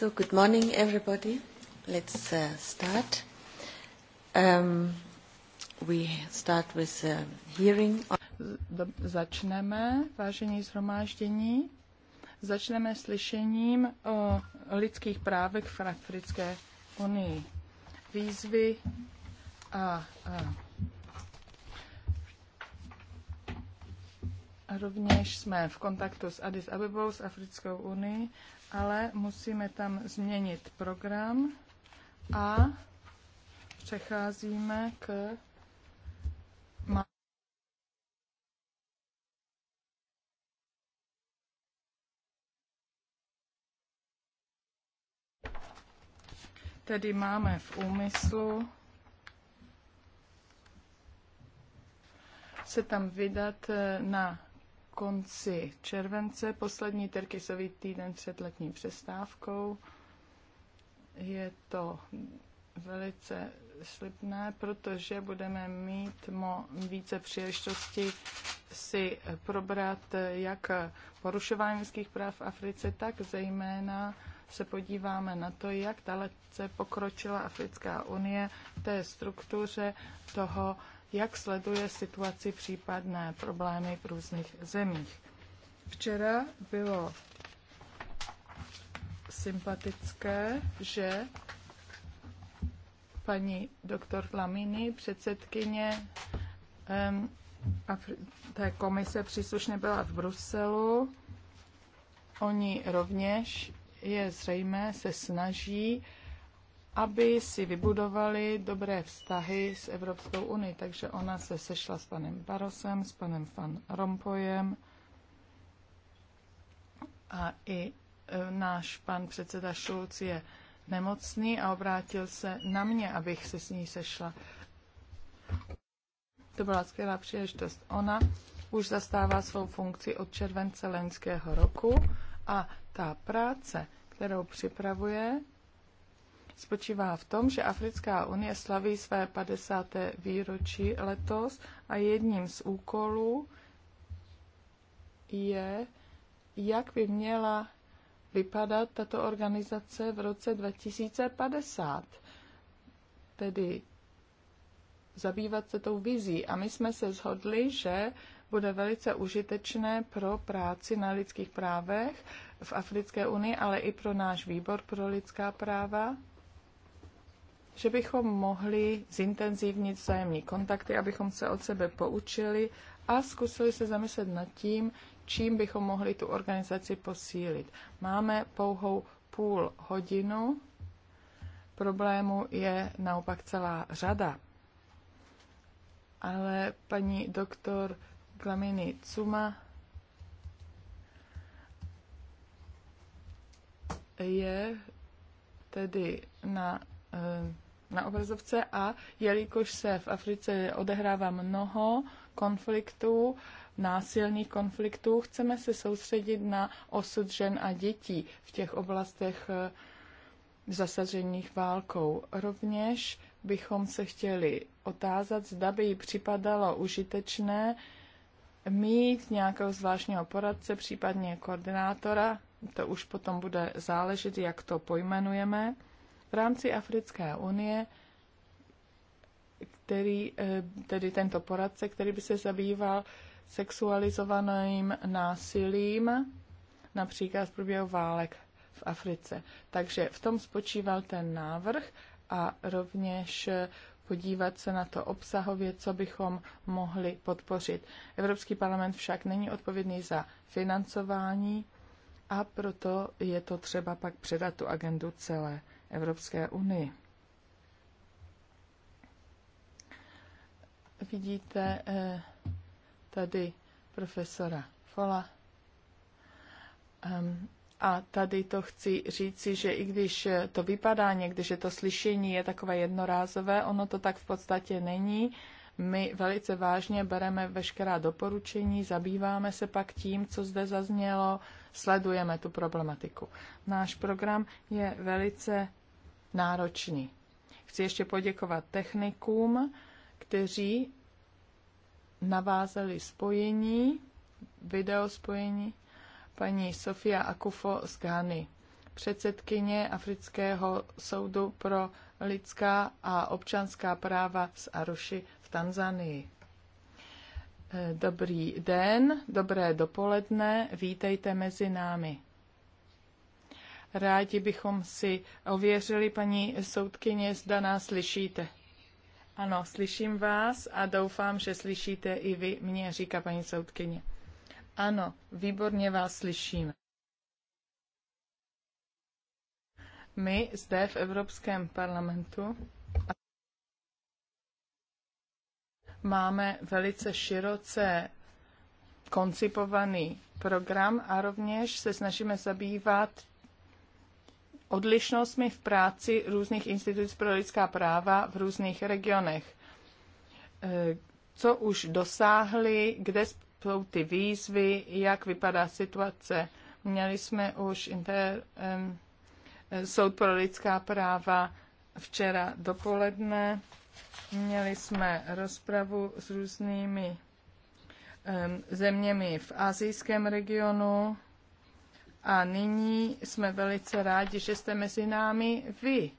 So good morning, everybody. Let's uh, start. Um, we start with a uh, hearing. Začneme, vážení zhromáždění. Začneme slyšením o lidských právech v Africké unii. Výzvy a, a A rovněž jsme v kontaktu s Addis Abebou, s Africkou unii ale musíme tam změnit program a přecházíme k Tedy máme v úmyslu se tam vydat eh, na konci července, poslední terkysový týden před letní přestávkou. Je to velice slibné, protože budeme mít mo více příležitosti si probrat jak porušování lidských práv v Africe, tak zejména se podíváme na to, jak dalece pokročila Africká unie v té struktuře toho jak sleduje situaci případné problémy v různých zemích. Včera bylo sympatické, že paní doktor Lamini, předsedkyně um, té komise příslušně byla v Bruselu. Oni rovněž, je zřejmé, se snaží aby si vybudovali dobré vztahy s Evropskou unii. Takže ona se sešla s panem Barosem, s panem Van Rompojem a i e, náš pan předseda Šulc je nemocný a obrátil se na mě, abych se s ní sešla. To byla skvělá příležitost. Ona už zastává svou funkci od července lenského roku a ta práce, kterou připravuje, spočívá v tom, že Africká unie slaví své 50. výročí letos a jedním z úkolů je, jak by měla vypadat tato organizace v roce 2050. Tedy zabývat se tou vizí. A my jsme se shodli, že bude velice užitečné pro práci na lidských právech v Africké unii, ale i pro náš výbor pro lidská práva že bychom mohli zintenzívnit vzájemní kontakty, abychom se od sebe poučili a zkusili se zamyslet nad tím, čím bychom mohli tu organizaci posílit. Máme pouhou půl hodinu, problému je naopak celá řada. Ale paní doktor Glamini Cuma je tedy na Eh, na obrazovce a jelikož se v Africe odehrává mnoho konfliktů, násilných konfliktů, chceme se soustředit na osud žen a dětí v těch oblastech eh, zasažených válkou. Rovněž bychom se chtěli otázat, zda by jí připadalo užitečné mít nějakého zvláštního poradce, případně koordinátora, to už potom bude záležet, jak to pojmenujeme, v rámci Africké unie, který, eh, tedy tento poradce, který by se zabýval sexualizovaným násilím, například v průběhu válek v Africe. Takže v tom spočíval ten návrh a rovněž eh, podívat se na to obsahově, co bychom mohli podpořit. Evropský parlament však není odpovědný za financování a proto je to třeba pak předat tu agendu celé Evropské unii. Vidíte eh, tady profesora Fola. Ehm, a tady to chci říci, že i když eh, to vypadá někdy, že to slyšení je takové jednorázové, ono to tak v podstatě není. My velice vážně bereme veškerá doporučení, zabýváme se pak tím, co zde zaznělo, sledujeme tu problematiku. Náš program je velice náročný. Chci ještě poděkovat technikům, kteří navázali spojení, video spojení, paní Sofia Akufo z Ghany, předsedkyně Afrického soudu pro lidská a občanská práva z Aruši v Tanzanii. Dobrý den, dobré dopoledne, vítejte mezi námi. Rádi bychom si ověřili, paní soudkyně, zda nás slyšíte. Ano, slyším vás a doufám, že slyšíte i vy mě, říká paní soudkyně. Ano, výborně vás slyšíme. My zde v Evropském parlamentu máme velice široce koncipovaný program a rovněž se snažíme zabývat odlišnostmi v práci různých institucí pro lidská práva v různých regionech. E, co už dosáhli, kde jsou ty výzvy, jak vypadá situace. Měli jsme už inter, um, soud pro lidská práva včera dopoledne. Měli jsme rozpravu s různými um, zeměmi v azijském regionu. A nyní jsme velice rádi, že jste mezi námi vy.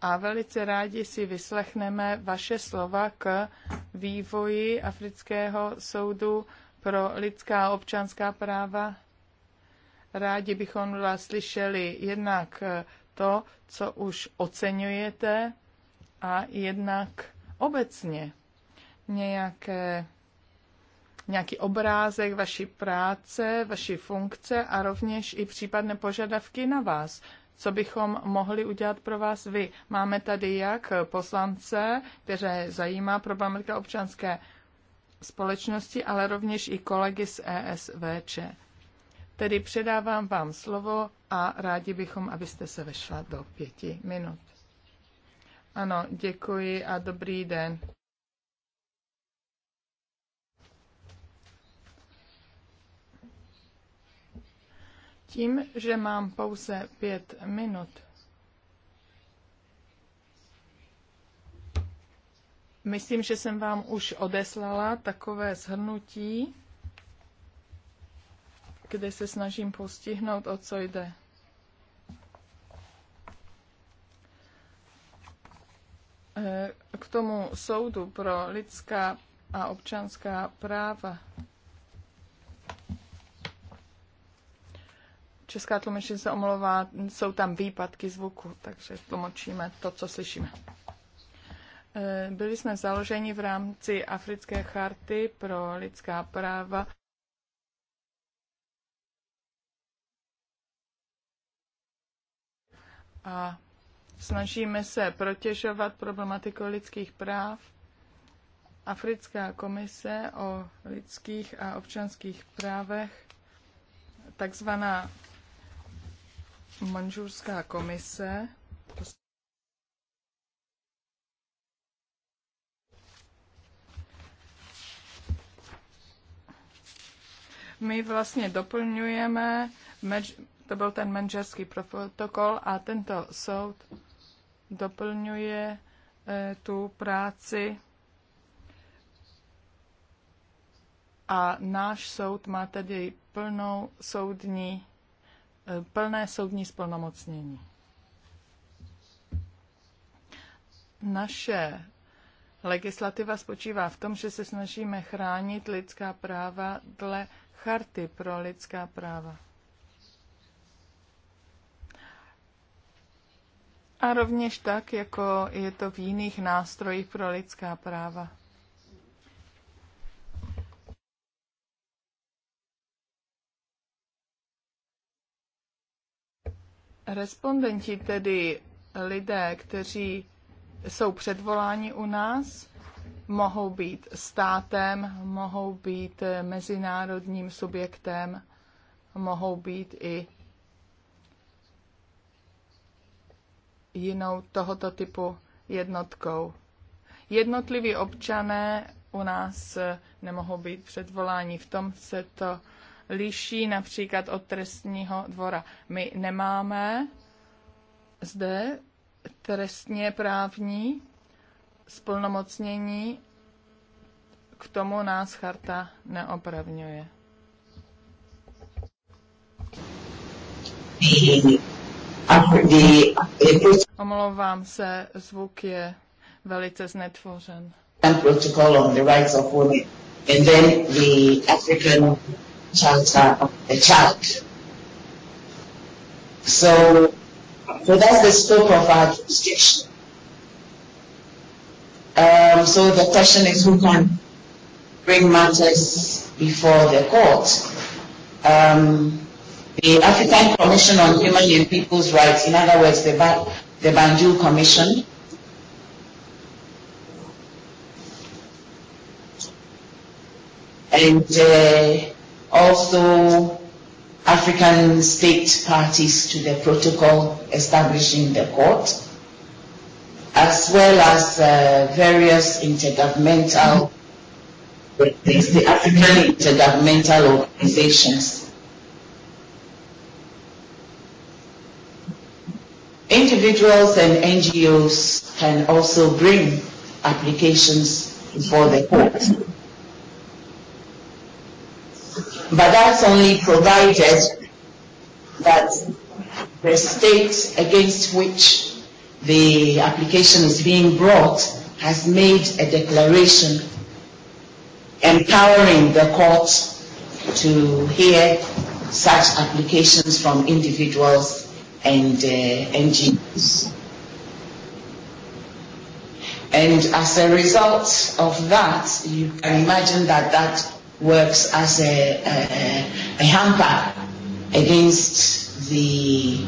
A velice rádi si vyslechneme vaše slova k vývoji Afrického soudu pro lidská a občanská práva. Rádi bychom vás slyšeli jednak to, co už oceňujete, a jednak obecně nějaké nějaký obrázek vaší práce, vaší funkce a rovněž i případné požadavky na vás. Co bychom mohli udělat pro vás vy? Máme tady jak poslance, které zajímá problematika občanské společnosti, ale rovněž i kolegy z ESVČ. Tedy předávám vám slovo a rádi bychom, abyste se vešla do pěti minut. Ano, děkuji a dobrý den. Tím, že mám pouze pět minut, myslím, že jsem vám už odeslala takové shrnutí, kde se snažím postihnout, o co jde. Eh, k tomu soudu pro lidská a občanská práva česká tlumočnice se omlouvá, jsou tam výpadky zvuku, takže tlumočíme to, co slyšíme. E, byli jsme založeni v rámci Africké charty pro lidská práva. A snažíme se protěžovat problematiku lidských práv. Africká komise o lidských a občanských právech, takzvaná manžurská komise my vlastně doplňujeme, to byl ten manžerský protokol a tento soud doplňuje e, tu práci a náš soud má tedy plnou soudní plné soudní splnomocnění. Naše legislativa spočívá v tom, že se snažíme chránit lidská práva dle charty pro lidská práva. A rovněž tak, jako je to v jiných nástrojích pro lidská práva. Respondenti, tedy lidé, kteří jsou předvoláni u nás, mohou být státem, mohou být mezinárodním subjektem, mohou být i jinou tohoto typu jednotkou. Jednotliví občané u nás nemohou být předvoláni. V tom se to liší například od trestního dvora. My nemáme zde trestně právní splnomocnění, k tomu nás charta neopravňuje. Omlouvám se, zvuk je velice znetvořen. Protocol on the rights of women. And then the African chapter of the child. So, so that's the scope of our jurisdiction. Um, so the question is who can bring matters before the court? Um, the African Commission on Human and People's Rights, in other words, the, ba- the Banjul Commission, and uh, also African state parties to the protocol establishing the court, as well as uh, various intergovernmental the African intergovernmental organizations. Individuals and NGOs can also bring applications before the court. But that's only provided that the state against which the application is being brought has made a declaration empowering the court to hear such applications from individuals and uh, NGOs. And as a result of that, you can imagine that that works as a, a, a hamper against the,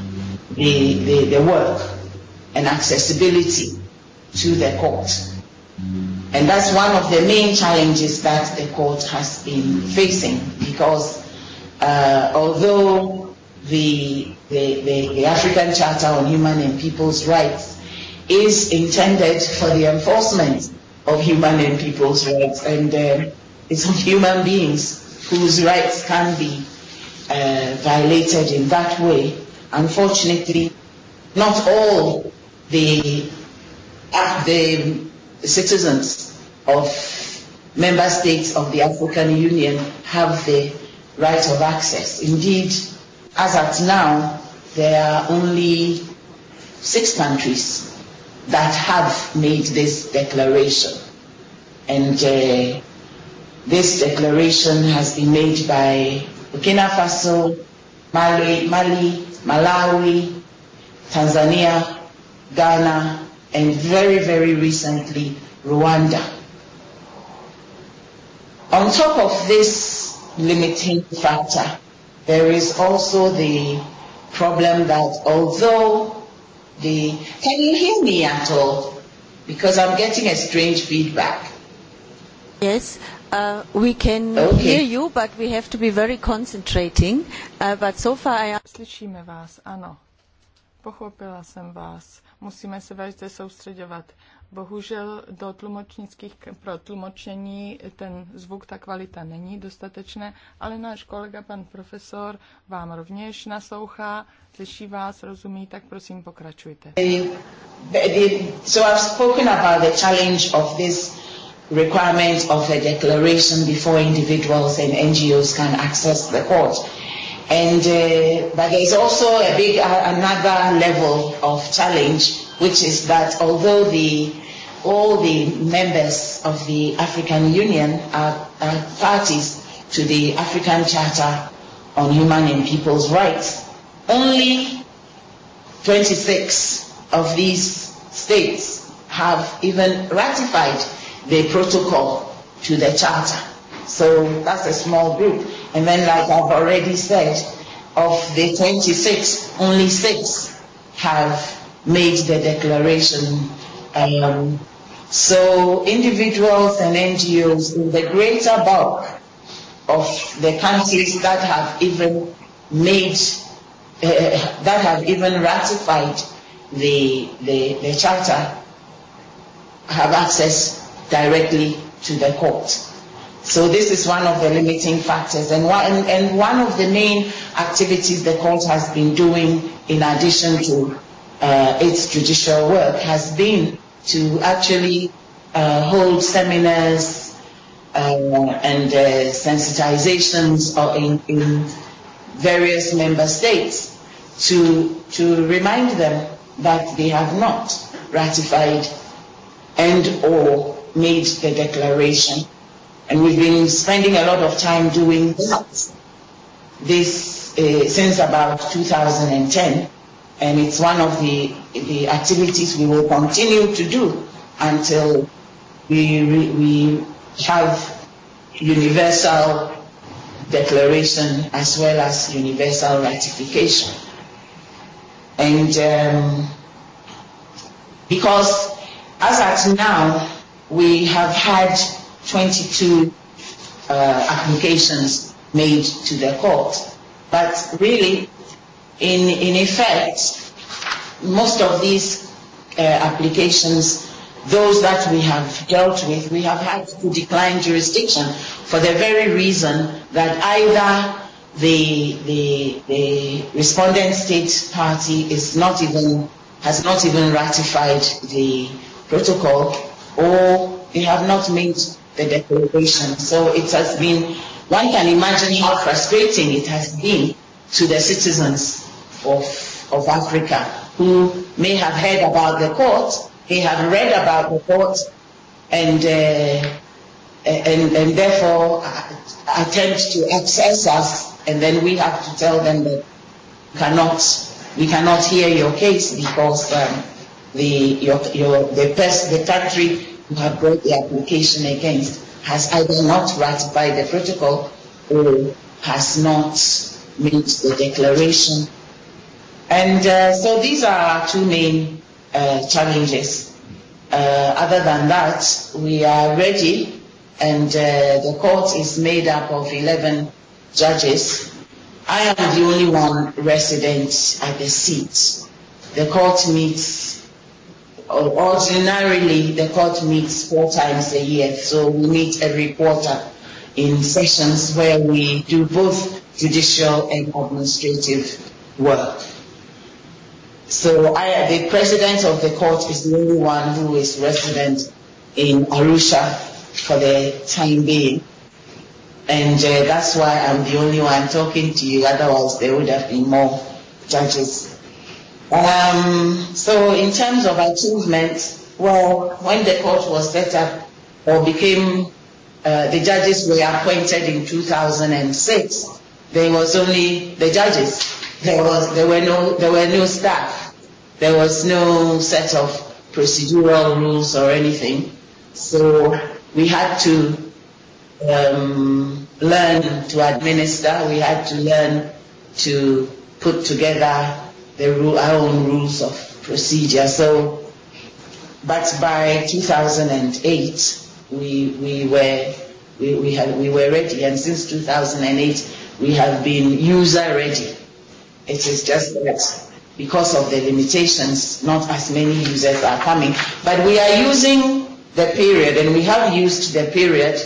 the, the, the work and accessibility to the court. And that's one of the main challenges that the court has been facing because uh, although the, the, the, the African Charter on Human and People's Rights is intended for the enforcement of human and people's rights and uh, is human beings whose rights can be uh, violated in that way. Unfortunately, not all the, uh, the citizens of member states of the African Union have the right of access. Indeed, as at now, there are only six countries that have made this declaration. And uh, This declaration has been made by Burkina Faso, Mali, Mali, Malawi, Tanzania, Ghana, and very, very recently, Rwanda. On top of this limiting factor, there is also the problem that although the, can you hear me at all? Because I'm getting a strange feedback. Yes, Uh, we can okay. hear you, but we have to be very concentrating. Uh, but so far I... Slyšíme vás, ano. Pochopila jsem vás. Musíme se velice soustředovat. Bohužel do tlumočnických, pro tlumočení ten zvuk, ta kvalita není dostatečné, ale náš kolega, pan profesor, vám rovněž naslouchá, slyší vás, rozumí, tak prosím pokračujte. So I've spoken about the challenge of this requirement of a declaration before individuals and NGOs can access the court. And, uh, but there's also a big, uh, another level of challenge, which is that although the, all the members of the African Union are, are parties to the African Charter on Human and People's Rights, only 26 of these states have even ratified the protocol to the charter. So that's a small group. And then, like I've already said, of the 26, only six have made the declaration. Um, so individuals and NGOs in the greater bulk of the countries that have even made, uh, that have even ratified the, the, the charter have access directly to the court. So this is one of the limiting factors and one, and, one of the main activities the court has been doing in addition to uh, its judicial work has been to actually uh, hold seminars uh, and uh, sensitizations in, in various member states to, to remind them that they have not ratified and or made the declaration. And we've been spending a lot of time doing that this uh, since about 2010. And it's one of the, the activities we will continue to do until we, we have universal declaration as well as universal ratification. And um, because as at now, we have had 22 uh, applications made to the court. But really, in, in effect, most of these uh, applications, those that we have dealt with, we have had to decline jurisdiction for the very reason that either the, the, the respondent state party is not even, has not even ratified the protocol or they have not made the declaration. So it has been, one can imagine how frustrating it has been to the citizens of, of Africa who may have heard about the court, they have read about the court, and, uh, and, and therefore uh, attempt to access us, and then we have to tell them that cannot, we cannot hear your case because um, the, your, your, the, pers- the country who have brought the application against has either not ratified the protocol or has not made the declaration. And uh, so these are our two main uh, challenges. Uh, other than that, we are ready, and uh, the court is made up of 11 judges. I am the only one resident at the seat. The court meets ordinarily the court meets four times a year, so we meet every quarter in sessions where we do both judicial and administrative work. So I, the president of the court is the only one who is resident in Arusha for the time being. And uh, that's why I'm the only one talking to you, otherwise there would have been more judges Um, so in terms of achievement, well, when the court was set up or became, uh, the judges were appointed in 2006. There was only the judges. There was there were no there were no staff. There was no set of procedural rules or anything. So we had to um, learn to administer. We had to learn to put together the rule, our own rules of procedure. So, but by 2008, we, we were we, we, had, we were ready, and since 2008, we have been user ready. It is just that because of the limitations, not as many users are coming. But we are using the period, and we have used the period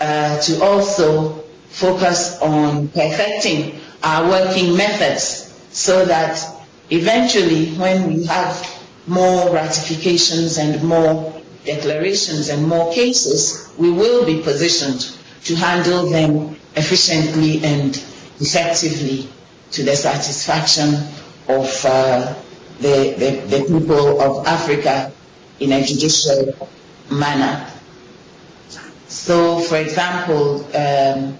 uh, to also focus on perfecting our working methods so that eventually when we have more ratifications and more declarations and more cases, we will be positioned to handle them efficiently and effectively to the satisfaction of uh, the, the, the people of Africa in a judicial manner. So, for example, um,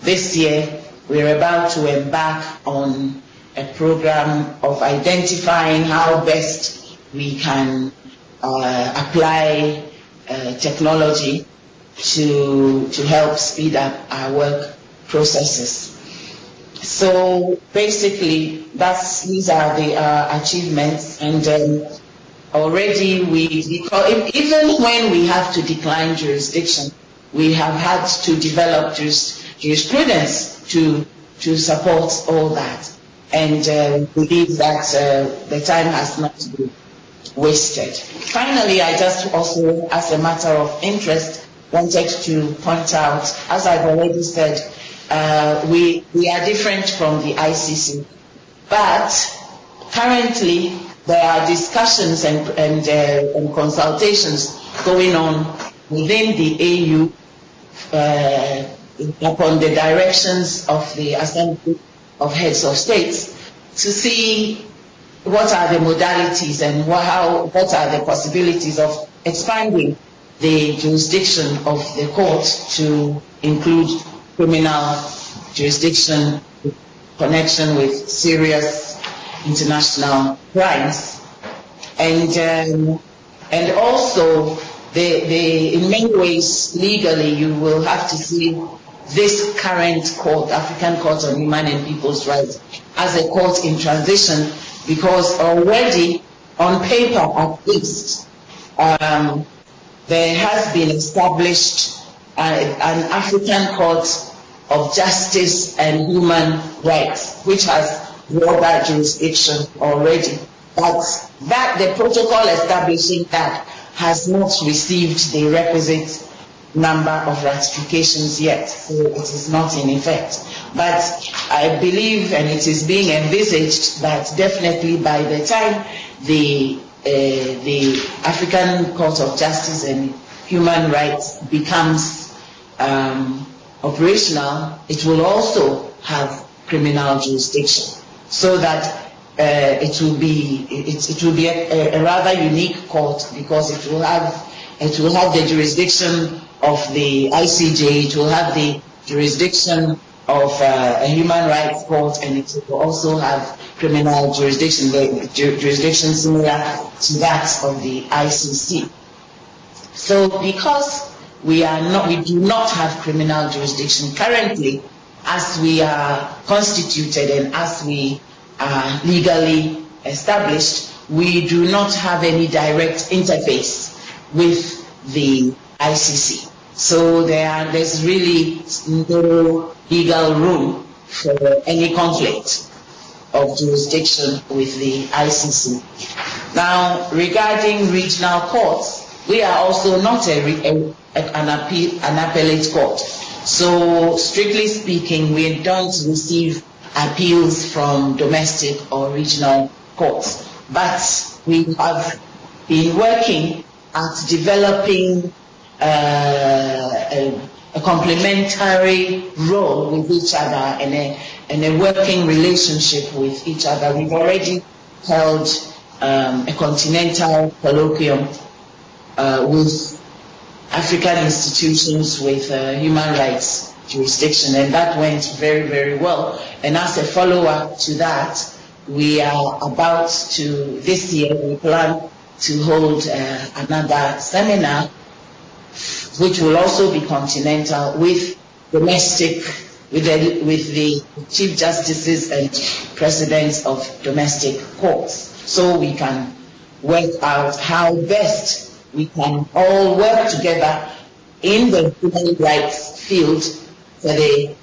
this year we're about to embark on a program of identifying how best we can uh, apply uh, technology to, to help speed up our work processes. So basically, that's, these are the uh, achievements and um, already we, because if, even when we have to decline jurisdiction, we have had to develop jurisprudence to, to support all that and uh, believe that uh, the time has not been wasted. Finally, I just also, as a matter of interest, wanted to point out, as I've already said, uh, we, we are different from the ICC. But currently, there are discussions and, and, uh, and consultations going on within the AU uh, upon the directions of the Assembly of heads of states to see what are the modalities and how, what are the possibilities of expanding the jurisdiction of the court to include criminal jurisdiction in connection with serious international crimes. And, um, and also, the, the, in many ways, legally, you will have to see this current court, African Court on Human and People's Rights, as a court in transition because already on paper at least um, there has been established uh, an African Court of Justice and Human Rights which has broader jurisdiction already. But that the protocol establishing that has not received the requisite number of ratifications yet, so it is not in effect. But I believe, and it is being envisaged, that definitely by the time the, uh, the African Court of Justice and Human Rights becomes um, operational, it will also have criminal jurisdiction so that uh, it will be it, it will be a, a rather unique court because it will have it will have the jurisdiction of the ICJ, it will have the jurisdiction of uh, a human rights court, and it will also have criminal jurisdiction, the jurisdiction similar to that of the ICC. So because we are not, we do not have criminal jurisdiction currently, as we are constituted and as we are legally established, we do not have any direct interface with the ICC. So there are, there's really no legal room for any conflict of jurisdiction with the ICC. Now, regarding regional courts, we are also not a, a, an, appeal, an appellate court. So, strictly speaking, we don't receive appeals from domestic or regional courts. But we have been working at developing uh, a, complementary role with each other and a, and a working relationship with each other. We've already held um, a continental colloquium uh, with African institutions with uh, human rights jurisdiction, and that went very, very well. And as a follow-up to that, we are about to, this year, we plan to hold uh, another seminar which will also be continental with domestic, with the, with the chief justices and presidents of domestic courts. So we can work out how best we can all work together in the human rights field for the,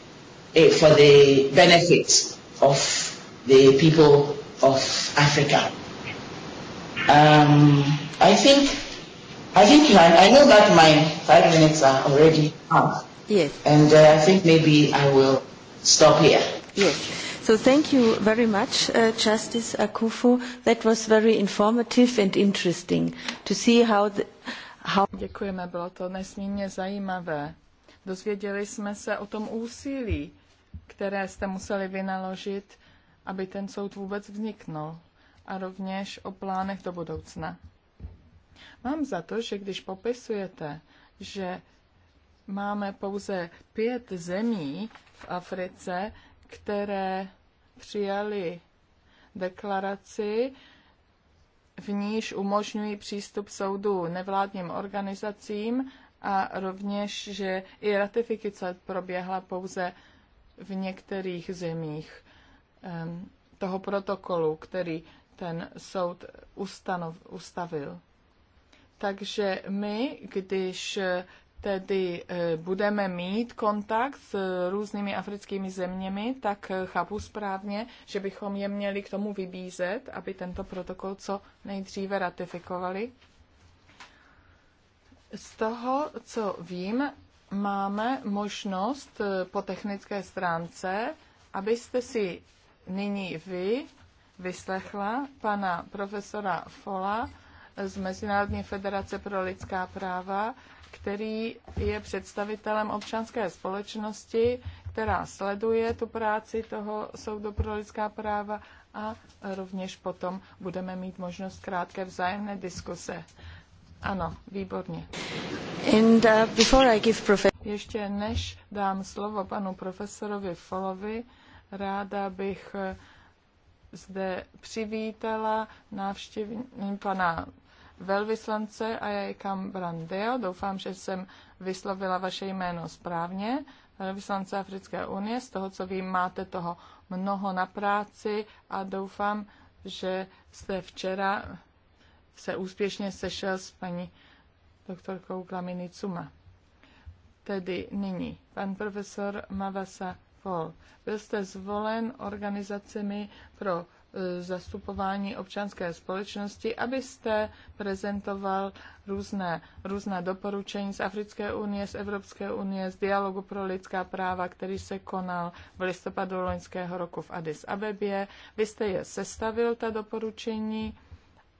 eh, for the benefit of the people of Africa. Um, I think i think I, I know that my five minutes are already up. Yes. And uh, I think maybe I will stop here. Yes. So thank you very much, uh, Justice Akufu. That was very informative and interesting to see how the, how Děkujeme, bylo to nesmírně zajímavé. Dozvěděli jsme se o tom úsilí, které jste museli vynaložit, aby ten soud vůbec vzniknul a rovněž o plánech do budoucna. Mám za to, že když popisujete, že máme pouze pět zemí v Africe, které přijali deklaraci, v níž umožňují přístup soudu nevládním organizacím a rovněž, že i ratifikace proběhla pouze v některých zemích ehm, toho protokolu, který ten soud ustanov, ustavil. Takže my, když tedy eh, budeme mít kontakt s různými africkými zeměmi, tak eh, chápu správně, že bychom je měli k tomu vybízet, aby tento protokol co nejdříve ratifikovali. Z toho, co vím, máme možnost eh, po technické stránce, abyste si nyní vy vyslechla pana profesora Fola, z Mezinárodní federace pro lidská práva, který je představitelem občanské společnosti, která sleduje tu práci toho soudu pro lidská práva a rovněž potom budeme mít možnost krátké vzájemné diskuse. Ano, výborně. And, uh, before I give profe- Ještě než dám slovo panu profesorovi Folovi, ráda bych eh, zde přivítala návštěvní pana velvyslance Ayajikam Brandeo. Doufám, že jsem vyslovila vaše jméno správně. Velvyslance Africké unie, z toho, co vím, máte toho mnoho na práci a doufám, že jste včera se úspěšně sešel s paní doktorkou Cuma. Tedy nyní, pan profesor Mavasa Vol. Byl jste zvolen organizacemi pro Eh, zastupování občanské společnosti, abyste prezentoval různé, různé doporučení z Africké unie, z Evropské unie, z dialogu pro lidská práva, který se konal v listopadu loňského roku v Addis Abebě. Vy jste je sestavil, ta doporučení,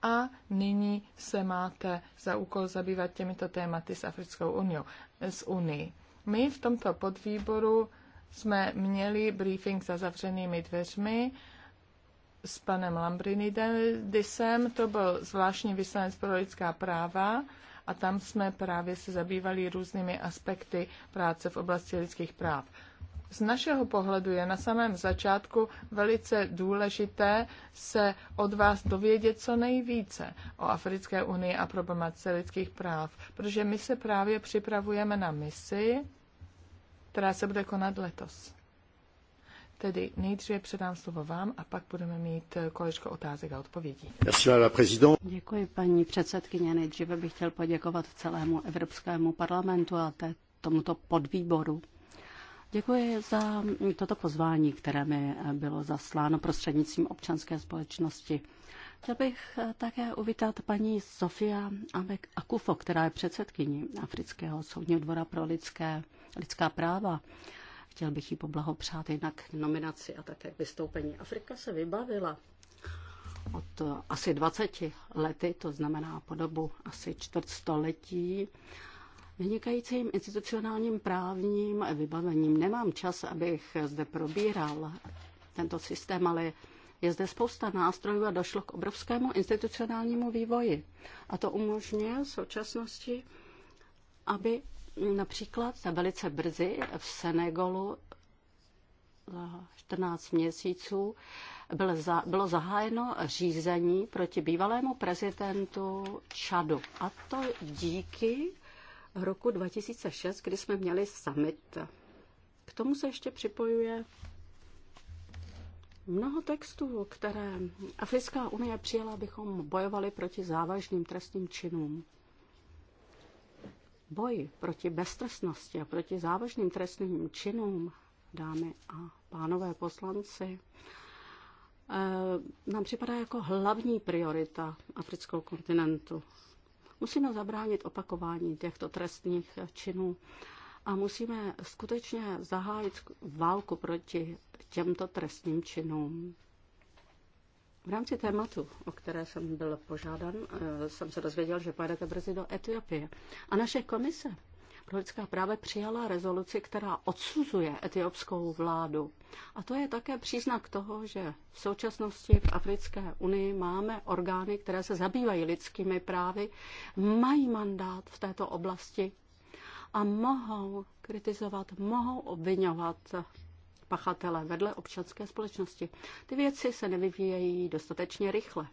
a nyní se máte za úkol zabývat těmito tématy s Africkou uniou, s Unii. My v tomto podvýboru jsme měli briefing za zavřenými dveřmi, s panem Lambrinidisem, to byl zvláštní vyslanec pro lidská práva a tam jsme právě se zabývali různými aspekty práce v oblasti lidských práv. Z našeho pohledu je na samém začátku velice důležité se od vás dovědět co nejvíce o Africké unii a problematice lidských práv, protože my se právě připravujeme na misi, která se bude konat letos. Tedy nejdříve předám slovo vám a pak budeme mít eh, kolečko otázek a odpovědí. Děkuji, paní předsedkyně. Nejdříve bych chtěl poděkovat celému Evropskému parlamentu a té, tomuto podvýboru. Děkuji za toto pozvání, které mi eh, bylo zasláno prostřednictvím občanské společnosti. Chtěl bych eh, také uvítat paní Sofia Amek Akufo, která je předsedkyní Afrického soudního dvora pro lidské, lidská práva. Chtěl bych jí poblahopřát jinak nominaci a také vystoupení. Afrika se vybavila od eh, asi 20 lety, to znamená po dobu asi čtvrtstoletí, vynikajícím institucionálním právním vybavením. Nemám čas, abych zde probíral tento systém, ale je zde spousta nástrojů a došlo k obrovskému institucionálnímu vývoji. A to umožňuje v současnosti, aby Například velice brzy v Senegalu za 14 měsíců bylo, za, bylo zahájeno řízení proti bývalému prezidentu Čadu. A to díky roku 2006, kdy jsme měli summit. K tomu se ještě připojuje mnoho textů, které Africká unie přijala, abychom bojovali proti závažným trestním činům. Boj proti beztrestnosti a proti závažným trestným činům, dámy a pánové poslanci, eh, nám připadá jako hlavní priorita afrického kontinentu. Musíme zabránit opakování těchto trestných činů a musíme skutečně zahájit válku proti těmto trestným činům. V rámci tématu, o které jsem byl požádan, eh, jsem se dozvěděl, že pojedete brzy do Etiopie. A naše komise pro lidská práva přijala rezoluci, která odsuzuje etiopskou vládu. A to je také příznak toho, že v současnosti v Africké unii máme orgány, které se zabývají lidskými právy, mají mandát v této oblasti a mohou kritizovat, mohou obvinovat pachatele vedle občanské společnosti. Ty věci se nevyvíjejí dostatečně rychle.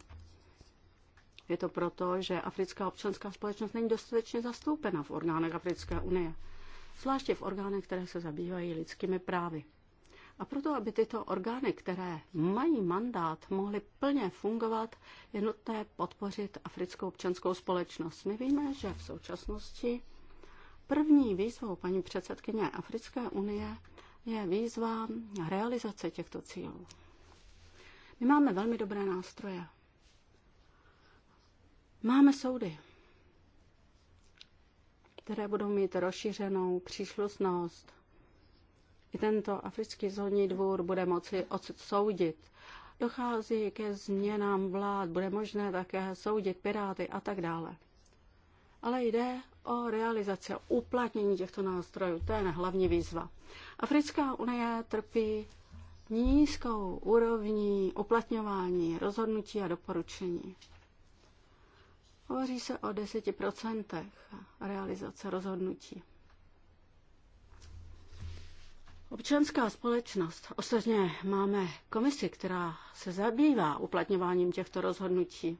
Je to proto, že africká občanská společnost není dostatečně zastoupena v orgánech Africké unie, zvláště v orgánech, které se zabývají lidskými právy. A proto, aby tyto orgány, které mají mandát, mohly plně fungovat, je nutné podpořit africkou občanskou společnost. My víme, že v současnosti první výzvou paní předsedkyně Africké unie je výzva realizace těchto cílů. My máme velmi dobré nástroje. Máme soudy, které budou mít rozšířenou příslušnost. I tento africký zónní dvůr bude moci odsoudit. Dochází ke změnám vlád, bude možné také soudit piráty a tak dále. Ale jde o realizaci, o uplatnění těchto nástrojů. To je hlavní výzva. Africká unie trpí nízkou úrovní uplatňování rozhodnutí a doporučení. Hovoří se o 10% realizace rozhodnutí. Občanská společnost, ostatně máme komisi, která se zabývá uplatňováním těchto rozhodnutí,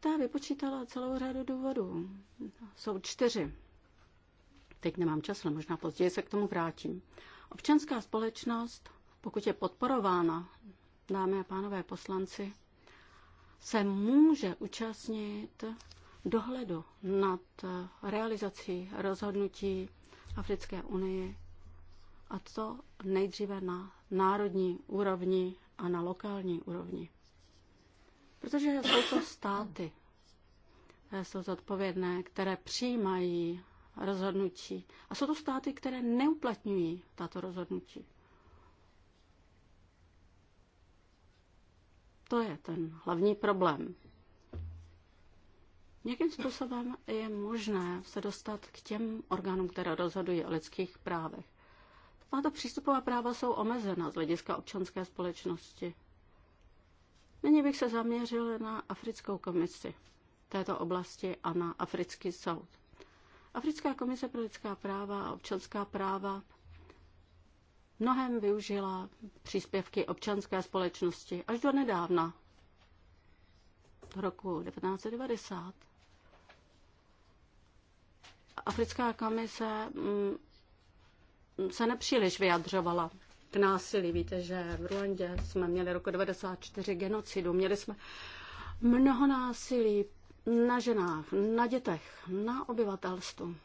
ta vypočítala celou řadu důvodů. Jsou čtyři. Teď nemám čas, ale možná později se k tomu vrátím. Občanská společnost, pokud je podporována, dámy a pánové poslanci, se může účastnit dohledu nad realizací rozhodnutí Africké unie a to nejdříve na národní úrovni a na lokální úrovni. Protože jsou to státy, jsou zodpovědné, které přijímají rozhodnutí. A jsou to státy, které neuplatňují tato rozhodnutí. To je ten hlavní problém. Jakým způsobem je možné se dostat k těm orgánům, které rozhodují o lidských právech? Tato přístupová práva jsou omezena z hlediska občanské společnosti. Nyní bych se zaměřil na Africkou komisi této oblasti a na Africký soud. Africká komise pro lidská práva a občanská práva mnohem využila příspěvky občanské společnosti až do nedávna, do roku 1990. Africká komise mm, se nepříliš vyjadřovala k násilí. Víte, že v Ruandě jsme měli roku 1994 genocidu, měli jsme mnoho násilí, na ženách, na dětech, na obyvatelstvu.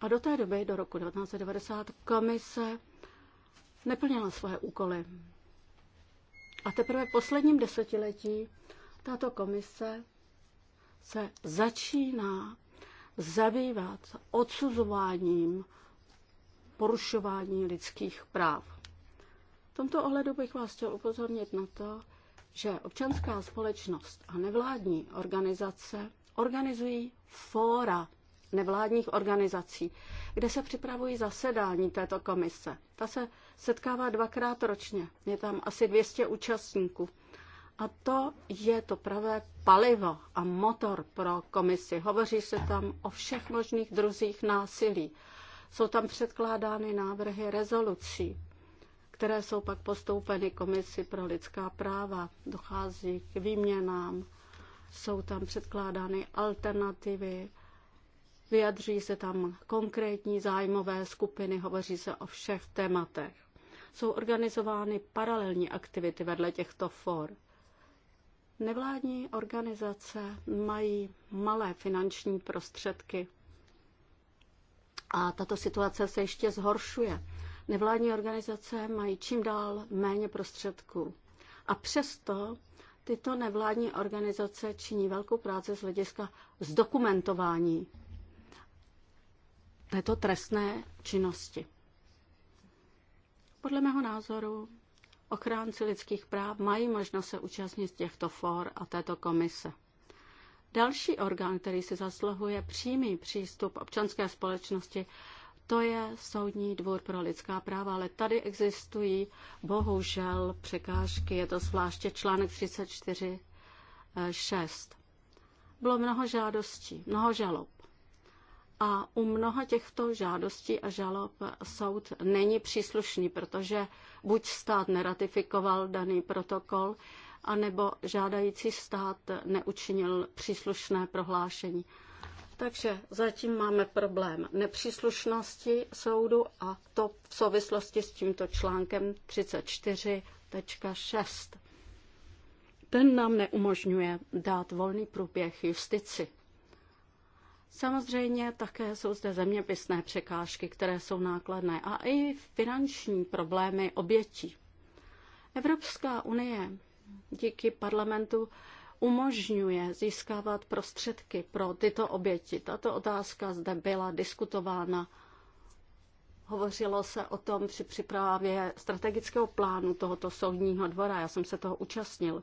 A do té doby, do roku 1990, komise neplnila svoje úkoly. A teprve v posledním desetiletí tato komise se začíná zabývat odsuzováním porušování lidských práv. V tomto ohledu bych vás chtěl upozornit na to, že občanská společnost a nevládní organizace organizují fóra nevládních organizací, kde se připravují zasedání této komise. Ta se setkává dvakrát ročně. Je tam asi 200 účastníků. A to je to pravé palivo a motor pro komisi. Hovoří se tam o všech možných druzích násilí. Jsou tam předkládány návrhy rezolucí které jsou pak postoupeny Komisi pro lidská práva. Dochází k výměnám, jsou tam předkládány alternativy, vyjadří se tam konkrétní zájmové skupiny, hovoří se o všech tématech. Jsou organizovány paralelní aktivity vedle těchto for. Nevládní organizace mají malé finanční prostředky a tato situace se ještě zhoršuje. Nevládní organizace mají čím dál méně prostředků. A přesto tyto nevládní organizace činí velkou práci z hlediska zdokumentování této trestné činnosti. Podle mého názoru ochránci lidských práv mají možnost se účastnit těchto for a této komise. Další orgán, který si zasluhuje přímý přístup občanské společnosti, to je Soudní dvůr pro lidská práva, ale tady existují bohužel překážky, je to zvláště článek 34.6. Eh, Bylo mnoho žádostí, mnoho žalob. A u mnoha těchto žádostí a žalob soud není příslušný, protože buď stát neratifikoval daný protokol, anebo žádající stát neučinil příslušné prohlášení. Takže zatím máme problém nepříslušnosti soudu a to v souvislosti s tímto článkem 34.6. Ten nám neumožňuje dát volný průběh justici. Samozřejmě také jsou zde zeměpisné překážky, které jsou nákladné a i finanční problémy obětí. Evropská unie díky parlamentu umožňuje získávat prostředky pro tyto oběti. Tato otázka zde byla diskutována. Hovořilo se o tom při připravě strategického plánu tohoto soudního dvora. Já jsem se toho účastnil.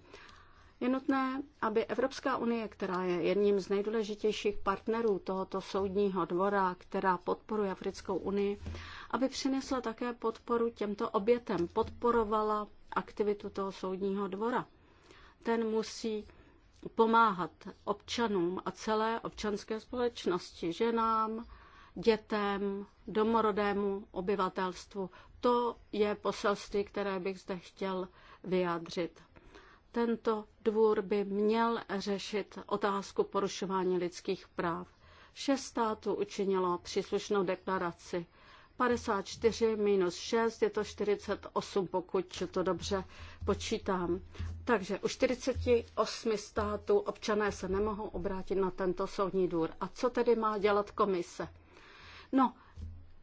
Je nutné, aby Evropská unie, která je jedním z nejdůležitějších partnerů tohoto soudního dvora, která podporuje Africkou unii, aby přinesla také podporu těmto obětem, podporovala aktivitu toho soudního dvora. Ten musí pomáhat občanům a celé občanské společnosti, ženám, dětem, domorodému obyvatelstvu. To je poselství, které bych zde chtěl vyjádřit. Tento dvůr by měl řešit otázku porušování lidských práv. Šest států učinilo příslušnou deklaraci. 54 minus 6 je to 48, pokud to dobře počítám. Takže u 48 států občané se nemohou obrátit na tento soudní dvůr. A co tedy má dělat komise? No,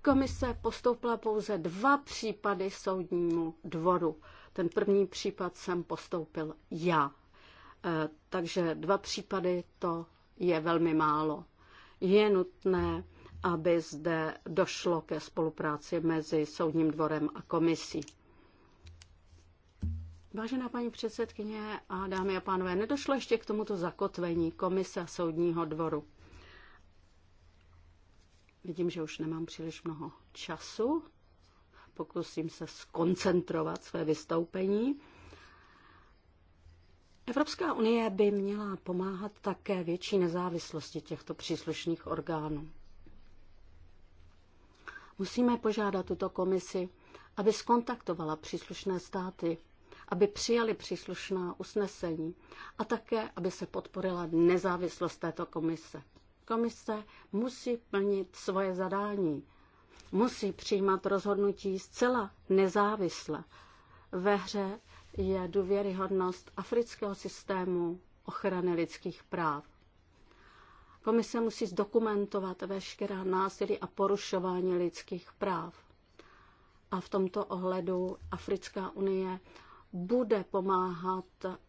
komise postoupila pouze dva případy soudnímu dvoru. Ten první případ jsem postoupil já. E, takže dva případy to je velmi málo. Je nutné aby zde došlo ke spolupráci mezi Soudním dvorem a komisí. Vážená paní předsedkyně a dámy a pánové, nedošlo ještě k tomuto zakotvení komise a soudního dvoru. Vidím, že už nemám příliš mnoho času. Pokusím se skoncentrovat své vystoupení. Evropská unie by měla pomáhat také větší nezávislosti těchto příslušných orgánů. Musíme požádat tuto komisi, aby skontaktovala příslušné státy, aby přijali příslušná usnesení a také, aby se podporila nezávislost této komise. Komise musí plnit svoje zadání, musí přijímat rozhodnutí zcela nezávisle. Ve hře je důvěryhodnost afrického systému ochrany lidských práv. Komise musí zdokumentovat veškerá násilí a porušování lidských práv. A v tomto ohledu Africká unie bude pomáhat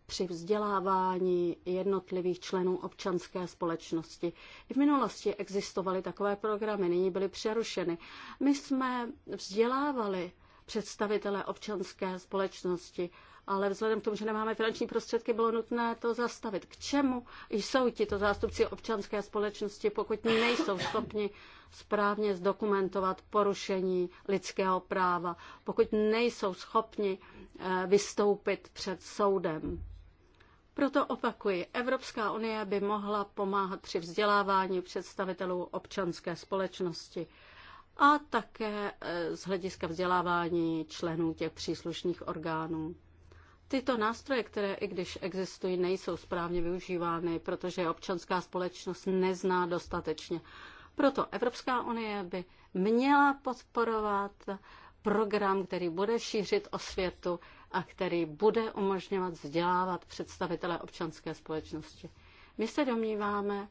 při vzdělávání jednotlivých členů občanské společnosti. I v minulosti existovaly takové programy, nyní byly přerušeny. My jsme vzdělávali představitele občanské společnosti ale vzhledem k tomu, že nemáme finanční prostředky, bylo nutné to zastavit. K čemu jsou to zástupci občanské společnosti, pokud nejsou schopni správně zdokumentovat porušení lidského práva, pokud nejsou schopni eh, vystoupit před soudem? Proto opakuji, Evropská unie by mohla pomáhat při vzdělávání představitelů občanské společnosti a také eh, z hlediska vzdělávání členů těch příslušných orgánů tyto nástroje, které i když existují, nejsou správně využívány, protože občanská společnost nezná dostatečně. Proto Evropská unie by měla podporovat program, který bude šířit osvětu a který bude umožňovat vzdělávat představitele občanské společnosti. My se domníváme,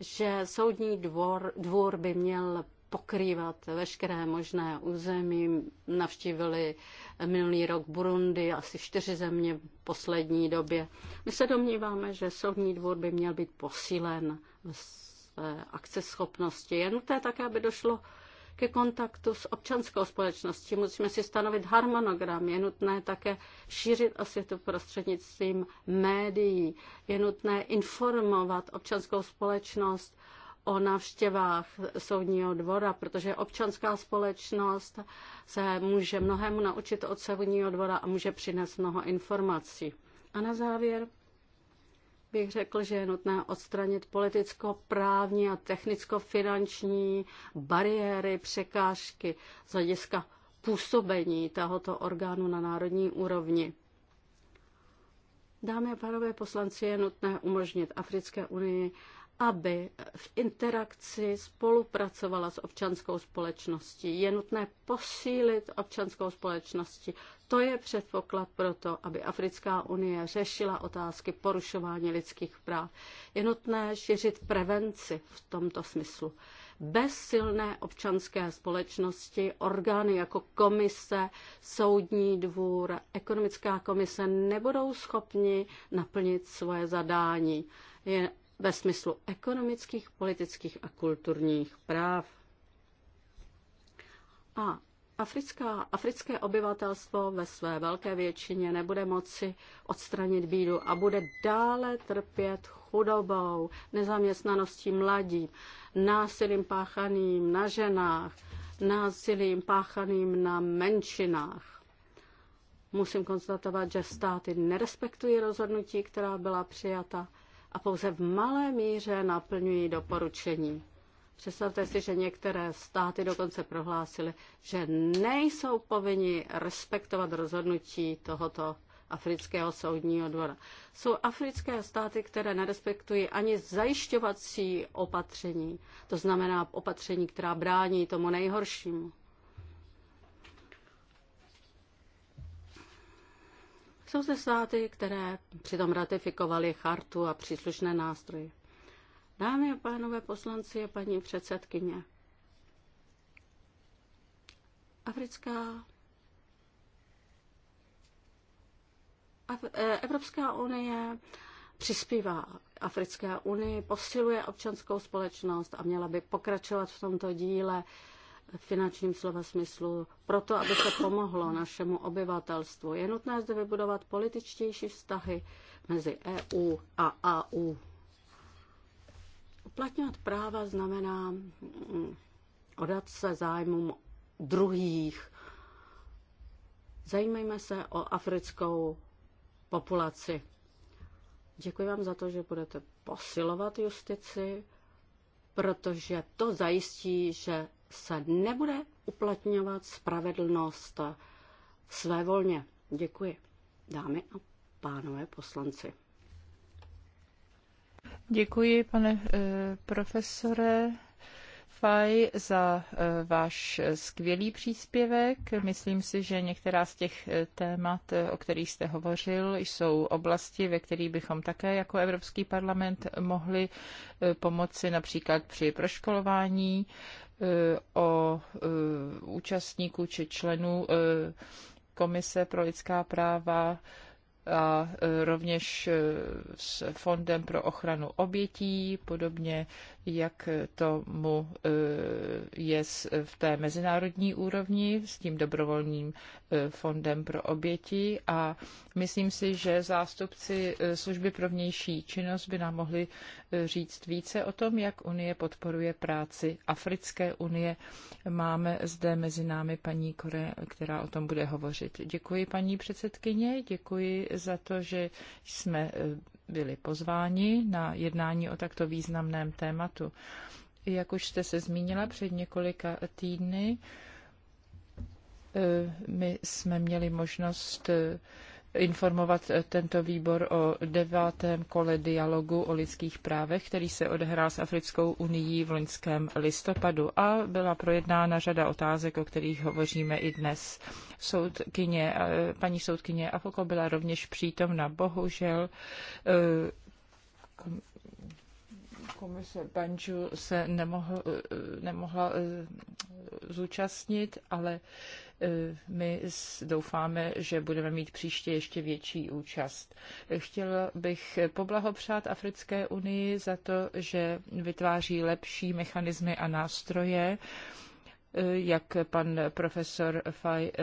že soudní dvor, dvůr by měl pokrývat veškeré možné území. Navštívili minulý rok Burundi, asi čtyři země v poslední době. My se domníváme, že soudní dvůr by měl být posílen v své akceschopnosti. Je nutné také, aby došlo ke kontaktu s občanskou společností. Musíme si stanovit harmonogram. Je nutné také šířit osvětu prostřednictvím médií. Je nutné informovat občanskou společnost o návštěvách soudního dvora, protože občanská společnost se může mnohému naučit od soudního dvora a může přinést mnoho informací. A na závěr bych řekl, že je nutné odstranit politicko-právní a technicko-finanční bariéry, překážky z hlediska působení tohoto orgánu na národní úrovni. Dámy a pánové poslanci, je nutné umožnit Africké unii aby v interakci spolupracovala s občanskou společností. Je nutné posílit občanskou společnosti. To je předpoklad pro to, aby Africká unie řešila otázky porušování lidských práv. Je nutné šířit prevenci v tomto smyslu. Bez silné občanské společnosti orgány jako komise, soudní dvůr, ekonomická komise nebudou schopni naplnit svoje zadání. Je ve smyslu ekonomických, politických a kulturních práv. A Africká, africké obyvatelstvo ve své velké většině nebude moci odstranit bídu a bude dále trpět chudobou, nezaměstnaností mladí, násilím páchaným na ženách, násilím páchaným na menšinách. Musím konstatovat, že státy nerespektují rozhodnutí, která byla přijata a pouze v malé míře naplňují doporučení. Představte si, že některé státy dokonce prohlásily, že nejsou povinni respektovat rozhodnutí tohoto afrického soudního dvora. Jsou africké státy, které nerespektují ani zajišťovací opatření, to znamená opatření, která brání tomu nejhoršímu. Jsou zde státy, které přitom ratifikovaly chartu a příslušné nástroje. Dámy a pánové poslanci a paní předsedkyně, Africká eh, Evropská unie přispívá Africké unii, posiluje občanskou společnost a měla by pokračovat v tomto díle finančním slova smyslu, proto aby se pomohlo našemu obyvatelstvu. Je nutné zde vybudovat političtější vztahy mezi EU a AU. Uplatňovat práva znamená mm, odat se zájmům druhých. Zajímejme se o africkou populaci. Děkuji vám za to, že budete posilovat justici, protože to zajistí, že se nebude uplatňovat spravedlnost své volně. Děkuji, dámy a pánové poslanci. Děkuji, pane eh, profesore. Faj za eh, váš skvělý příspěvek. Myslím si, že některá z těch eh, témat, o kterých jste hovořil, jsou oblasti, ve kterých bychom také jako Evropský parlament mohli pomoci například při proškolování Eh, o eh, účastníků či členů eh, Komise pro lidská práva a rovněž s Fondem pro ochranu obětí, podobně jak tomu eh, je v té mezinárodní úrovni s tím dobrovolným eh, fondem pro oběti a myslím si, že zástupci eh, služby pro vnější činnost by nám mohli říct více o tom, jak Unie podporuje práci Africké unie. Máme zde mezi námi paní Kore, která o tom bude hovořit. Děkuji paní předsedkyně, děkuji za to, že jsme byli pozváni na jednání o takto významném tématu. Jak už jste se zmínila před několika týdny, eh, my jsme měli možnost eh, informovat eh, tento výbor o devátém kole dialogu o lidských právech, který se odehrál s Africkou unii v loňském listopadu a byla projednána řada otázek, o kterých hovoříme i dnes. Soudkyně, eh, paní soudkyně Afoko byla rovněž přítomna. Bohužel eh, komise Banju se nemohla, nemohla zúčastnit, ale Eh, my doufáme, že budeme mít příště ještě větší účast. Chtěl bych poblahopřát Africké unii za to, že vytváří lepší mechanismy a nástroje, eh, jak pan profesor Faj eh,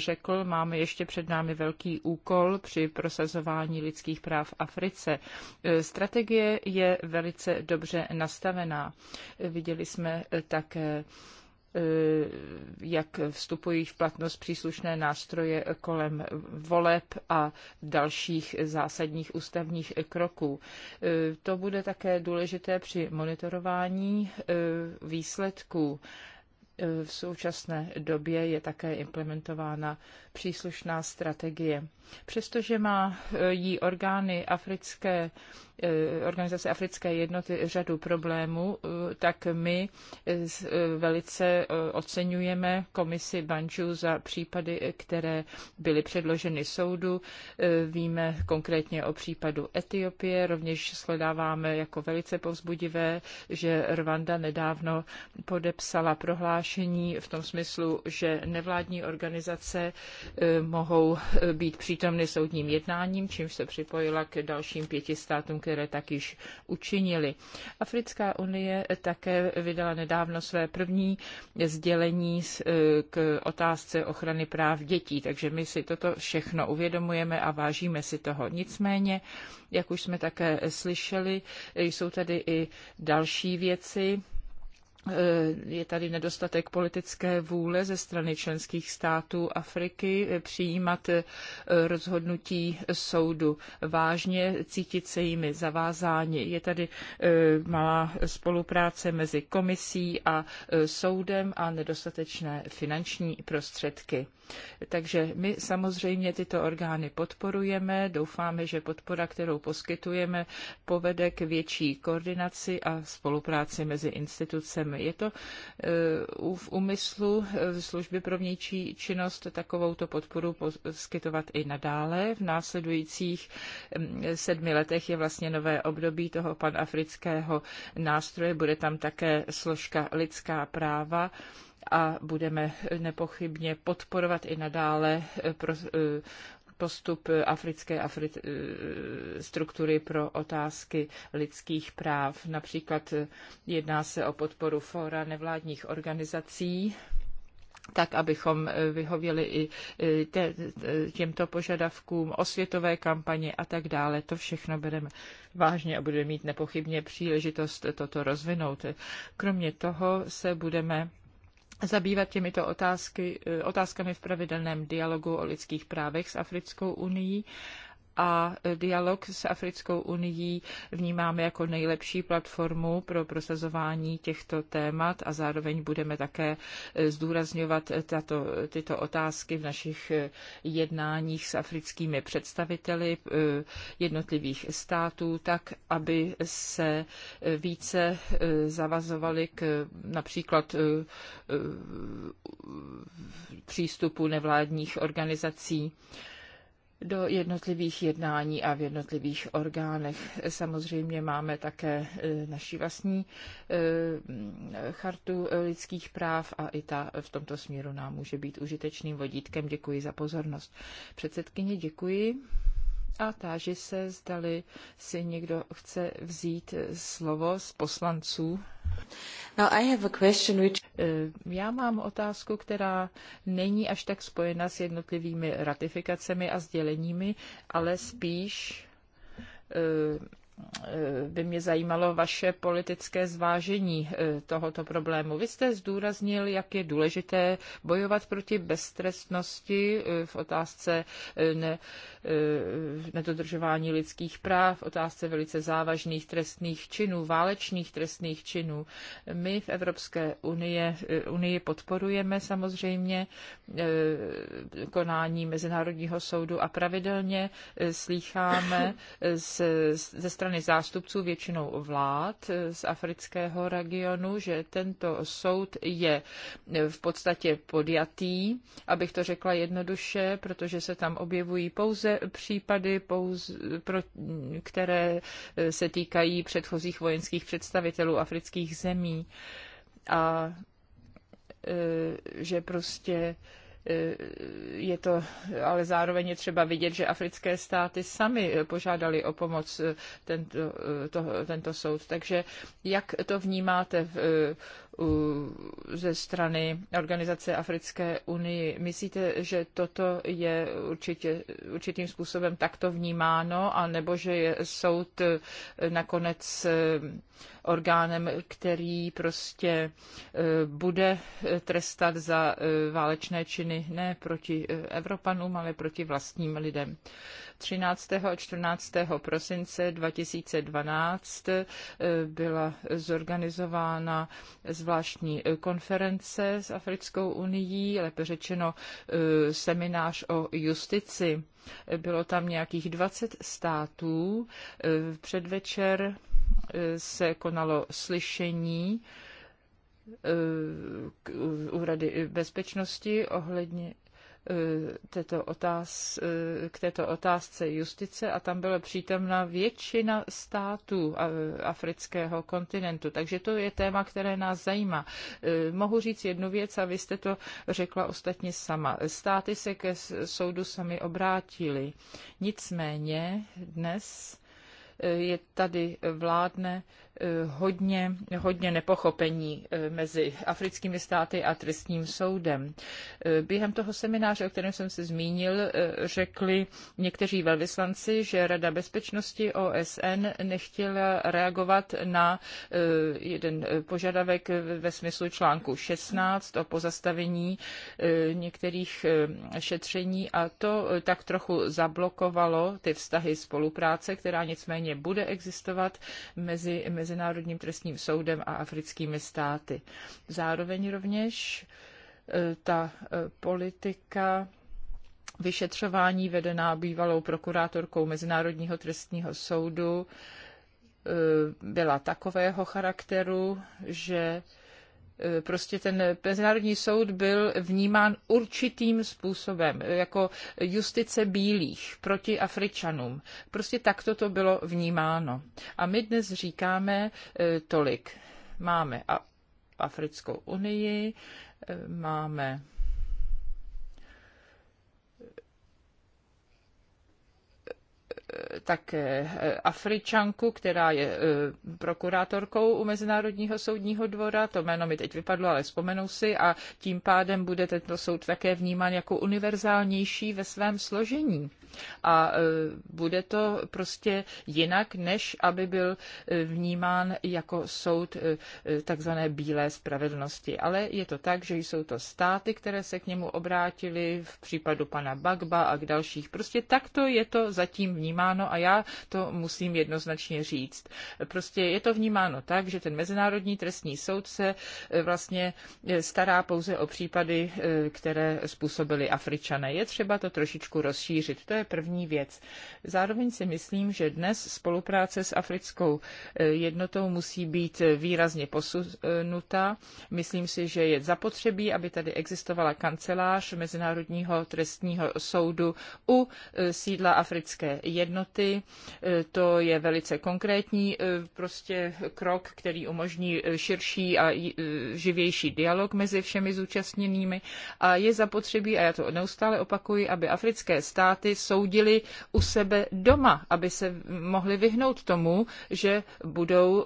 řekl, máme ještě před námi velký úkol při prosazování lidských práv v Africe. Strategie je velice dobře nastavená. Viděli jsme také Eh, jak vstupují v platnost příslušné nástroje kolem voleb a dalších zásadních ústavních kroků. Eh, to bude také důležité při monitorování eh, výsledků v současné době je také implementována příslušná strategie. Přestože má jí orgány africké Eh, organizace Africké jednoty řadu problémů, eh, tak my eh, velice oceňujeme komisi Bančů za případy, které byly předloženy soudu. Víme konkrétně o případu Etiopie, rovněž shledáváme jako velice povzbudivé, že Rwanda nedávno podepsala prohlášení v tom smyslu, že nevládní organizace mohou být přítomny soudním jednáním, čímž se připojila k dalším pěti státům, které tak již učinili. Africká unie také vydala nedávno své první sdělení e, k otázce ochrany práv dětí, takže my si toto všechno uvědomujeme a vážíme si toho. Nicméně, jak už jsme také slyšeli, jsou tady i další věci, Eh, je tady nedostatek politické vůle ze strany členských států Afriky eh, přijímat eh, rozhodnutí soudu vážně, cítit se jimi zavázáni. Je tady malá spolupráce mezi komisí a soudem a nedostatečné finanční prostředky. Takže my samozřejmě tyto orgány podporujeme, doufáme, že podpora, kterou poskytujeme, povede k větší koordinaci a spolupráci mezi institucemi programy. Je to e, v úmyslu e, služby pro vnější činnost takovouto podporu poskytovat i nadále. V následujících sedmi letech je vlastně nové období toho panafrického nástroje. Bude tam také složka lidská práva a budeme nepochybně podporovat i nadále e, postup africké Afri- eh, struktury pro otázky lidských práv. Například eh, jedná se o podporu fóra nevládních organizací, tak, abychom eh, vyhověli i těmto požadavkům, osvětové kampaně a tak dále. To všechno bereme vážně a budeme mít nepochybně příležitost toto rozvinout. Kromě toho se budeme zabývat těmito otázky, eh, otázkami v pravidelném dialogu o lidských právech s Africkou unii a dialog s Africkou unii vnímáme jako nejlepší platformu pro prosazování těchto témat a zároveň budeme také zdůrazňovat tato, tyto otázky v našich jednáních s africkými představiteli eh, jednotlivých států, tak aby se více eh, zavazovali k například eh, přístupu nevládních organizací do jednotlivých jednání a v jednotlivých orgánech. Samozřejmě máme také e, naši vlastní e, chartu lidských práv a i ta v tomto směru nám může být užitečným vodítkem. Děkuji za pozornost. Předsedkyně, děkuji a táži se, zdali si někdo chce vzít slovo z poslanců Now I have a question which... Eh, já mám otázku, která není až tak spojena s jednotlivými ratifikacemi a sděleními, ale spíš eh, Eh, by mě zajímalo vaše politické zvážení eh, tohoto problému. Vy jste zdůraznil, jak je důležité bojovat proti beztrestnosti eh, v otázce ne, nedodržování lidských práv, v otázce velice závažných trestných činů, válečných trestných činů. My v Evropské unie, unii podporujeme samozřejmě konání Mezinárodního soudu a pravidelně slýcháme ze strany strany zástupců většinou vlád eh, z afrického regionu, že tento soud je eh, v podstatě podjatý, abych to řekla jednoduše, protože se tam objevují pouze případy, pouze, pro, které eh, se týkají předchozích vojenských představitelů afrických zemí a že prostě Eh, je to, ale zároveň je třeba vidět, že africké státy sami eh, požádali o pomoc eh, tento, to, tento soud. Takže jak to vnímáte v ze strany Organizace Africké unii. Myslíte, že toto je určitě, určitým způsobem takto vnímáno, anebo že je soud nakonec eh, orgánem, který prostě eh, bude trestat za eh, válečné činy ne proti Evropanům, ale proti vlastním lidem? 13. a 14. prosince 2012 eh, byla zorganizována zvláštní eh, konference s Africkou unii, lépe řečeno eh, seminář o justici. Bylo tam nějakých 20 států. V Předvečer se konalo slyšení Úrady bezpečnosti ohledně Eh, této otáz, eh, k této otázce justice a tam byla přítomna většina států eh, afrického kontinentu. Takže to je téma, které nás zajímá. Mohu říct jednu věc a vy jste to řekla ostatně sama. Státy se ke soudu sami obrátili. Nicméně dnes je tady vládne Eh, hodně, hodně nepochopení eh, mezi africkými státy a trestním soudem. Eh, během toho semináře, o kterém jsem se zmínil, řekli někteří velvyslanci, že Rada bezpečnosti OSN nechtěla reagovat na jeden požadavek ve smyslu článku 16 o pozastavení některých šetření a to tak trochu zablokovalo ty vztahy spolupráce, která nicméně bude existovat mezi, mezi Mezinárodním trestním soudem a africkými státy. Zároveň rovněž e, ta e, politika vyšetřování vedená bývalou prokurátorkou Mezinárodního trestního soudu e, byla takového charakteru, že E, prostě ten Mezinárodní soud byl vnímán určitým způsobem, jako justice bílých proti Afričanům. Prostě takto to bylo vnímáno. A my dnes říkáme e, tolik. Máme Africkou unii, e, máme také eh, Afričanku, která je eh, prokurátorkou u Mezinárodního soudního dvora, to jméno mi teď vypadlo, ale vzpomenu si, a tím pádem bude tento soud také vnímán jako univerzálnější ve svém složení. A eh, bude to prostě jinak, než aby byl vnímán jako soud takzvané bílé spravedlnosti. Ale je to tak, že jsou to státy, které se k němu obrátily v případu pana Bagba a k dalších. Prostě takto je to zatím vnímáno vnímáno a já to musím jednoznačně říct. Prostě je to vnímáno tak, že ten Mezinárodní trestní soud se e, vlastně e, stará pouze o případy, e, které způsobili Afričané. Je třeba to trošičku rozšířit. To je první věc. Zároveň si myslím, že dnes spolupráce s africkou jednotou musí být výrazně posunuta. Myslím si, že je zapotřebí, aby tady existovala kancelář Mezinárodního trestního soudu u sídla africké jednoty jednoty. E, to je velice konkrétní e, prostě krok, který umožní e, širší a živější dialog mezi všemi zúčastněnými a je zapotřebí, a já to neustále opakuji, aby africké státy soudili u sebe doma, aby se mohli vyhnout tomu, že budou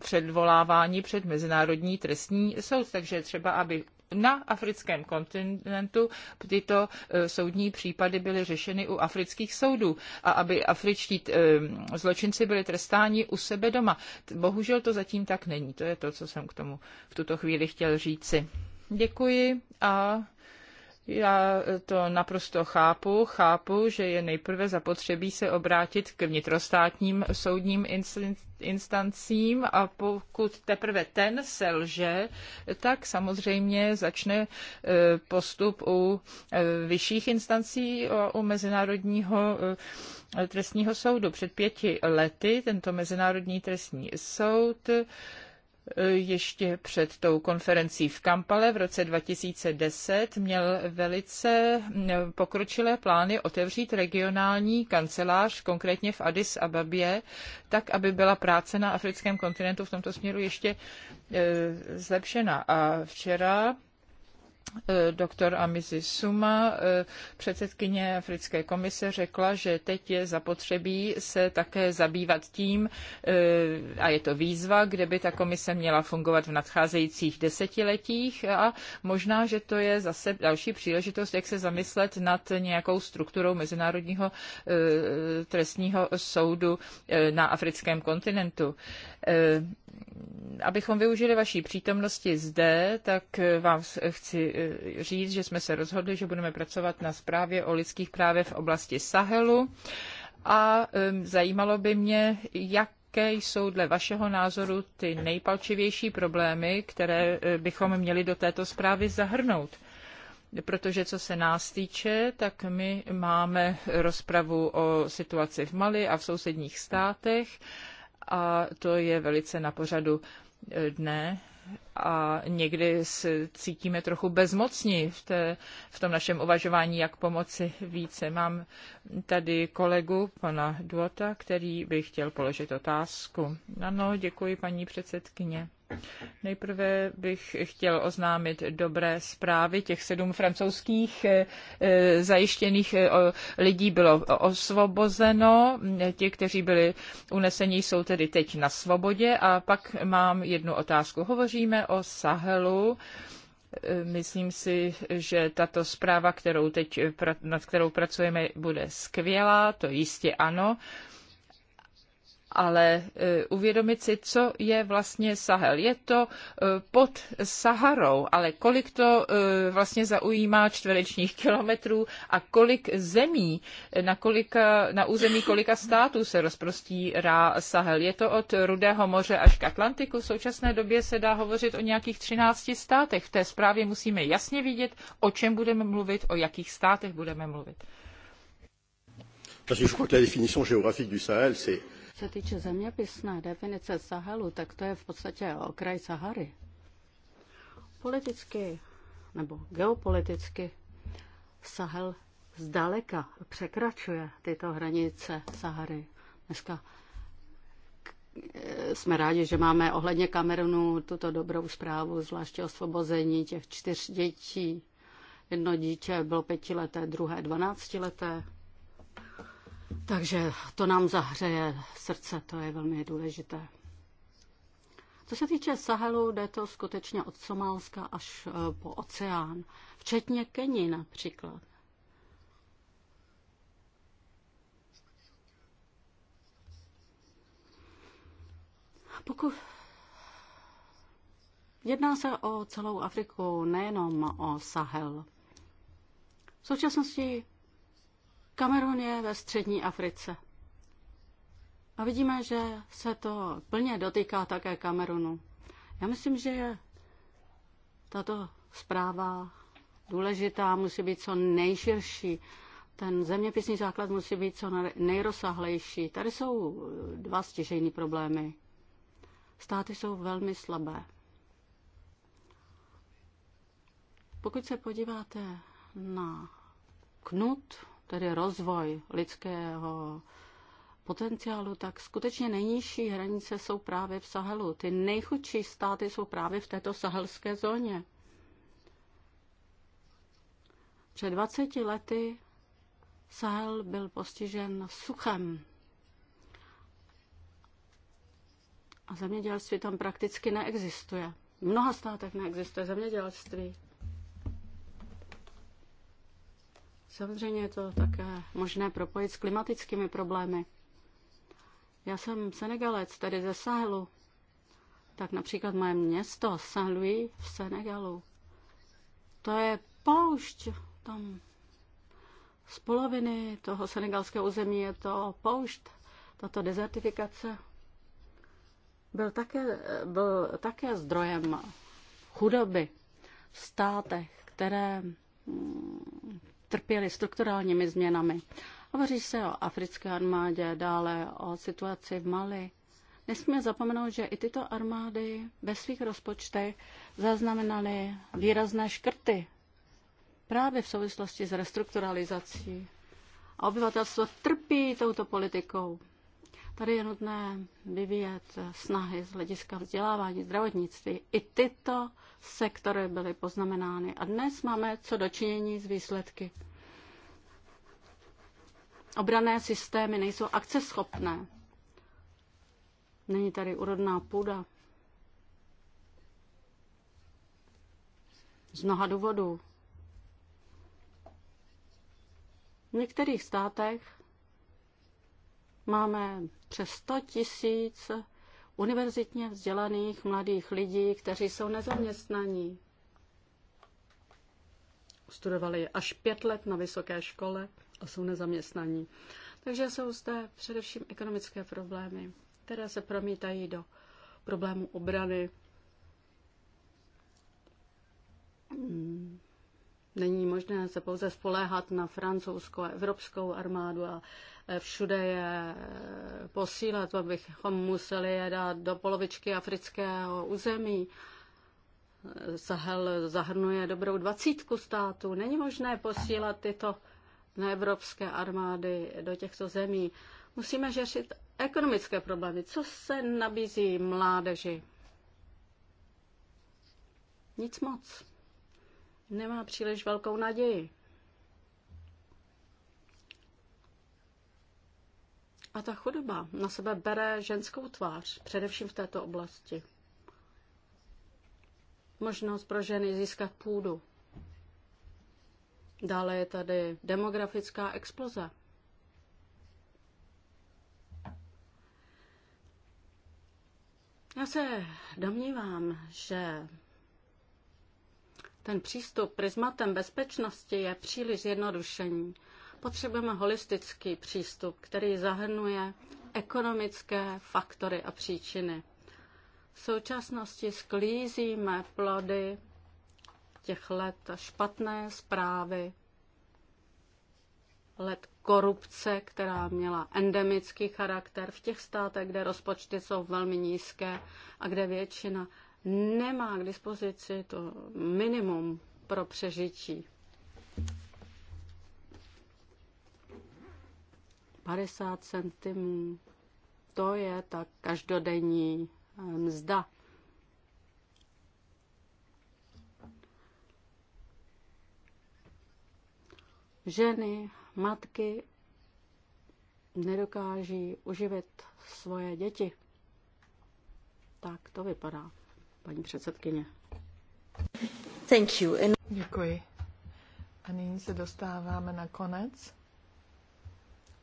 předvoláváni před Mezinárodní trestní soud. Takže třeba, aby na africkém kontinentu tyto e, soudní případy byly řešeny u afrických soudů a aby afričtí e, zločinci byli trestáni u sebe doma. Bohužel to zatím tak není. To je to, co jsem k tomu v tuto chvíli chtěl říci. Děkuji a já eh, to naprosto chápu. Chápu, že je nejprve zapotřebí se obrátit k vnitrostátním soudním instancím a pokud teprve ten selže, tak samozřejmě začne eh, postup u eh, vyšších instancí, u Mezinárodního trestního soudu. Před pěti lety tento Mezinárodní trestní soud ještě před tou konferencí v Kampale v roce 2010 měl velice pokročilé plány otevřít regionální kancelář, konkrétně v Addis Ababě, tak, aby byla práce na africkém kontinentu v tomto směru ještě e, zlepšena. A včera Eh, doktor Amizi Suma, eh, předsedkyně Africké komise, řekla, že teď je zapotřebí se také zabývat tím, eh, a je to výzva, kde by ta komise měla fungovat v nadcházejících desetiletích a možná, že to je zase další příležitost, jak se zamyslet nad nějakou strukturou Mezinárodního trestního soudu na africkém kontinentu abychom využili vaší přítomnosti zde, tak vám chci eh, říct, že jsme se rozhodli, že budeme pracovat na zprávě o lidských právech v oblasti Sahelu a eh, zajímalo by mě, jak jaké jsou dle vašeho názoru ty nejpalčivější problémy, které eh, bychom měli do této zprávy zahrnout. Protože co se nás týče, tak my máme rozpravu o situaci v Mali a v sousedních státech a to je velice na pořadu eh, dne a někdy se cítíme trochu bezmocní v, té, v tom našem uvažování, jak pomoci více. Mám tady kolegu, pana Duota, který by chtěl položit otázku. Ano, děkuji, paní předsedkyně. Nejprve bych chtěl oznámit dobré zprávy. Těch sedm francouzských eh, eh, zajištěných eh, lidí bylo osvobozeno. Ti, kteří byli uneseni, jsou tedy teď na svobodě. A pak mám jednu otázku. Hovoříme o Sahelu. Myslím si, že tato zpráva, kterou teď, nad kterou pracujeme, bude skvělá, to jistě ano ale e, uvědomit si, co je vlastně Sahel. Je to e, pod Saharou, ale kolik to e, vlastně zaujímá čtverečních kilometrů a kolik zemí, na, kolika, na území kolika států se rozprostírá Sahel. Je to od Rudého moře až k Atlantiku. V současné době se dá hovořit o nějakých 13 státech. V té zprávě musíme jasně vidět, o čem budeme mluvit, o jakých státech budeme mluvit. Parce que je crois que la définition géographique du Sahel, c'est se týče zeměpisné definice Sahelu, tak to je v podstatě okraj Sahary. Politicky nebo geopoliticky Sahel zdaleka překračuje tyto hranice Sahary. Dneska eh, jsme rádi, že máme ohledně Kamerunu tuto dobrou zprávu, zvláště svobození těch čtyř dětí. Jedno dítě bylo pětileté, druhé dvanáctileté. Takže to nám zahřeje srdce, to je velmi důležité. Co se týče Sahelu, jde to skutečně od Somálska až eh, po oceán, včetně Keni například. Pokud jedná se o celou Afriku, nejenom o Sahel. V současnosti Kamerun je ve střední Africe. A vidíme, že se to plně dotýká také Kamerunu. Já myslím, že je tato zpráva důležitá, musí být co nejširší. Ten zeměpisný základ musí být co nejrozsáhlejší. Tady jsou dva stěžejní problémy. Státy jsou velmi slabé. Pokud se podíváte na knut, tedy rozvoj lidského potenciálu, tak skutečně nejnižší hranice jsou právě v Sahelu. Ty nejchudší státy jsou právě v této sahelské zóně. Před 20 lety Sahel byl postižen suchem. A zemědělství tam prakticky neexistuje. V mnoha státech neexistuje zemědělství. Samozřejmě je to také možné propojit s klimatickými problémy. Já jsem Senegalec, tedy ze Sahelu. Tak například moje město Saint-Louis v Senegalu. To je poušť tam. Z poloviny toho senegalského území je to poušť, tato dezertifikace. Byl také, byl také zdrojem chudoby v státech, které mm, trpěli strukturálními změnami. Hovoří se o africké armádě, dále o situaci v Mali. Nesmíme zapomenout, že i tyto armády ve svých rozpočtech zaznamenaly výrazné škrty právě v souvislosti s restrukturalizací. A obyvatelstvo trpí touto politikou. Tady je nutné vyvíjet snahy z hlediska vzdělávání, zdravotnictví. I tyto sektory byly poznamenány a dnes máme co dočinění z výsledky. Obrané systémy nejsou akceschopné. Není tady úrodná půda. Z mnoha důvodů. V některých státech Máme přes 100 tisíc univerzitně vzdělaných mladých lidí, kteří jsou nezaměstnaní. Studovali až pět let na vysoké škole a jsou nezaměstnaní. Takže jsou zde především ekonomické problémy, které se promítají do problému obrany, hmm. Není možné se pouze spoléhat na francouzskou a evropskou armádu a e, všude je e, posílat, abychom museli je dát do polovičky afrického území. E, Sahel zahrnuje dobrou dvacítku států. Není možné posílat tyto neevropské armády do těchto zemí. Musíme řešit ekonomické problémy. Co se nabízí mládeži? Nic moc nemá příliš velkou naději. A ta chudoba na sebe bere ženskou tvář, především v této oblasti. Možnost pro ženy získat půdu. Dále je tady demografická exploze. Já se domnívám, že ten přístup prismatem bezpečnosti je příliš zjednodušení. Potřebujeme holistický přístup, který zahrnuje ekonomické faktory a příčiny. V současnosti sklízíme plody těch let špatné zprávy, let korupce, která měla endemický charakter v těch státech, kde rozpočty jsou velmi nízké a kde většina nemá k dispozici to minimum pro přežití. 50 centimů, to je ta každodenní eh, mzda. Ženy, matky nedokáží uživit svoje děti. Tak to vypadá paní předsedkyně. Thank you. In... Děkuji. A nyní se dostáváme na konec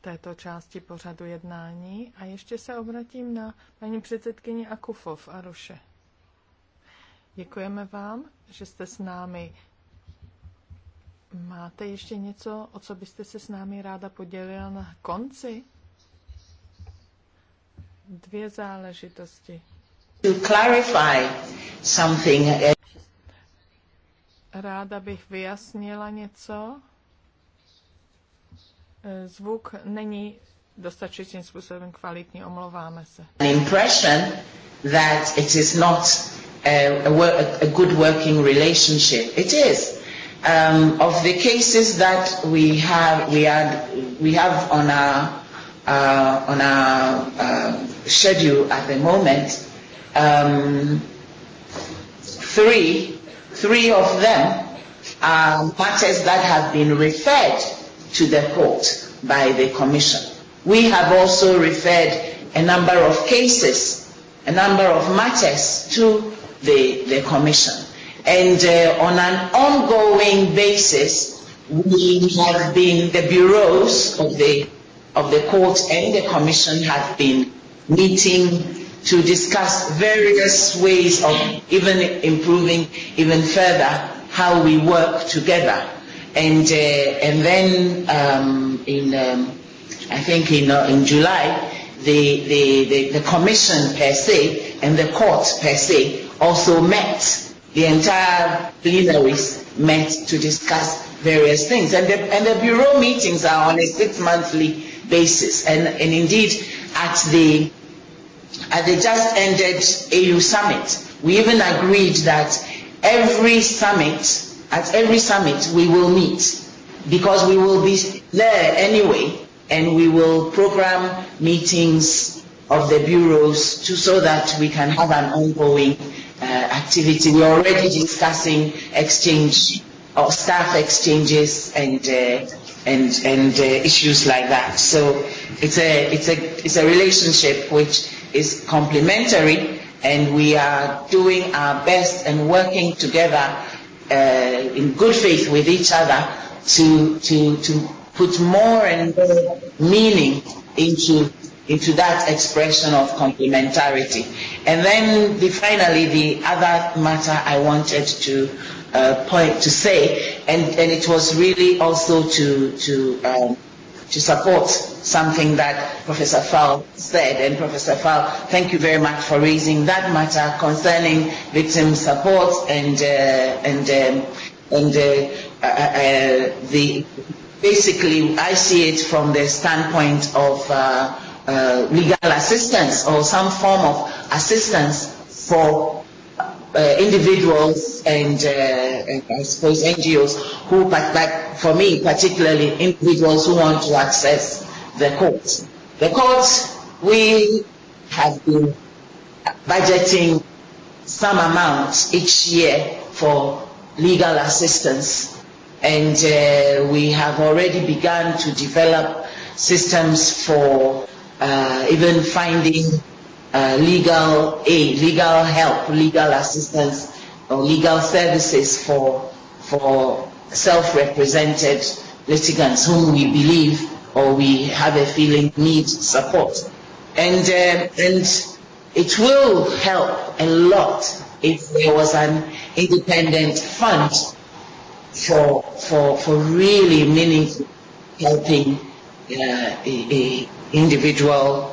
této části pořadu jednání a ještě se obratím na paní předsedkyni Akufov a Ruše. Děkujeme vám, že jste s námi. Máte ještě něco, o co byste se s námi ráda podělila na konci? Dvě záležitosti. To clarify something. Eh, Ráda bych vyjasnila něco. Eh, zvuk není dostatečným způsobem kvalitní, omlouváme se. An impression that it is not eh, a, a, a good working relationship. It is. Um, of the cases that we have, we had, we have on our, uh, on our uh, schedule at the moment, um, three, three of them are matters that have been referred to the court by the commission. We have also referred a number of cases, a number of matters to the, the commission. And uh, on an ongoing basis, we have been, the bureaus of the, of the court and the commission have been meeting to discuss various ways of even improving even further how we work together. And, uh, and then um, in, um, I think in, uh, in July, the, the, the, the commission per se and the court per se also met, the entire plenaries met to discuss various things. And the, and the bureau meetings are on a six-monthly basis. And, and indeed, at the at the just ended AU summit, we even agreed that every summit, at every summit, we will meet because we will be there anyway and we will program meetings of the bureaus to, so that we can have an ongoing uh, activity. We are already discussing exchange or uh, staff exchanges and uh, and and uh, issues like that. So it's a it's a it's a relationship which is complementary and we are doing our best and working together uh, in good faith with each other to, to, to put more and more meaning into, into that expression of complementarity. And then the, finally, the other matter I wanted to uh, point to say, and, and it was really also to, to um, to support something that Professor Fowl said. And Professor Fowl, thank you very much for raising that matter concerning victim support and uh, and um, and uh, uh, uh, the basically I see it from the standpoint of uh, uh, legal assistance or some form of assistance for uh, individuals and, uh, and I suppose NGOs who, like for me particularly, individuals who want to access the courts. The courts, we have been budgeting some amount each year for legal assistance and uh, we have already begun to develop systems for uh, even finding Uh, legal aid, legal help, legal assistance, or legal services for, for self-represented litigants whom we believe or we have a feeling need support. And, uh, and it will help a lot if there was an independent fund for, for, for really meaningful helping uh, a, a individual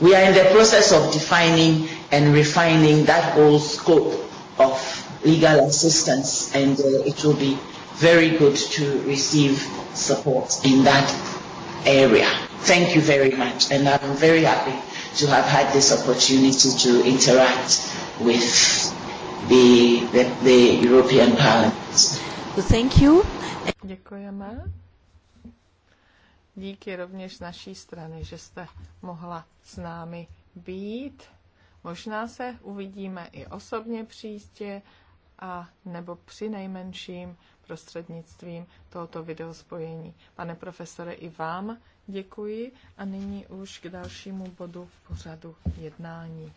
We are in the process of defining and refining that whole scope of legal assistance and uh, it will be very good to receive support in that area. Thank you very much and I'm very happy to have had this opportunity to interact with the, the, the European Parliament. Thank you. Děkujeme díky rovněž z naší strany, že jste mohla s námi být. Možná se uvidíme i osobně příště a nebo při nejmenším prostřednictvím tohoto videospojení. Pane profesore, i vám děkuji a nyní už k dalšímu bodu v pořadu jednání.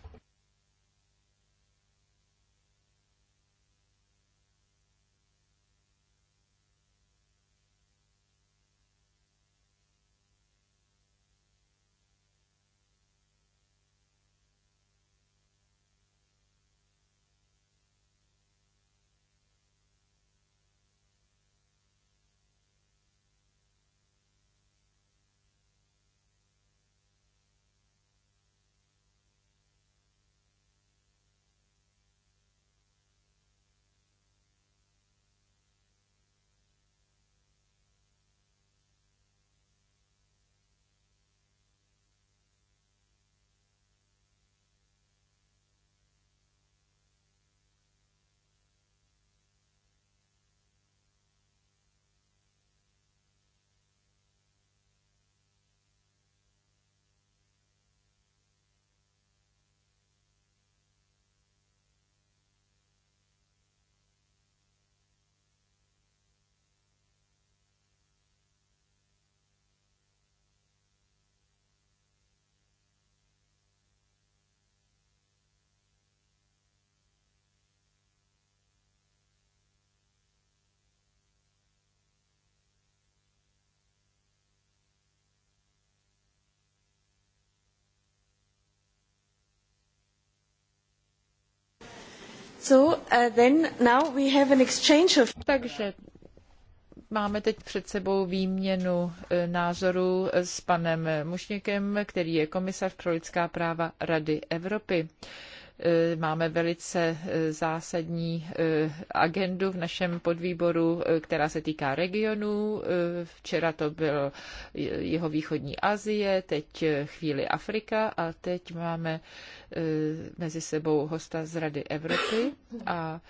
Uh, Takže máme teď před sebou výměnu eh, názorů eh, s panem Mušněkem, který je komisař pro lidská práva Rady Evropy. E, máme velice e, zásadní e, agendu v našem podvýboru, která se týká regionů. Včera to byl jeho východní Asie, teď chvíli Afrika a teď máme mezi sebou hosta z Rady Evropy a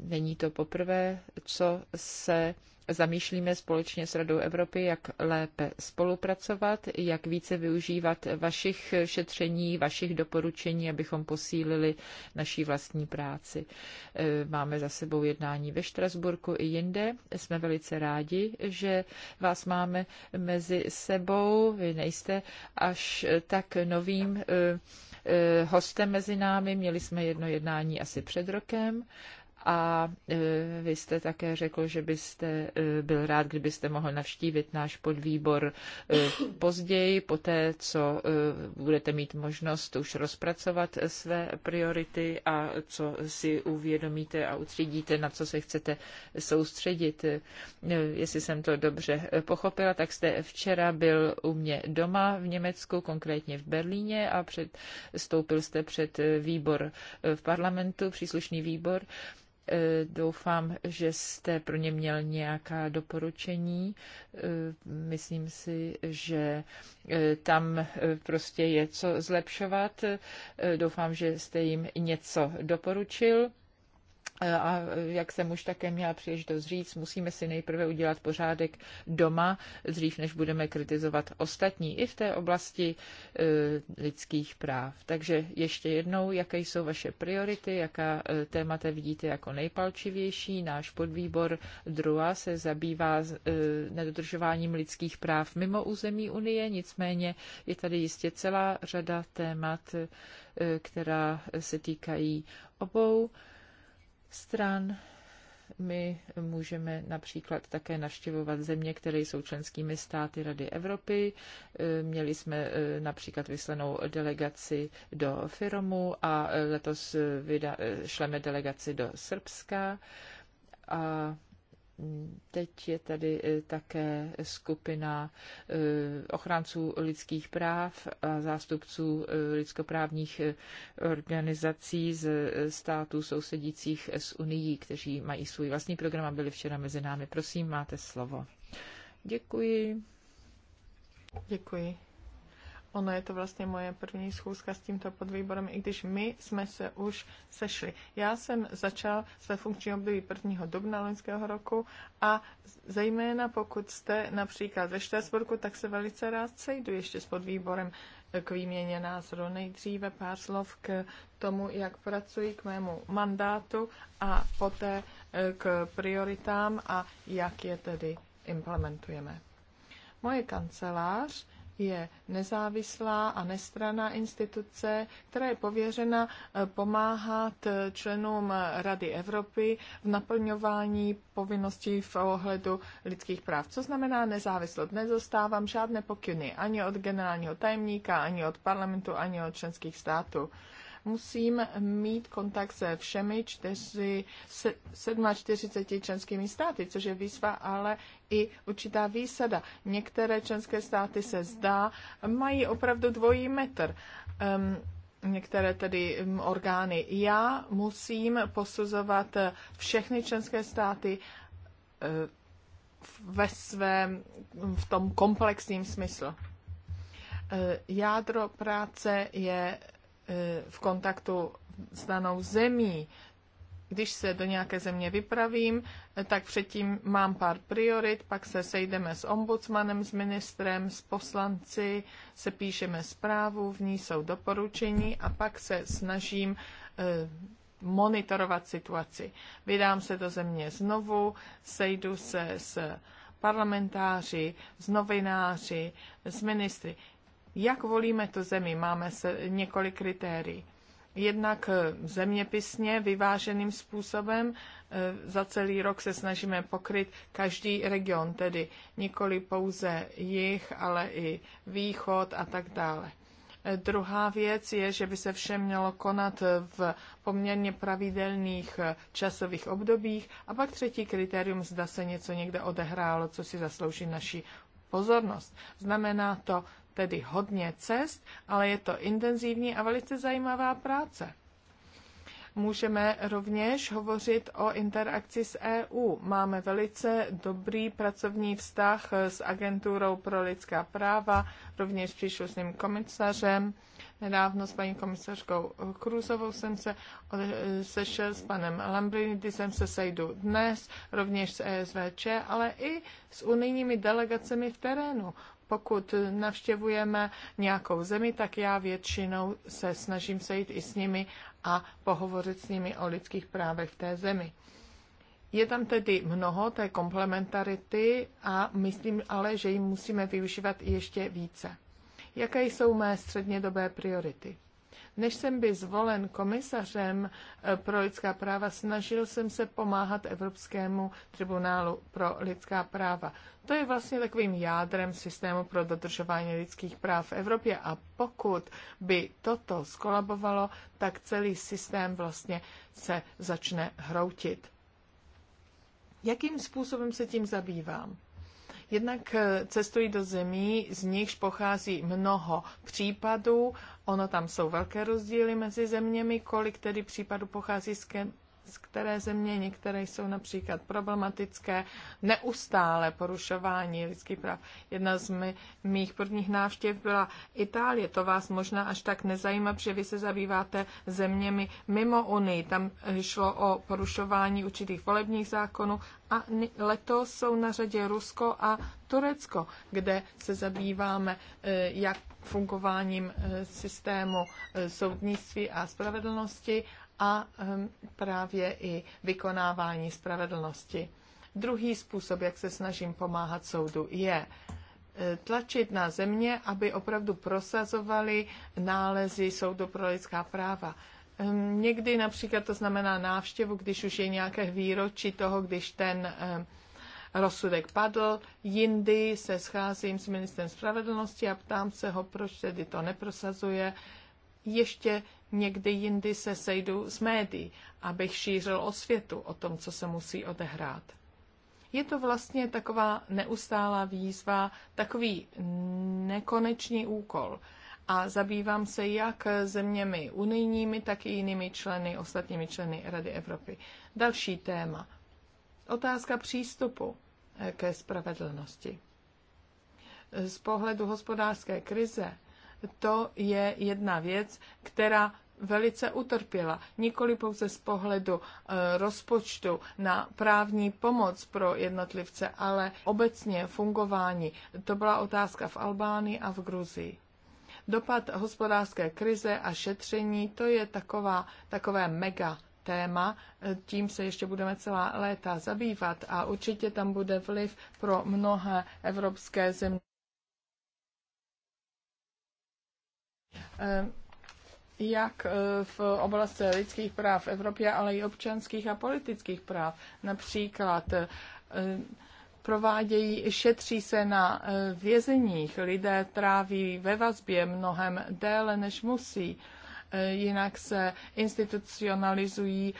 není to poprvé, co se zamýšlíme společně s Radou Evropy, jak lépe spolupracovat, jak více využívat vašich šetření, vašich doporučení, abychom posílili naší vlastní práci. E, máme za sebou jednání ve Štrasburku i jinde. Jsme velice rádi, že vás máme mezi sebou. Vy nejste až tak novým e, e, hostem mezi námi. Měli jsme jedno jednání asi před rokem a e, vy jste také řekl, že byste e, byl rád, kdybyste mohl navštívit náš podvýbor e, později, po té, co budete mít možnost už rozpracovat své priority a co si uvědomíte a utřídíte, na co se chcete soustředit. Jestli jsem to dobře pochopila, tak jste včera byl u mě doma v Německu, konkrétně v Berlíně a před, stoupil jste před výbor v parlamentu, příslušný výbor Eh, doufám, že jste pro ně měl nějaká doporučení. Eh, myslím si, že eh, tam prostě je co zlepšovat. Doufám, že jste jim něco doporučil a jak jsem už také měla příležitost říct, musíme si nejprve udělat pořádek doma, dřív než budeme kritizovat ostatní i v té oblasti e, lidských práv. Takže ještě jednou, jaké jsou vaše priority, jaká e, témata vidíte jako nejpalčivější. Náš podvýbor DRUA se zabývá e, nedodržováním lidských práv mimo území Unie, nicméně je tady jistě celá řada témat, e, která se týkají obou stran. My můžeme například také navštěvovat země, které jsou členskými státy Rady Evropy. Eh, měli jsme eh, například vyslanou delegaci do Firomu a eh, letos šleme delegaci do Srbska. A Teď je tady eh, také skupina eh, ochránců lidských práv a zástupců eh, lidskoprávních organizací z států sousedících s Unií, kteří mají svůj vlastní program a byli včera mezi námi. Prosím, máte slovo. Děkuji. Děkuji. Ono je to vlastně moje první schůzka s tímto podvýborem, i když my jsme se už sešli. Já jsem začal své funkční období 1. dubna loňského roku a zejména pokud jste například ve Štrasburku, tak se velice rád sejdu ještě s podvýborem k výměně názoru. Nejdříve pár slov k tomu, jak pracuji k mému mandátu a poté eh, k prioritám a jak je tedy implementujeme. Moje kancelář je nezávislá a nestraná instituce, která je pověřena eh, pomáhat eh, členům eh, Rady Evropy v naplňování povinností v ohledu lidských práv. Co znamená nezávislost? Nezostávám žádné pokyny ani od generálního tajemníka, ani od parlamentu, ani od členských států musím mít kontakt se všemi čtyři, se, 47 členskými státy, což je výzva, ale i určitá výsada. Některé členské státy se zdá, mají opravdu dvojí metr. Um, některé tedy orgány. Já musím posuzovat všechny členské státy eh, ve svém, v tom komplexním smyslu. Eh, jádro práce je Eh, v kontaktu s danou zemí. Když se do nějaké země vypravím, eh, tak předtím mám pár priorit, pak se sejdeme s ombudsmanem, s ministrem, s poslanci, se píšeme zprávu, v ní jsou doporučení a pak se snažím eh, monitorovat situaci. Vydám se do země znovu, sejdu se s parlamentáři, s novináři, s ministry. Jak volíme tu zemi? Máme se několik kritérií. Jednak eh, zeměpisně vyváženým způsobem eh, za celý rok se snažíme pokryt každý region, tedy nikoli pouze jich, ale i východ a tak dále. Eh, druhá věc je, že by se vše mělo konat v poměrně pravidelných časových obdobích. A pak třetí kritérium, zda se něco někde odehrálo, co si zaslouží naší pozornost. Znamená to tedy hodně cest, ale je to intenzivní a velice zajímavá práce. Můžeme rovněž hovořit o interakci s EU. Máme velice dobrý pracovní vztah s agenturou pro lidská práva, rovněž přišel s ním komisařem. Nedávno s paní komisařkou Kruzovou jsem se sešel s panem jsem se sejdu dnes, rovněž s ESVČ, ale i s unijními delegacemi v terénu pokud navštěvujeme nějakou zemi, tak já většinou se snažím sejít i s nimi a pohovořit s nimi o lidských právech v té zemi. Je tam tedy mnoho té komplementarity a myslím ale, že ji musíme využívat ještě více. Jaké jsou mé střednědobé priority? Než jsem byl zvolen komisařem eh, pro lidská práva, snažil jsem se pomáhat Evropskému tribunálu pro lidská práva. To je vlastně takovým jádrem systému pro dodržování lidských práv v Evropě a pokud by toto skolabovalo, tak celý systém vlastně se začne hroutit. Jakým způsobem se tím zabývám? Jednak eh, cestují do zemí, z nichž pochází mnoho případů. Ono tam jsou velké rozdíly mezi zeměmi, kolik tedy případů pochází z které země, některé jsou například problematické, neustále porušování lidských práv. Jedna z mých prvních návštěv byla Itálie. To vás možná až tak nezajímá, protože vy se zabýváte zeměmi mimo Unii. Tam šlo o porušování určitých volebních zákonů a letos jsou na řadě Rusko a Turecko, kde se zabýváme eh, jak fungováním eh, systému eh, soudnictví a spravedlnosti a ehm, právě i vykonávání spravedlnosti. Druhý způsob, jak se snažím pomáhat soudu, je e, tlačit na země, aby opravdu prosazovali nálezy Soudu pro lidská práva. Ehm, někdy například to znamená návštěvu, když už je nějaké výročí toho, když ten ehm, rozsudek padl. Jindy se scházím s ministrem spravedlnosti a ptám se ho, proč tedy to neprosazuje. Ještě někdy jindy se sejdu s médií, abych šířil světu, o tom, co se musí odehrát. Je to vlastně taková neustálá výzva, takový nekonečný úkol. A zabývám se jak zeměmi unijními, tak i jinými členy, ostatními členy Rady Evropy. Další téma. Otázka přístupu eh, ke spravedlnosti. Z pohledu hospodářské krize to je jedna věc, která velice utrpěla. Nikoli pouze z pohledu e, rozpočtu na právní pomoc pro jednotlivce, ale obecně fungování. To byla otázka v Albánii a v Gruzii. Dopad hospodářské krize a šetření, to je taková, takové mega téma, e, tím se ještě budeme celá léta zabývat a určitě tam bude vliv pro mnohé evropské země. Eh, jak eh, v oblasti lidských práv v Evropě, ale i občanských a politických práv. Například eh, provádějí, šetří se na vězeních, lidé tráví ve vazbě mnohem déle, než musí. Jinak se institucionalizují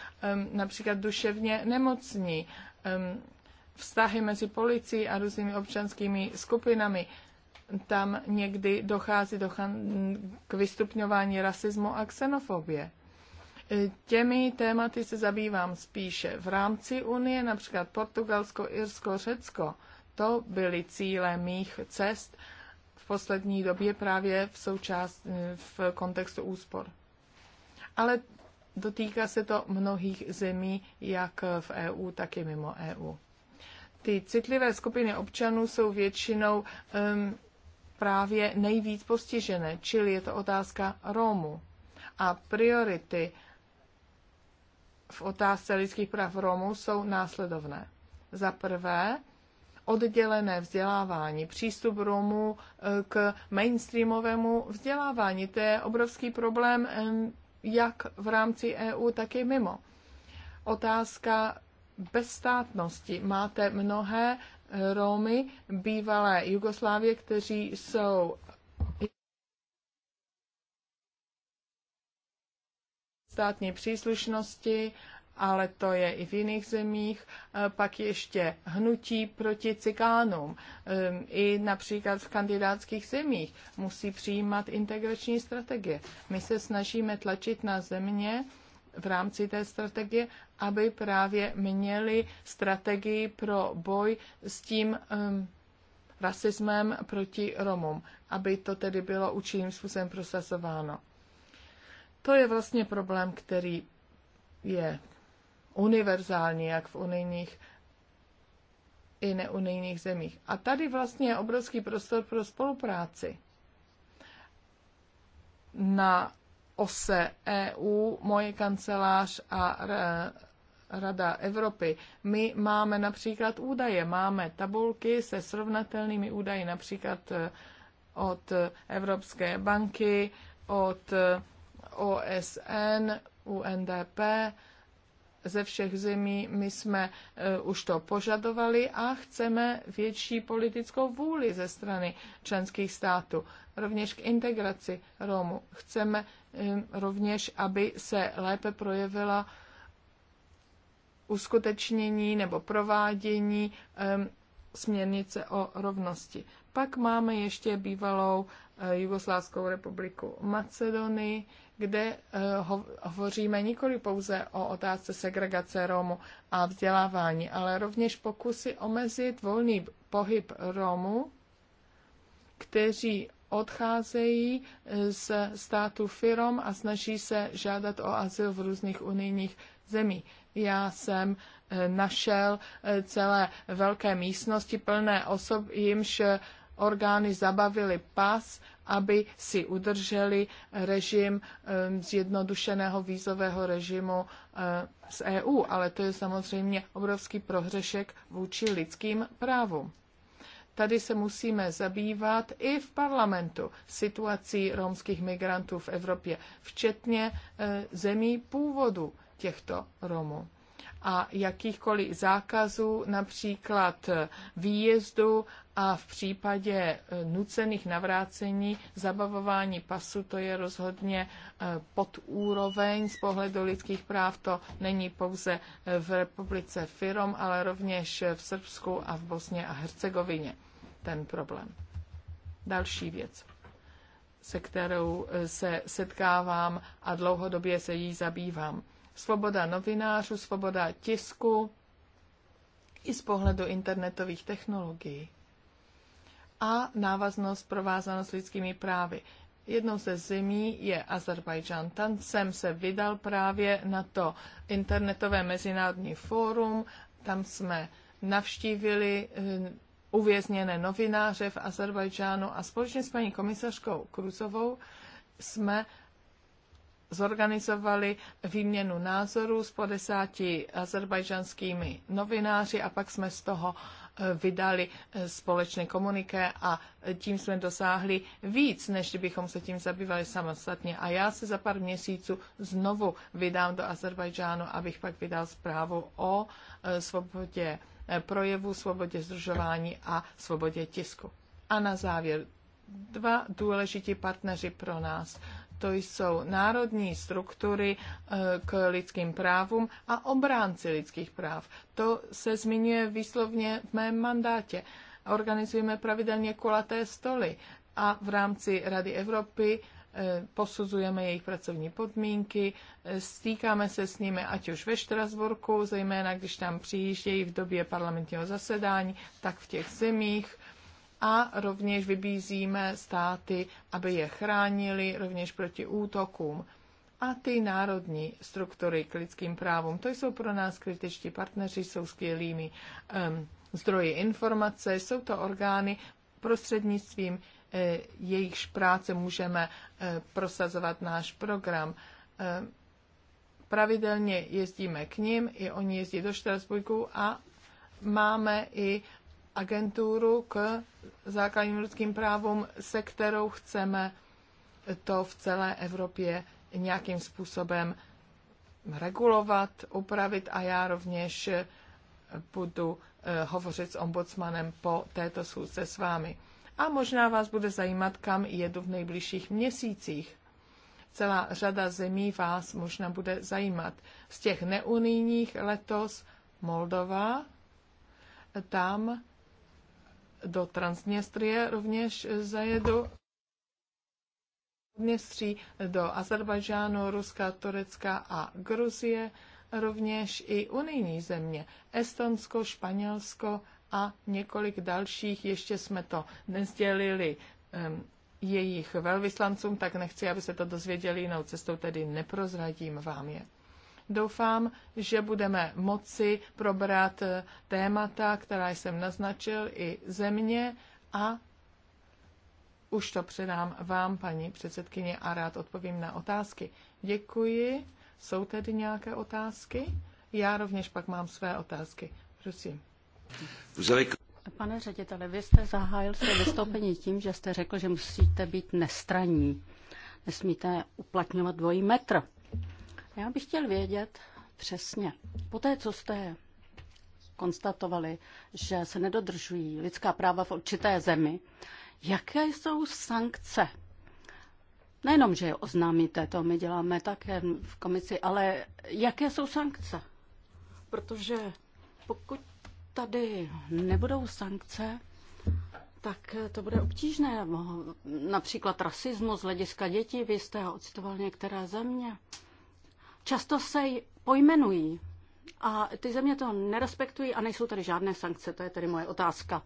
například duševně nemocní, vztahy mezi policií a různými občanskými skupinami tam někdy dochází k vystupňování rasismu a xenofobie. E, těmi tématy se zabývám spíše v rámci Unie, například Portugalsko, Irsko, Řecko. To byly cíle mých cest v poslední době právě v, součást, e, v kontextu úspor. Ale dotýká se to mnohých zemí, jak v EU, tak i mimo EU. Ty citlivé skupiny občanů jsou většinou um, právě nejvíc postižené, čili je to otázka Rómu. A priority v otázce lidských práv Romů jsou následovné. Za prvé, oddělené vzdělávání, přístup Romů eh, k mainstreamovému vzdělávání. To je obrovský problém jak v rámci EU, tak i mimo. Otázka bezstátnosti. Máte mnohé Romy bývalé Jugoslávie, kteří jsou státní příslušnosti, ale to je i v jiných zemích. Eh, pak ještě hnutí proti cikánům. Ehm, I například v kandidátských zemích musí přijímat integrační strategie. My se snažíme tlačit na země v rámci té strategie, aby právě měli strategii pro boj s tím um, rasismem proti Romům, aby to tedy bylo účinným způsobem prosazováno. To je vlastně problém, který je univerzální, jak v unijních i neunijních zemích. A tady vlastně je obrovský prostor pro spolupráci. Na ose EU, moje kancelář a Rada Evropy. My máme například údaje, máme tabulky se srovnatelnými údaji, například eh, od Evropské banky, od eh, OSN, UNDP, ze všech zemí my jsme uh, už to požadovali a chceme větší politickou vůli ze strany členských států. Rovněž k integraci Romů. Chceme um, rovněž, aby se lépe projevila uh, uskutečnění nebo provádění směrnice o rovnosti. Pak máme ještě bývalou eh, Jugoslávskou republiku Macedonii, kde eh, hovoříme nikoli pouze o otázce segregace Romů a vzdělávání, ale rovněž pokusy omezit volný pohyb Romů, kteří odcházejí eh, z státu firom a snaží se žádat o azyl v různých unijních zemích já jsem eh, našel eh, celé velké místnosti plné osob, jimž eh, orgány zabavili pas, aby si udrželi režim zjednodušeného vízového režimu z EU. Ale to je samozřejmě obrovský prohřešek vůči lidským právům. Tady se musíme zabývat i v parlamentu situací romských migrantů v Evropě, včetně zemí původu těchto Romů. A jakýchkoliv zákazů, například výjezdu a v případě e, nucených navrácení zabavování pasu, to je rozhodně e, pod úroveň z pohledu lidských práv. To není pouze e, v republice Firom, ale rovněž v Srbsku a v Bosně a Hercegovině ten problém. Další věc se kterou se setkávám a dlouhodobě se jí zabývám. Svoboda novinářů, svoboda tisku i z pohledu internetových technologií. A návaznost, provázanost s lidskými právy. Jednou ze zemí je Azerbajdžán. Tam jsem se vydal právě na to internetové mezinárodní fórum. Tam jsme navštívili eh, uvězněné novináře v Azerbajdžánu a společně s paní komisařkou Kruzovou jsme zorganizovali výměnu názorů s 50 azerbajžanskými novináři a pak jsme z toho eh, vydali eh, společné komuniké a tím jsme dosáhli víc, než bychom se tím zabývali samostatně. A já se za pár měsíců znovu vydám do Azerbajdžánu, abych pak vydal zprávu o eh, svobodě projevu, svobodě združování a svobodě tisku. A na závěr dva důležití partneři pro nás to jsou národní struktury eh, k lidským právům a obránci lidských práv. To se zmiňuje výslovně v mém mandátě. Organizujeme pravidelně kulaté stoly a v rámci Rady Evropy eh, posuzujeme jejich pracovní podmínky, eh, stýkáme se s nimi ať už ve Štrasburku, zejména když tam přijíždějí v době parlamentního zasedání, tak v těch zemích a rovněž vybízíme státy, aby je chránili rovněž proti útokům. A ty národní struktury k lidským právům, to jsou pro nás kritičtí partneři, jsou skvělými um, zdroji informace, jsou to orgány prostřednictvím e, jejichž práce můžeme e, prosazovat náš program. E, pravidelně jezdíme k ním i oni jezdí do Štrasburku a máme i agenturu k základním lidským právům, se kterou chceme to v celé Evropě nějakým způsobem regulovat, upravit a já rovněž budu eh, hovořit s ombudsmanem po této schůzce s vámi. A možná vás bude zajímat, kam jedu v nejbližších měsících. Celá řada zemí vás možná bude zajímat. Z těch neunijních letos Moldova, tam do Transnistrie rovněž eh, zajedu. Dněstří do Azerbajdžánu, Ruska, Turecka a Gruzie, rovněž i unijní země, Estonsko, Španělsko a několik dalších, ještě jsme to nezdělili um, jejich velvyslancům, tak nechci, aby se to dozvěděli jinou cestou, tedy neprozradím vám je. Doufám, že budeme moci probrat eh, témata, která jsem naznačil, i země a už to předám vám, paní předsedkyně, a rád odpovím na otázky. Děkuji. Jsou tedy nějaké otázky? Já rovněž pak mám své otázky. Prosím. Pane řediteli, vy jste zahájil své vystoupení tím, že jste řekl, že musíte být nestraní. Nesmíte uplatňovat dvojí metr. Já bych chtěl vědět přesně, po té, co jste konstatovali, že se nedodržují lidská práva v určité zemi, jaké jsou sankce? Nejenom, že je oznámíte, to my děláme také v komisi, ale jaké jsou sankce? Protože pokud tady nebudou sankce, tak to bude obtížné. Například rasismus z hlediska dětí, vy jste ocitoval některé země často se pojmenují. A ty země to nerespektují a nejsou tady žádné sankce. To je tedy moje otázka.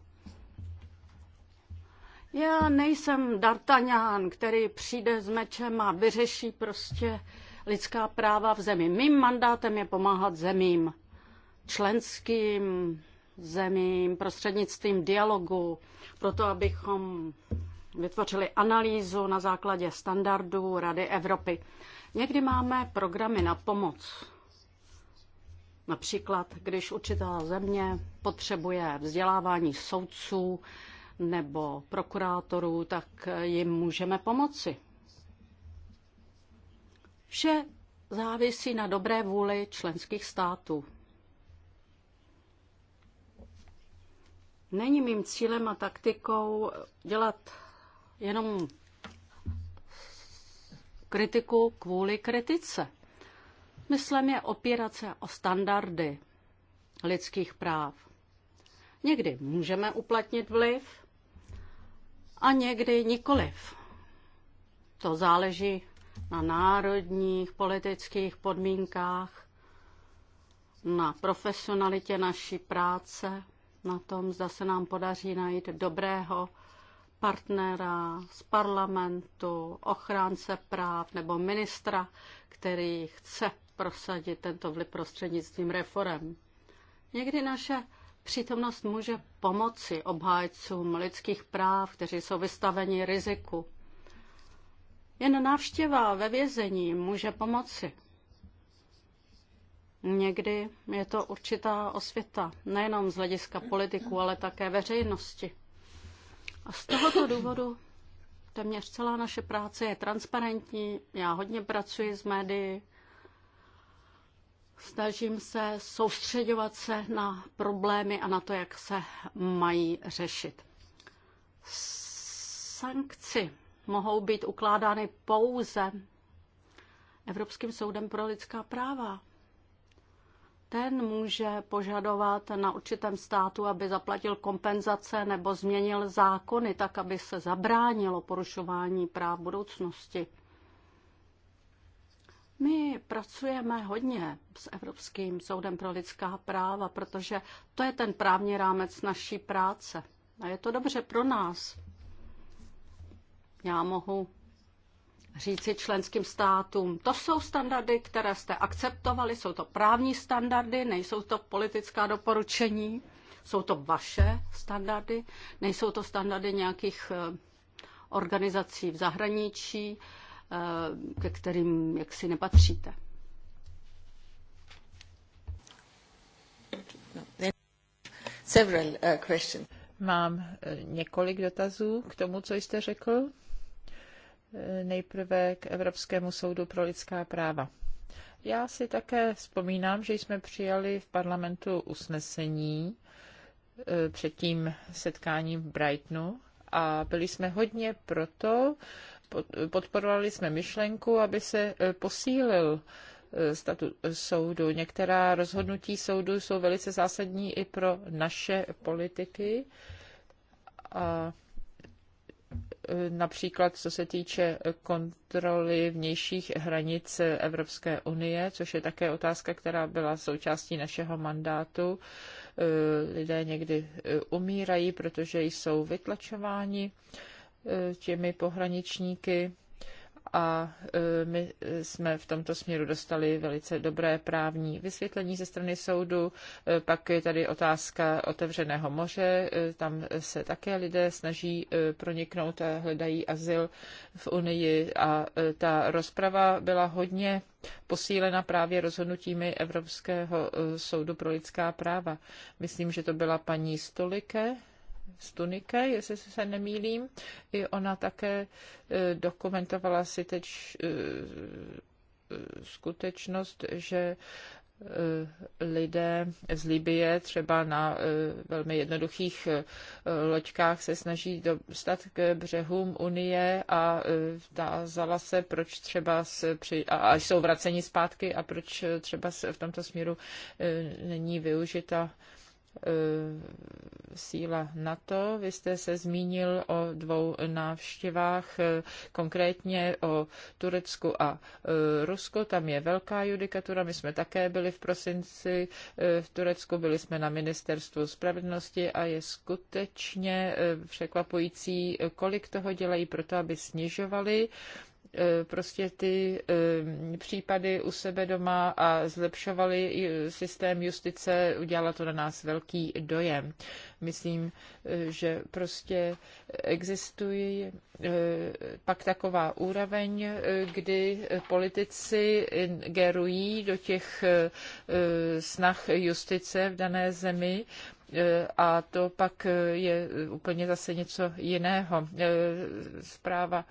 Já nejsem D'Artagnan, který přijde s mečem a vyřeší prostě lidská práva v zemi. Mým mandátem je pomáhat zemím, členským zemím, prostřednictvím dialogu, proto abychom vytvořili analýzu na základě standardů Rady Evropy. Někdy máme programy na pomoc. Například, když určitá země potřebuje vzdělávání soudců nebo prokurátorů, tak jim můžeme pomoci. Vše závisí na dobré vůli členských států. Není mým cílem a taktikou dělat jenom kritiku kvůli kritice. Myslím je opírat se o standardy lidských práv. Někdy můžeme uplatnit vliv a někdy nikoliv. To záleží na národních politických podmínkách, na profesionalitě naší práce, na tom, zda se nám podaří najít dobrého partnera z parlamentu, ochránce práv nebo ministra, který chce prosadit tento vliv prostřednictvím reform. Někdy naše přítomnost může pomoci obhájcům lidských práv, kteří jsou vystaveni riziku. Jen návštěva ve vězení může pomoci. Někdy je to určitá osvěta, nejenom z hlediska politiků, ale také veřejnosti. A z tohoto důvodu téměř celá naše práce je transparentní. Já hodně pracuji s médií, snažím se soustředovat se na problémy a na to, jak se mají řešit. Sankci mohou být ukládány pouze Evropským soudem pro lidská práva ten může požadovat na určitém státu, aby zaplatil kompenzace nebo změnil zákony tak, aby se zabránilo porušování práv budoucnosti. My pracujeme hodně s Evropským soudem pro lidská práva, protože to je ten právní rámec naší práce. A je to dobře pro nás. Já mohu říci členským státům, to jsou standardy, které jste akceptovali, jsou to právní standardy, nejsou to politická doporučení, jsou to vaše standardy, nejsou to standardy nějakých eh, organizací v zahraničí, eh, ke kterým jaksi nepatříte. Eh, Mám několik dotazů k tomu, co jste řekl. Nejprve k Evropskému soudu pro lidská práva. Já si také vzpomínám, že jsme přijali v parlamentu usnesení e, před tím setkáním v Brightonu a byli jsme hodně proto, podporovali jsme myšlenku, aby se e, posílil e, statut soudu. Některá rozhodnutí soudu jsou velice zásadní i pro naše politiky. A E, například co se týče kontroly vnějších hranic Evropské unie, což je také otázka, která byla součástí našeho mandátu. E, lidé někdy e, umírají, protože jsou vytlačováni těmi pohraničníky a e, my jsme v tomto směru dostali velice dobré právní vysvětlení ze strany soudu. E, pak je tady otázka otevřeného moře, e, tam se také lidé snaží proniknout a hledají azyl v Unii a ta rozprava byla hodně posílena právě rozhodnutími Evropského soudu pro lidská práva. Myslím, že to byla paní Stolike, Tunike, jestli se nemýlím. I ona také e, dokumentovala si teď e, skutečnost, že e, lidé z Libie třeba na velmi jednoduchých loďkách se snaží dostat k břehům Unie a tázala se, proč třeba při, a jsou vraceni zpátky a proč třeba v tomto směru není využita Eh, síla NATO. Vy jste se zmínil o dvou návštěvách, eh, konkrétně o Turecku a eh, Rusku. Tam je velká judikatura. My jsme také byli v prosinci v Turecku, byli jsme na ministerstvu spravedlnosti a je skutečně překvapující, kolik toho dělají to aby snižovali E, prostě ty e, případy u sebe doma a zlepšovali systém justice, udělala to na nás velký dojem. Myslím, e, že prostě existuje pak taková úroveň, kdy politici gerují do těch snah justice v dané zemi, a to pak je úplně zase něco jiného. Zpráva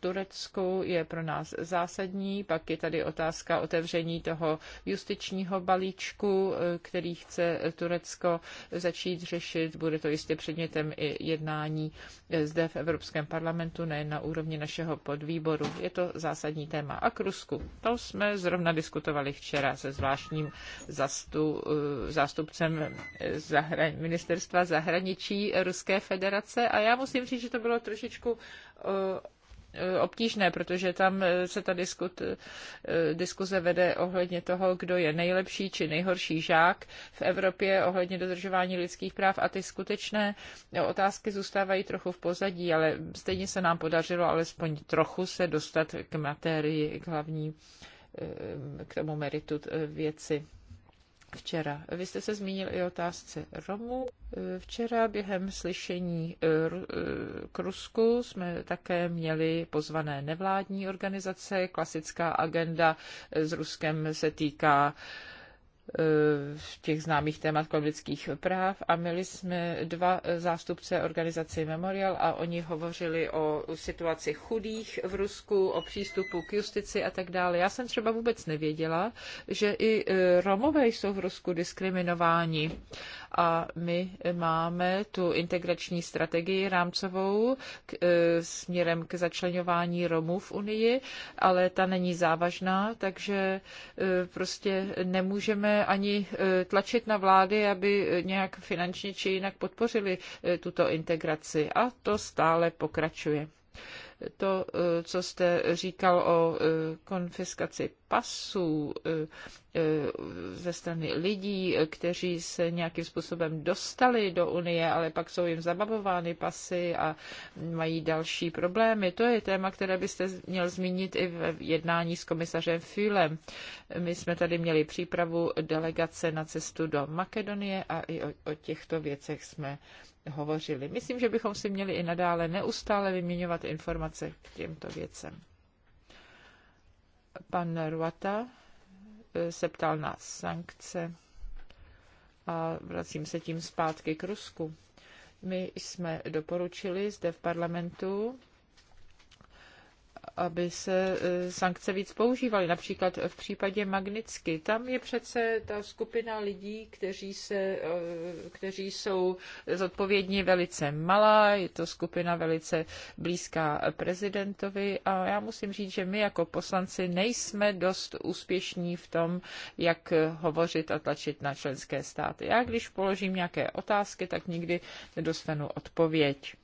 Turecku je pro nás zásadní. Pak je tady otázka otevření toho justičního balíčku, eh, který chce Turecko začít řešit. Bude to jistě předmětem i jednání eh, zde v Evropském parlamentu, ne na úrovni našeho podvýboru. Je to zásadní téma. A k Rusku. To jsme zrovna diskutovali včera se zvláštním zastu, eh, zástupcem zahra, ministerstva zahraničí Ruské federace a já musím říct, že to bylo trošičku Eh, obtížné, protože tam eh, se ta diskut, eh, diskuze vede ohledně toho, kdo je nejlepší či nejhorší žák v Evropě ohledně dodržování lidských práv a ty skutečné otázky zůstávají trochu v pozadí, ale stejně se nám podařilo alespoň trochu se dostat k materii, k hlavní, k tomu meritu věci včera. Vy jste se zmínil i o otázce Romů. Včera během slyšení eh, eh, k Rusku jsme také měli pozvané nevládní organizace. Klasická agenda eh, s Ruskem se týká Eh, v těch známých témat kolem lidských práv a měli jsme dva zástupce organizace Memorial a oni hovořili o situaci chudých v Rusku, o přístupu k justici a tak dále. Já jsem třeba vůbec nevěděla, že i eh, Romové jsou v Rusku diskriminováni a my máme tu integrační strategii rámcovou k, eh, směrem k začlenování Romů v Unii, ale ta není závažná, takže prostě nemůžeme ani e, tlačit na vlády, aby nějak finančně či jinak podpořili e, tuto integraci. A to stále pokračuje to, eh, co jste říkal o eh, konfiskaci pasů eh, ze strany lidí, kteří se nějakým způsobem dostali do Unie, ale pak jsou jim zabavovány pasy a mají další problémy. To je téma, které byste měl zmínit i v jednání s komisařem Fülem. My jsme tady měli přípravu delegace na cestu do Makedonie a i o, o těchto věcech jsme hovořili. Myslím, že bychom si měli i nadále neustále vyměňovat informace informace k těmto věcem. Pan Ruata eh, se ptal na sankce a vracím se tím zpátky k Rusku. My jsme doporučili zde v parlamentu aby se e, sankce víc používaly. Například v případě Magnitsky. Tam je přece ta skupina lidí, kteří, se, e, kteří jsou zodpovědní velice malá, je to skupina velice blízká prezidentovi a já musím říct, že my jako poslanci nejsme dost úspěšní v tom, jak hovořit a tlačit na členské státy. Já když položím nějaké otázky, tak nikdy nedostanu odpověď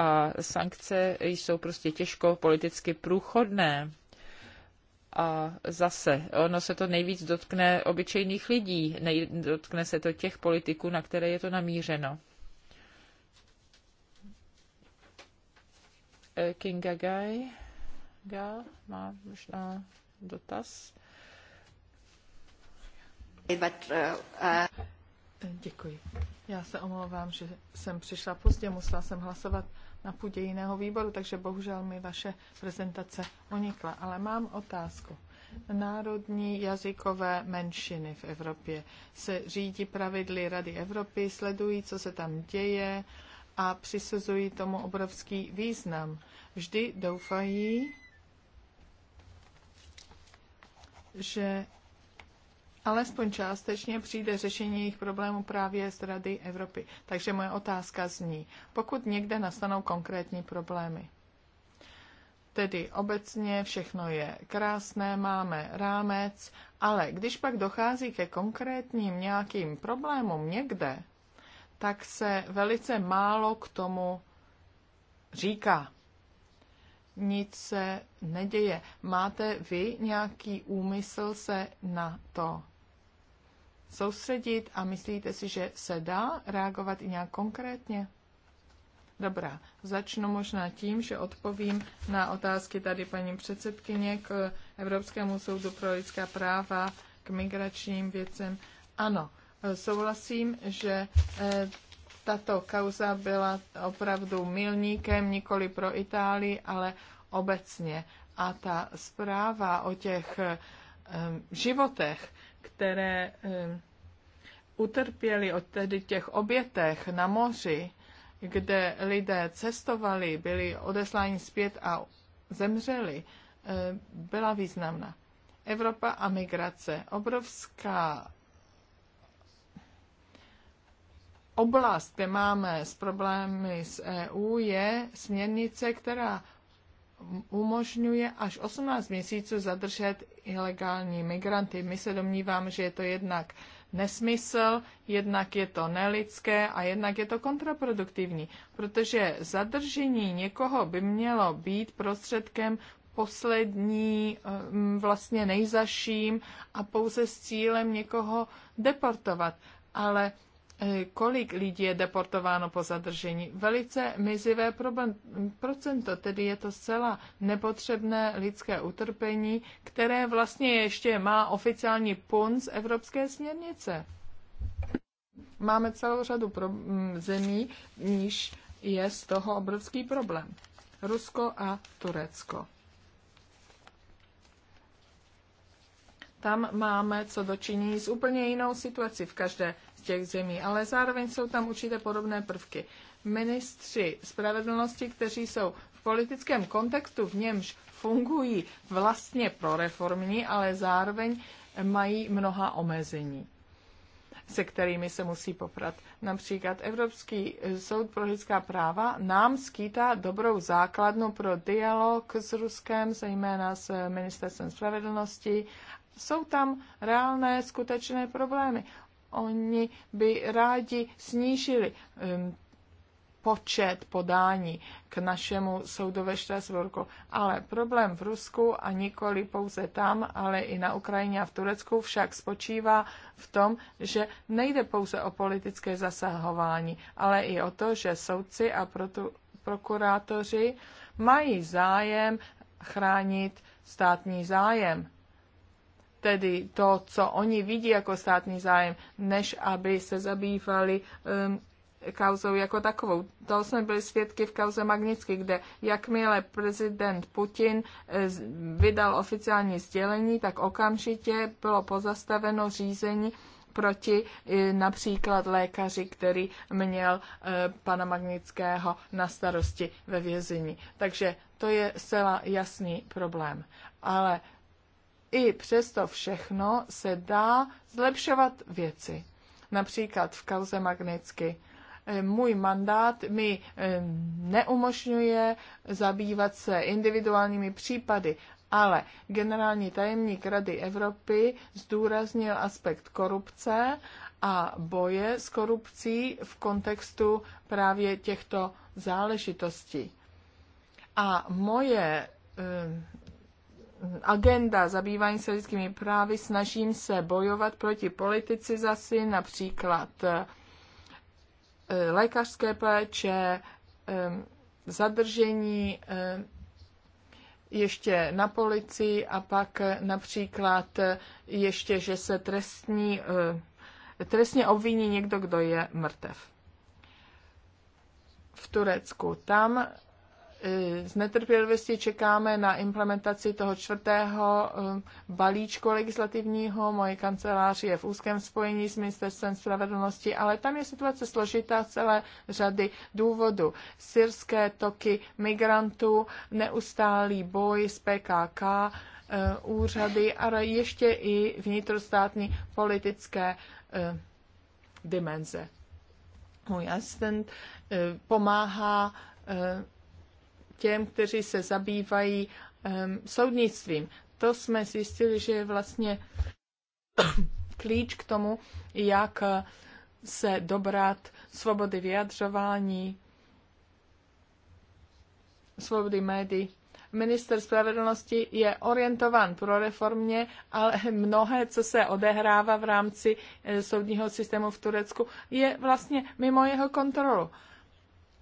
a sankce jsou prostě těžko politicky průchodné. A zase, ono se to nejvíc dotkne obyčejných lidí, dotkne se to těch politiků, na které je to namířeno. E, Kinga Guy Gal má možná dotaz. Uh, uh, Děkuji. Já se omlouvám, že jsem přišla pozdě, musela jsem hlasovat na půdě jiného výboru, takže bohužel mi vaše prezentace unikla. Ale mám otázku. Národní jazykové menšiny v Evropě se řídí pravidly Rady Evropy, sledují, co se tam děje a přisuzují tomu obrovský význam. Vždy doufají, že alespoň částečně přijde řešení jejich problémů právě z Rady Evropy. Takže moje otázka zní, pokud někde nastanou konkrétní problémy. Tedy obecně všechno je krásné, máme rámec, ale když pak dochází ke konkrétním nějakým problémům někde, tak se velice málo k tomu říká nic se neděje. Máte vy nějaký úmysl se na to soustředit a myslíte si, že se dá reagovat i nějak konkrétně? Dobrá, začnu možná tím, že odpovím na otázky tady paní předsedkyně k Evropskému soudu pro lidská práva, k migračním věcem. Ano, souhlasím, že eh, tato kauza byla opravdu milníkem nikoli pro Itálii, ale obecně. A ta zpráva o těch eh, životech, které eh, utrpěli od tedy těch obětech na moři, kde lidé cestovali, byli odesláni zpět a zemřeli, eh, byla významná. Evropa a migrace. Obrovská oblast, kde máme s problémy s EU, je směrnice, která umožňuje až 18 měsíců zadržet ilegální migranty. My se domníváme, že je to jednak nesmysl, jednak je to nelidské a jednak je to kontraproduktivní, protože zadržení někoho by mělo být prostředkem poslední, vlastně nejzaším a pouze s cílem někoho deportovat. Ale Eh, kolik lidí je deportováno po zadržení. Velice mizivé problém, procento, tedy je to zcela nepotřebné lidské utrpení, které vlastně ještě má oficiální pun z Evropské směrnice. Máme celou řadu pro, zemí, níž je z toho obrovský problém. Rusko a Turecko. Tam máme co dočinění s úplně jinou situací v každé těch zemí, ale zároveň jsou tam určité podobné prvky. Ministři spravedlnosti, kteří jsou v politickém kontextu, v němž fungují vlastně proreformní, ale zároveň mají mnoha omezení se kterými se musí poprat. Například Evropský soud pro lidská práva nám skýtá dobrou základnu pro dialog s Ruskem, zejména s ministerstvem spravedlnosti. Jsou tam reálné, skutečné problémy oni by rádi snížili um, počet podání k našemu soudu ve Štrasburku. Ale problém v Rusku a nikoli pouze tam, ale i na Ukrajině a v Turecku však spočívá v tom, že nejde pouze o politické zasahování, ale i o to, že soudci a proto prokurátoři mají zájem chránit státní zájem tedy to, co oni vidí jako státní zájem, než aby se zabývali um, kauzou jako takovou. To jsme byli svědky v kauze Magnicky, kde jakmile prezident Putin eh, vydal oficiální sdělení, tak okamžitě bylo pozastaveno řízení proti eh, například lékaři, který měl eh, pana Magnického na starosti ve vězení. Takže to je zcela jasný problém. Ale i přesto všechno se dá zlepšovat věci. Například v kauze Magnitsky. E, můj mandát mi e, neumožňuje zabývat se individuálními případy, ale generální tajemník Rady Evropy zdůraznil aspekt korupce a boje s korupcí v kontextu právě těchto záležitostí. A moje e, agenda zabývání se lidskými právy, snažím se bojovat proti zasy, například eh, lékařské péče, eh, zadržení eh, ještě na policii a pak například ještě, že se trestní, trestně obviní někdo, kdo je mrtev. V Turecku tam s e, netrpělivostí čekáme na implementaci toho čtvrtého e, balíčku legislativního. Moje kancelář je v úzkém spojení s Ministerstvem spravedlnosti, ale tam je situace složitá celé řady důvodů. Syrské toky migrantů, neustálý boj s PKK, e, úřady, ale ještě i vnitrostátní politické dimenze. Můj asistent pomáhá těm, kteří se zabývají um, soudnictvím. To jsme zjistili, že je vlastně klíč k tomu, jak eh, se dobrat svobody vyjadřování, svobody médií. Minister spravedlnosti je orientovan pro reformě, ale mnohé, co se odehrává v rámci eh, soudního systému v Turecku, je vlastně mimo jeho kontrolu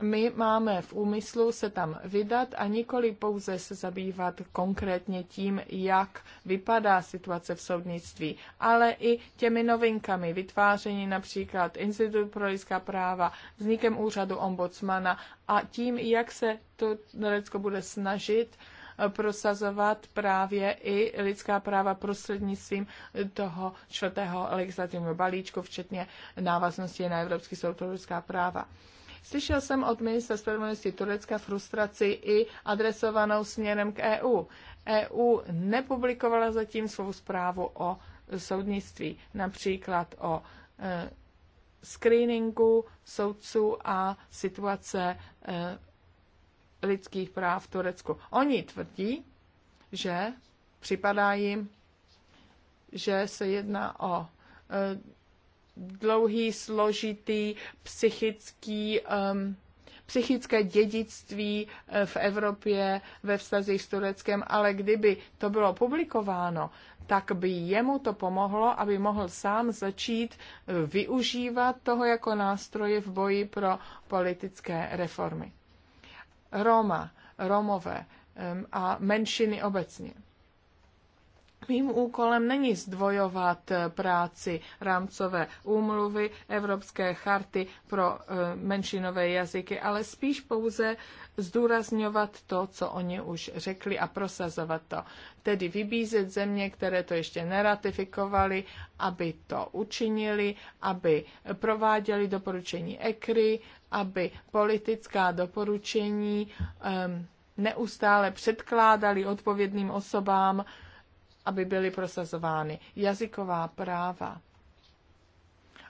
my máme v úmyslu se tam vydat a nikoli pouze se zabývat konkrétně tím, jak vypadá situace v soudnictví, ale i těmi novinkami, vytváření například Institut pro lidská práva, vznikem úřadu ombudsmana a tím, jak se to Norecko bude snažit eh, prosazovat právě i lidská práva prostřednictvím toho čtvrtého legislativního balíčku, včetně návaznosti na Evropský soud pro lidská práva. Slyšel jsem od ministra spravedlnosti Turecka frustraci i adresovanou směrem k EU. EU nepublikovala zatím svou zprávu o soudnictví, například o e, screeningu soudců a situace e, lidských práv v Turecku. Oni tvrdí, že připadá jim, že se jedná o e, dlouhý, složitý psychický, um, psychické dědictví eh, v Evropě ve vztazí s Tureckem, ale kdyby to bylo publikováno, tak by jemu to pomohlo, aby mohl sám začít eh, využívat toho jako nástroje v boji pro politické reformy. Roma, Romové a menšiny obecně Mým úkolem není zdvojovat eh, práci rámcové úmluvy Evropské charty pro eh, menšinové jazyky, ale spíš pouze zdůrazňovat to, co oni už řekli a prosazovat to. Tedy vybízet země, které to ještě neratifikovali, aby to učinili, aby prováděli doporučení ECRI, aby politická doporučení um, neustále předkládali odpovědným osobám, aby byly prosazovány. Jazyková práva.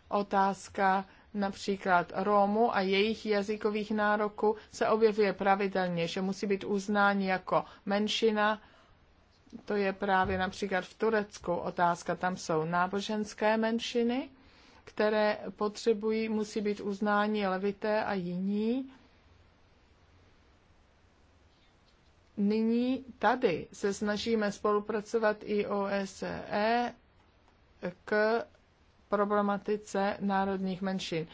Otázka například Rómu a jejich jazykových nároků se objevuje pravidelně, že musí být uznáni jako menšina. To je právě například v Turecku otázka. Tam jsou náboženské menšiny, které potřebují, musí být uznáni levité a jiní nyní tady se snažíme spolupracovat i OSCE k problematice národních menšin.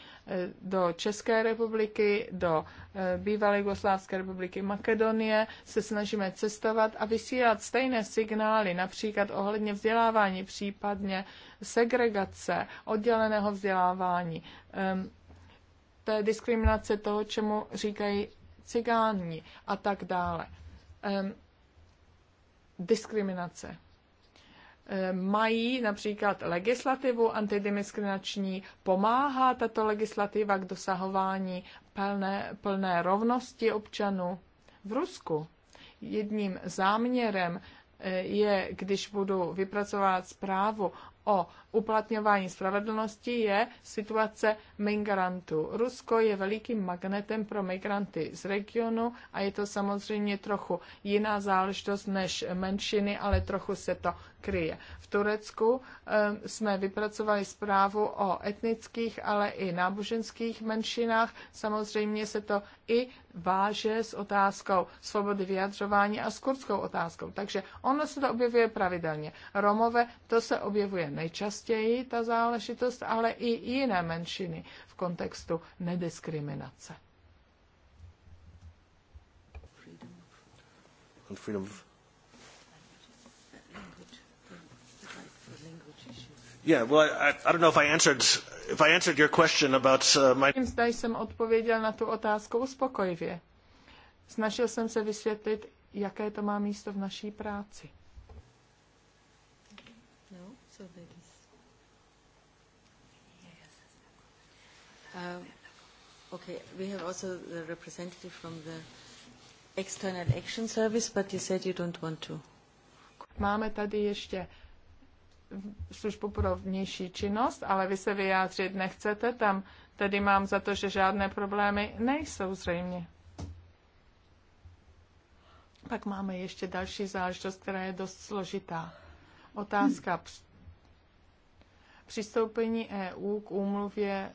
Do České republiky, do eh, bývalé Jugoslávské republiky Makedonie se snažíme cestovat a vysílat stejné signály, například ohledně vzdělávání, případně segregace, odděleného vzdělávání, ehm, té diskriminace toho, čemu říkají cigáni a tak dále diskriminace. Mají například legislativu antidiskriminační, pomáhá tato legislativa k dosahování plné, plné rovnosti občanů. V Rusku jedním záměrem eh, je, když budu vypracovat zprávu o uplatňování spravedlnosti je situace migrantů. Rusko je velikým magnetem pro migranty z regionu a je to samozřejmě trochu jiná záležitost než menšiny, ale trochu se to kryje. V Turecku eh, jsme vypracovali zprávu o etnických, ale i náboženských menšinách. Samozřejmě se to i váže s otázkou svobody vyjadřování a s kurdskou otázkou. Takže ono se to objevuje pravidelně. Romové, to se objevuje nejčastěji, ta záležitost, ale i jiné menšiny v kontextu nediskriminace. And freedom of Yeah, well, I, I don't know if I answered if I answered your question about uh, my... Zda jsem odpověděl na tu otázku uspokojivě. Snažil jsem se vysvětlit, jaké to má místo v naší práci. No, so that is... Uh, okay, we have also the representative from the External Action Service, but you said you don't want to. Máme tady ještě službu pro vnější činnost, ale vy se vyjádřit nechcete, tam tedy mám za to, že žádné problémy nejsou zřejmě. Pak máme ještě další záležitost, která je dost složitá. Otázka hmm. přistoupení EU k úmluvě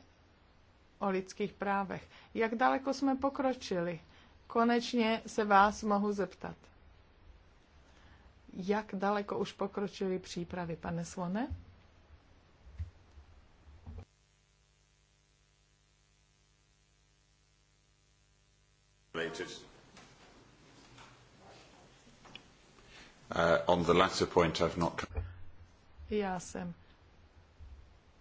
o lidských právech. Jak daleko jsme pokročili? Konečně se vás mohu zeptat jak daleko už pokročily přípravy, pane Slone? Uh, on the latter point I've not... Já jsem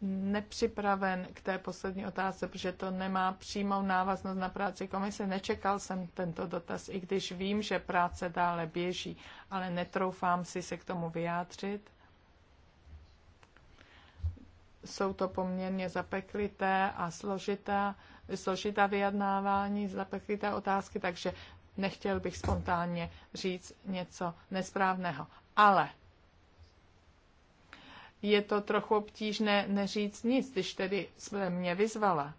nepřipraven k té poslední otázce, protože to nemá přímou návaznost na práci komise. Nečekal jsem tento dotaz, i když vím, že práce dále běží, ale netroufám si se k tomu vyjádřit. Jsou to poměrně zapeklité a složitá, složitá vyjednávání, zapeklité otázky, takže nechtěl bych spontánně říct něco nesprávného. Ale je to trochu obtížné neříct nic, když tedy jsme mě vyzvala.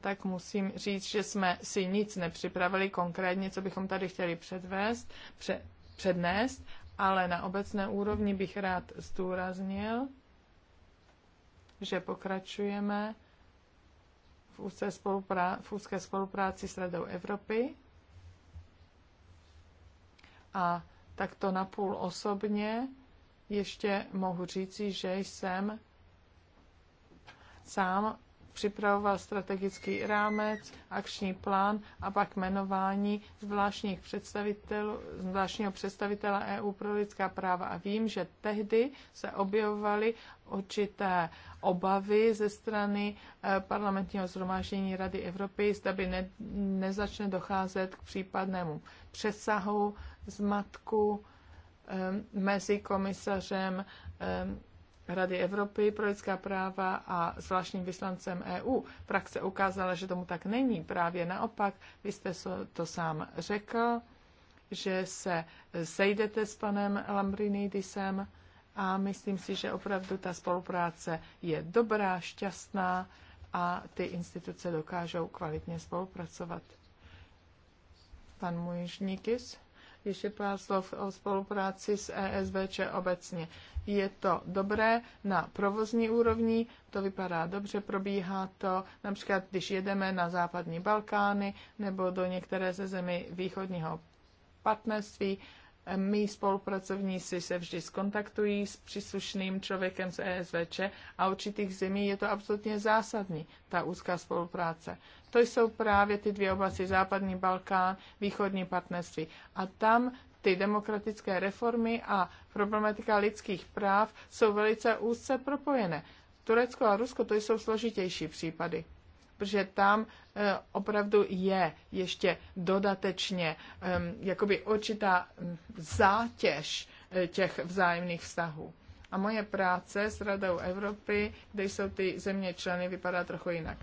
Tak musím říct, že jsme si nic nepřipravili konkrétně, co bychom tady chtěli předvést, pře- přednést, ale na obecné úrovni bych rád zdůraznil, že pokračujeme v úzké, v úzké spolupráci s Radou Evropy a takto napůl osobně ještě mohu říci, že jsem sám připravoval strategický rámec, akční plán a pak jmenování zvláštních představitelů, zvláštního představitela EU pro lidská práva. A vím, že tehdy se objevovaly určité obavy ze strany eh, parlamentního zhromáždění Rady Evropy, zda by ne, nezačne docházet k případnému přesahu zmatku matku Ehm, mezi komisařem ehm, Rady Evropy pro lidská práva a zvláštním vyslancem EU. Praxe ukázala, že tomu tak není. Právě naopak, vy jste to sám řekl, že se sejdete s panem Lambrinidisem a myslím si, že opravdu ta spolupráce je dobrá, šťastná a ty instituce dokážou kvalitně spolupracovat. Pan Mujžníkis. Ještě pár slov o spolupráci s ESVČ obecně. Je to dobré na provozní úrovni, to vypadá dobře, probíhá to například, když jedeme na západní Balkány nebo do některé ze zemí východního partnerství, Mí spolupracovníci se vždy skontaktují s příslušným člověkem z ESVČ a určitých zemí je to absolutně zásadní, ta úzká spolupráce. To jsou právě ty dvě oblasti, západní Balkán, východní partnerství. A tam ty demokratické reformy a problematika lidských práv jsou velice úzce propojené. Turecko a Rusko to jsou složitější případy protože tam eh, opravdu je ještě dodatečně jakoby určitá mm, zátěž eh, těch vzájemných vztahů. A moje práce s Radou Evropy, kde jsou ty země členy, vypadá trochu jinak.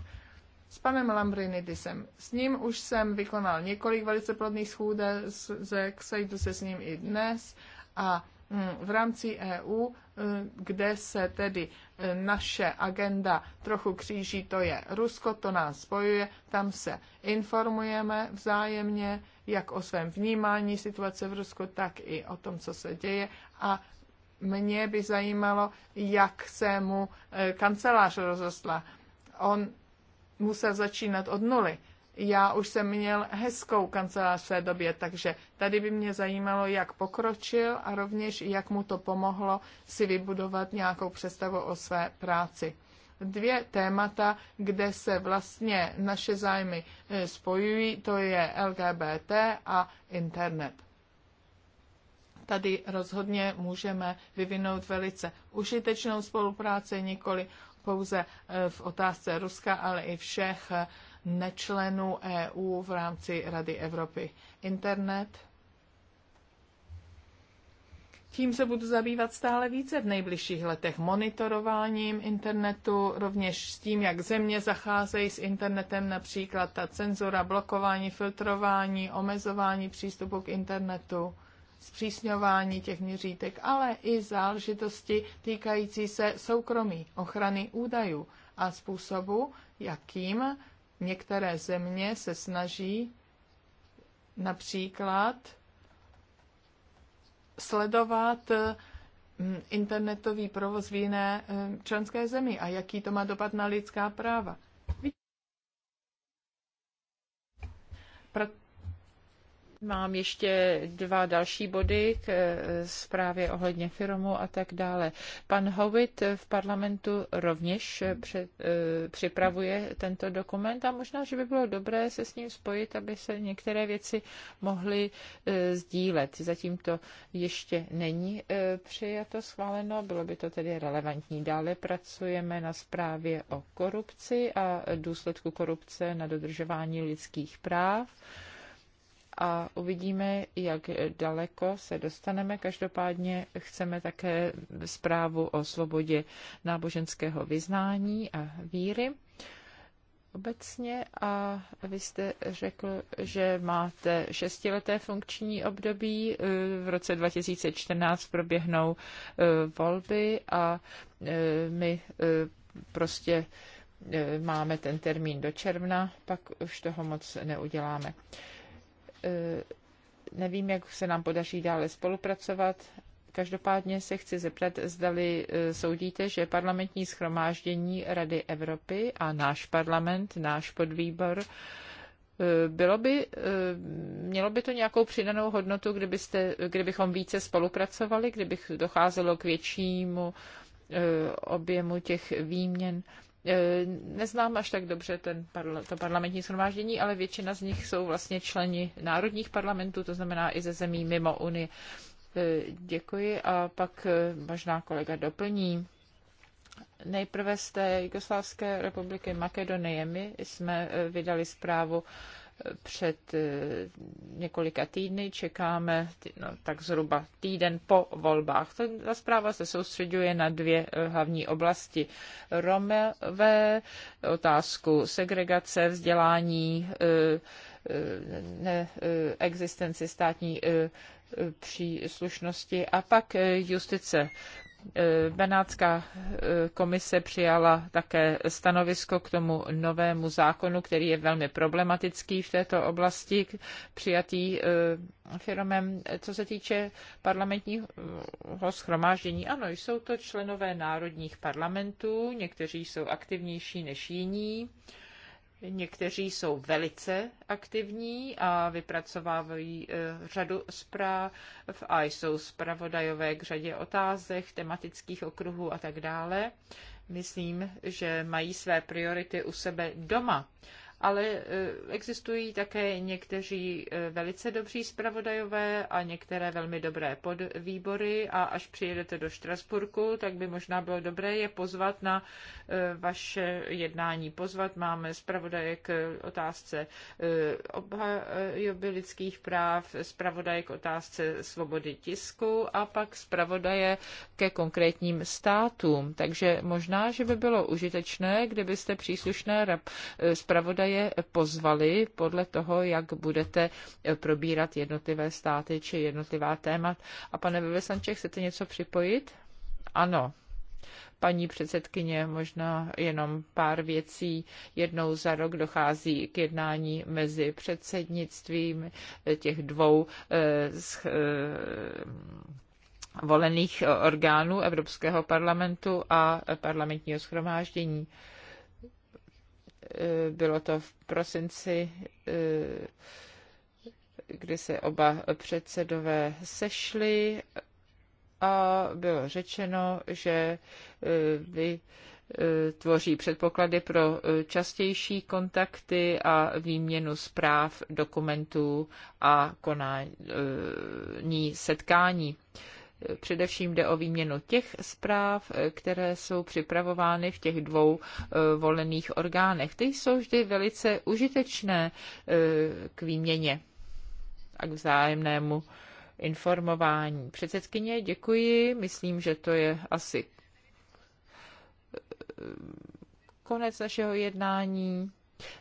S panem Lambrinidisem. S ním už jsem vykonal několik velice plodných schůdek, sejdu se s ním i dnes a Mm, v rámci EU, mm, kde se tedy mm, naše agenda trochu kříží, to je Rusko, to nás spojuje, tam se informujeme vzájemně, jak o svém vnímání situace v Rusku, tak i o tom, co se děje a mě by zajímalo, jak se mu eh, kancelář rozostla. On musel začínat od nuly já už jsem měl hezkou kancelář v té době, takže tady by mě zajímalo, jak pokročil a rovněž jak mu to pomohlo si vybudovat nějakou představu o své práci dvě témata, kde se vlastně naše zájmy eh, spojují, to je LGBT a internet. Tady rozhodně můžeme vyvinout velice užitečnou spolupráci, nikoli pouze eh, v otázce Ruska, ale i všech eh, nečlenů EU v rámci Rady Evropy. Internet. Tím se budu zabývat stále více v nejbližších letech monitorováním internetu, rovněž s tím, jak země zacházejí s internetem, například ta cenzura, blokování, filtrování, omezování přístupu k internetu, zpřísňování těch měřítek, ale i záležitosti týkající se soukromí, ochrany údajů a způsobu, jakým Některé země se snaží například sledovat eh, internetový provoz v jiné eh, členské zemi a jaký to má dopad na lidská práva. Mám ještě dva další body k eh, zprávě ohledně firmu a tak dále. Pan Howitt v parlamentu rovněž eh, před, eh, připravuje tento dokument a možná, že by bylo dobré se s ním spojit, aby se některé věci mohly sdílet. Zatím to ještě není přijato, schváleno, bylo by to tedy relevantní. Dále pracujeme na zprávě o korupci a důsledku korupce na dodržování lidských práv a uvidíme, jak daleko se dostaneme. Každopádně chceme také zprávu o svobodě náboženského vyznání a víry obecně a vy jste řekl, že máte šestileté funkční období. V roce 2014 proběhnou e, volby a e, my e, prostě máme ten termín do června, pak už toho moc neuděláme. Eh, nevím, jak se nám podaří dále spolupracovat. Každopádně se chci zeptat, zdali eh, soudíte, že parlamentní schromáždění Rady Evropy a náš parlament, náš podvýbor, eh, bylo by, mělo by to nějakou přidanou hodnotu, kdybyste, kdybychom více spolupracovali, kdybych docházelo k většímu objemu těch výměn E, neznám až tak dobře ten parla, to parlamentní shromáždění, ale většina z nich jsou vlastně členi národních parlamentů, to znamená i ze zemí mimo Unii. E, děkuji a pak e, možná kolega doplní. Nejprve z té Jugoslávské republiky Makedonie my jsme vydali zprávu před eh, několika týdny, čekáme no, tak zhruba týden po volbách. Ta zpráva se soustředuje na dvě eh, hlavní oblasti. Romové, otázku segregace, vzdělání, eh, ne, existenci státní příslušnosti a pak justice Eh, Benátská eh, komise přijala také stanovisko k tomu novému zákonu, který je velmi problematický v této oblasti, přijatý eh, firmem, co se týče parlamentního schromáždění. Ano, jsou to členové národních parlamentů, někteří jsou aktivnější než jiní. Někteří jsou velice aktivní a vypracovávají eh, řadu zpráv a jsou zpravodajové k řadě otázek, tematických okruhů a tak dále. Myslím, že mají své priority u sebe doma ale e, existují také někteří e, velice dobří zpravodajové a některé velmi dobré podvýbory a až přijedete do Štrasburku, tak by možná bylo dobré je pozvat na e, vaše jednání. Pozvat máme zpravodaje k otázce obhajoby lidských práv, zpravodaje k otázce svobody tisku a pak zpravodaje ke konkrétním státům. Takže možná, že by bylo užitečné, kdybyste příslušné zpravodaje je pozvali podle toho, jak budete probírat jednotlivé státy či jednotlivá témat. A pane Vyvesanček, chcete něco připojit? Ano, paní předsedkyně, možná jenom pár věcí. Jednou za rok dochází k jednání mezi předsednictvím těch dvou eh, eh, volených orgánů Evropského parlamentu a parlamentního schromáždění. Eh, bylo to v prosinci, eh, kdy se oba předsedové sešli a bylo řečeno, že eh, vy tvoří předpoklady pro častější kontakty a výměnu zpráv, dokumentů a konání setkání. Především jde o výměnu těch zpráv, které jsou připravovány v těch dvou eh, volených orgánech. Ty jsou vždy velice užitečné eh, k výměně a k vzájemnému informování. Předsedkyně, děkuji. Myslím, že to je asi eh, konec našeho jednání.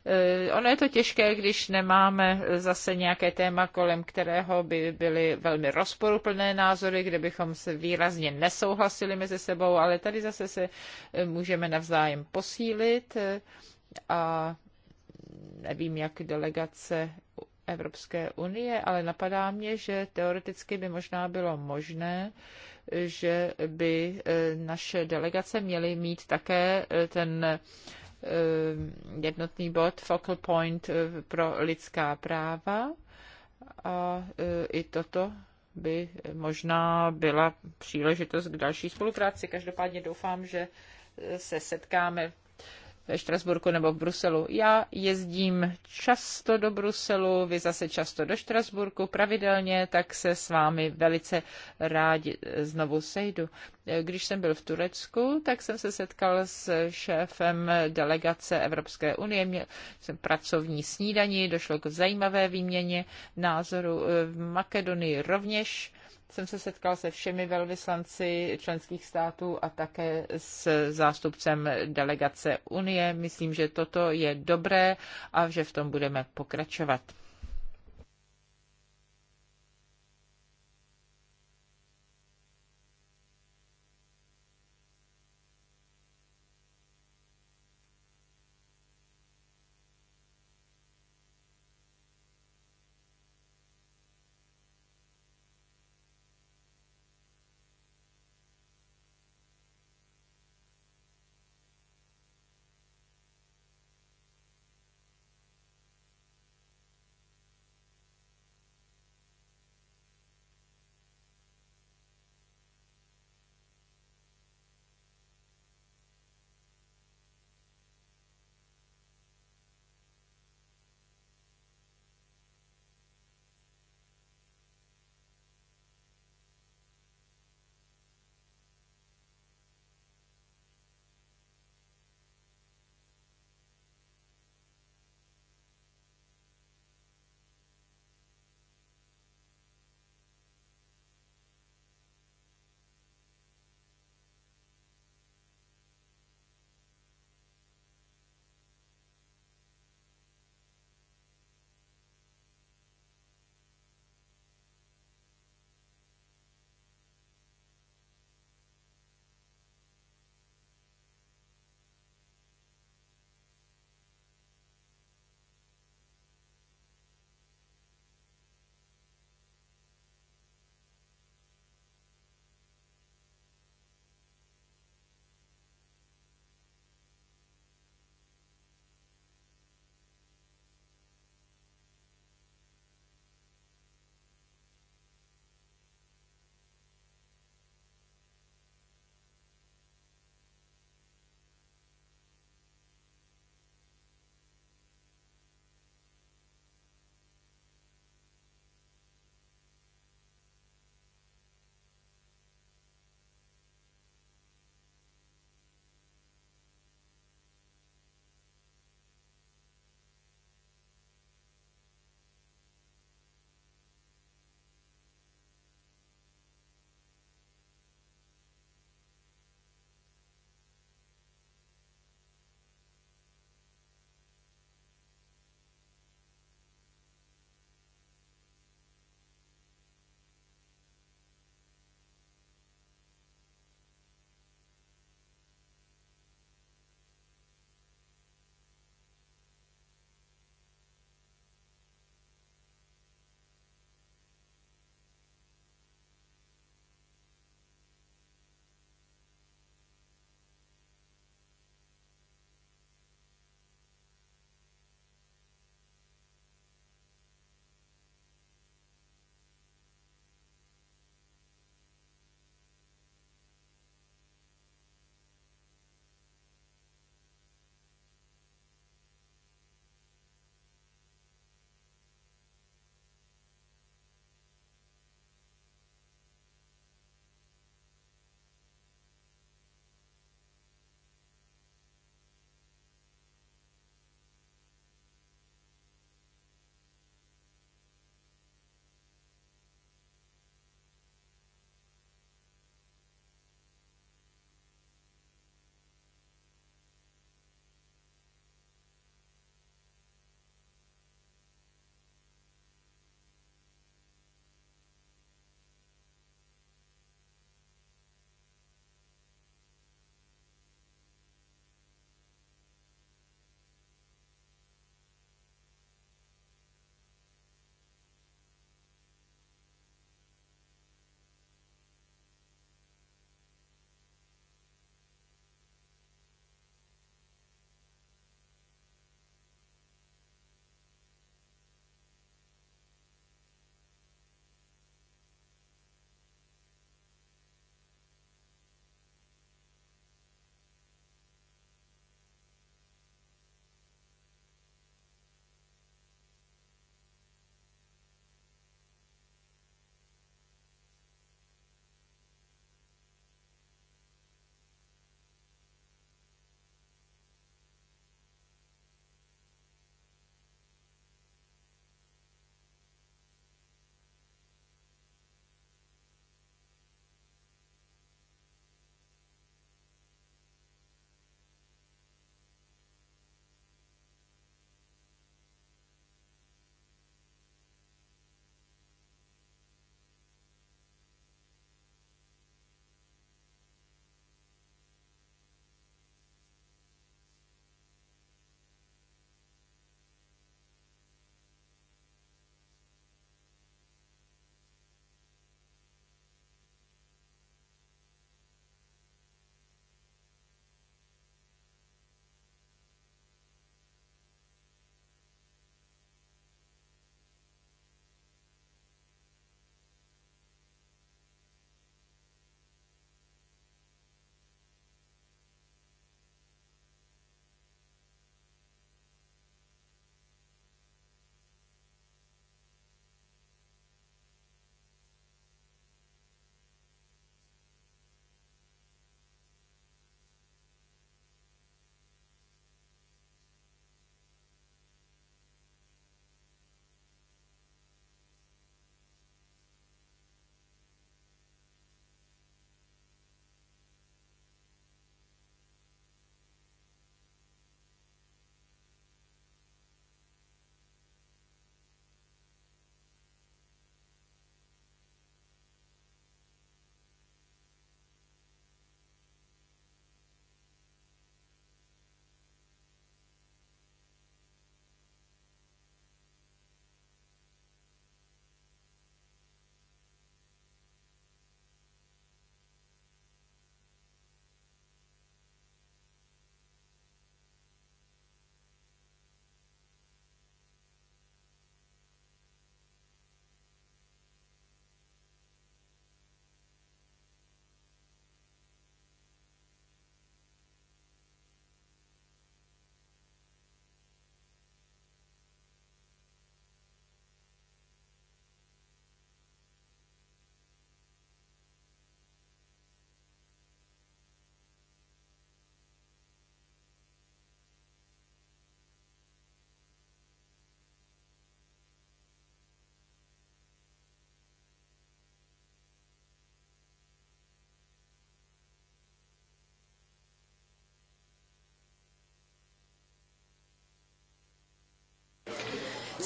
Eh, ono je to těžké, když nemáme zase nějaké téma, kolem kterého by byly velmi rozporuplné názory, kde bychom se výrazně nesouhlasili mezi sebou, ale tady zase se eh, můžeme navzájem posílit eh, a nevím, jak delegace Evropské unie, ale napadá mě, že teoreticky by možná bylo možné, že by naše delegace měly mít také ten Eh, jednotný bod Focal Point eh, pro lidská práva a eh, i toto by možná byla příležitost k další spolupráci. Každopádně doufám, že se setkáme ve Štrasburku nebo v Bruselu. Já jezdím často do Bruselu, vy zase často do Štrasburku pravidelně, tak se s vámi velice rádi znovu sejdu. Když jsem byl v Turecku, tak jsem se setkal s šéfem delegace Evropské unie. Měl jsem pracovní snídaní, došlo k zajímavé výměně názoru v Makedonii rovněž jsem se setkal se všemi velvyslanci členských států a také s zástupcem delegace Unie. Myslím, že toto je dobré a že v tom budeme pokračovat.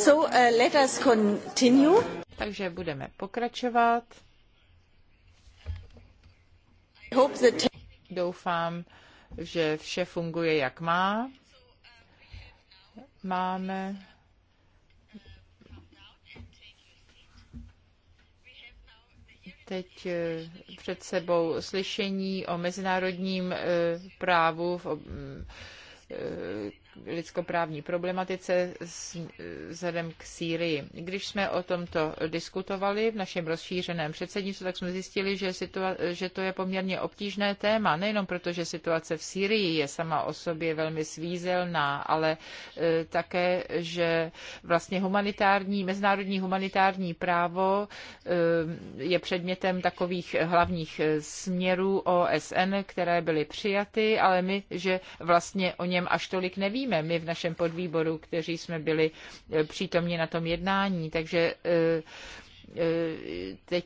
So, uh, let us continue. Takže budeme pokračovat. Doufám, že vše funguje, jak má. Máme teď eh, před sebou slyšení o mezinárodním eh, právu v eh, lidskoprávní problematice vzhledem k Sýrii. Když jsme o tomto diskutovali v našem rozšířeném předsednictvu, tak jsme zjistili, že, že to je poměrně obtížné téma, nejenom proto, že situace v Sýrii je sama o sobě velmi svízelná, ale e, také, že vlastně humanitární, mezinárodní humanitární právo e, je předmětem takových hlavních e, směrů OSN, které byly přijaty, ale my, že vlastně o něm až tolik nevíme víme, my v našem podvýboru, kteří jsme byli eh, přítomni na tom jednání. Takže eh, teď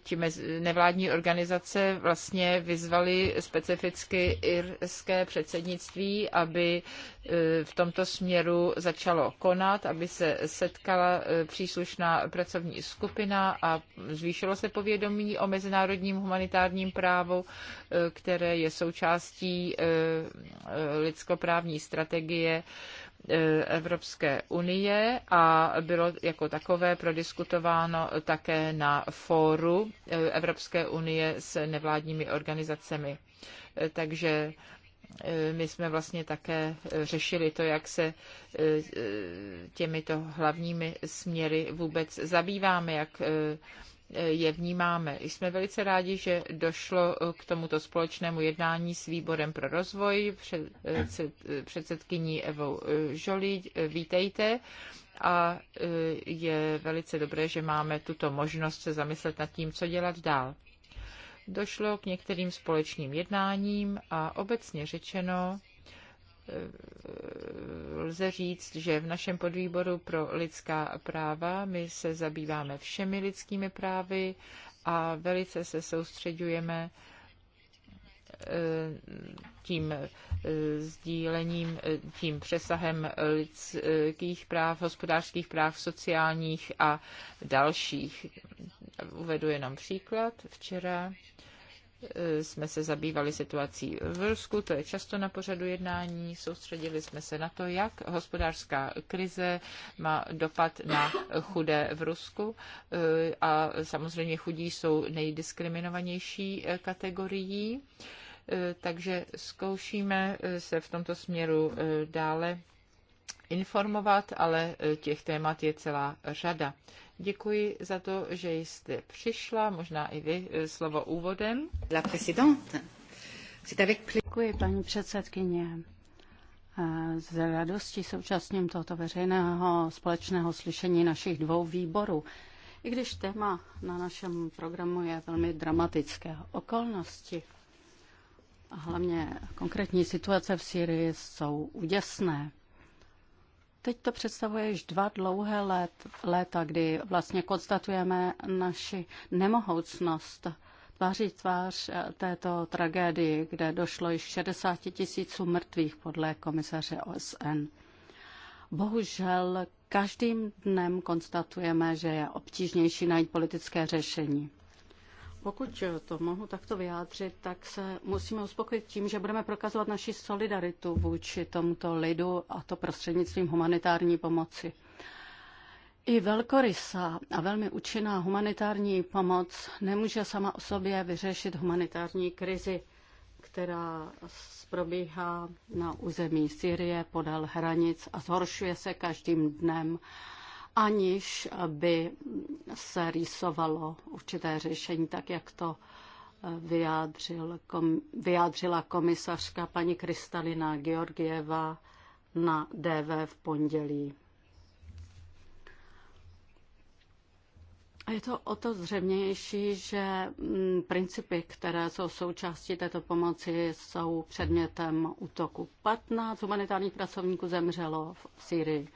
nevládní organizace vlastně vyzvaly specificky irské předsednictví, aby e, v tomto směru začalo konat, aby se setkala e, příslušná pracovní skupina a zvýšilo se povědomí o mezinárodním humanitárním právu, e, které je součástí lidskoprávní strategie E, Evropské unie a bylo jako takové prodiskutováno také na fóru e, Evropské unie s nevládními organizacemi. E, takže my jsme vlastně také řešili to, jak se těmito hlavními směry vůbec zabýváme, jak je vnímáme. Jsme velice rádi, že došlo k tomuto společnému jednání s výborem pro rozvoj, před, předsedkyní Evou Žolí. Vítejte a e, je velice dobré, že máme tuto možnost se zamyslet nad tím, co dělat dál. Došlo k některým společným jednáním a obecně řečeno lze říct, že v našem podvýboru pro lidská práva my se zabýváme všemi lidskými právy a velice se soustředujeme eh, tím eh, sdílením, eh, tím přesahem lidských práv, hospodářských práv, sociálních a dalších. Uvedu jenom příklad. Včera Eh, jsme se zabývali situací v Rusku, to je často na pořadu jednání, soustředili jsme se na to, jak hospodářská krize má dopad na chudé v Rusku eh, a samozřejmě chudí jsou nejdiskriminovanější eh, kategorií, takže zkoušíme se v tomto směru dále informovat, ale těch témat je celá řada. Děkuji za to, že jste přišla, možná i vy eh, slovo úvodem. La Děkuji, paní předsedkyně. Z eh, radostí současním tohoto veřejného společného slyšení našich dvou výborů. I když téma na našem programu je velmi dramatické okolnosti, a hlavně konkrétní situace v Syrii jsou úděsné. Teď to představuje již dva dlouhé let, léta, kdy vlastně konstatujeme naši nemohoucnost tváří tvář eh, této tragédii, kde došlo již 60 tisíců mrtvých podle komisaře OSN. Bohužel každým dnem konstatujeme, že je obtížnější najít politické řešení. Pokud to mohu takto vyjádřit, tak se musíme uspokojit tím, že budeme prokazovat naši solidaritu vůči tomuto lidu a to prostřednictvím humanitární pomoci. I velkorysá a velmi účinná humanitární pomoc nemůže sama o sobě vyřešit humanitární krizi, která probíhá na území Syrie podél hranic a zhoršuje se každým dnem aniž by se rýsovalo určité řešení, tak jak to eh, vyjádřil, kom, vyjádřila komisařka paní Kristalina Georgieva na DV v pondělí. A je to o to zřejmější, že mm, principy, které jsou součástí této pomoci, jsou předmětem útoku. 15 humanitárních pracovníků zemřelo v Syrii.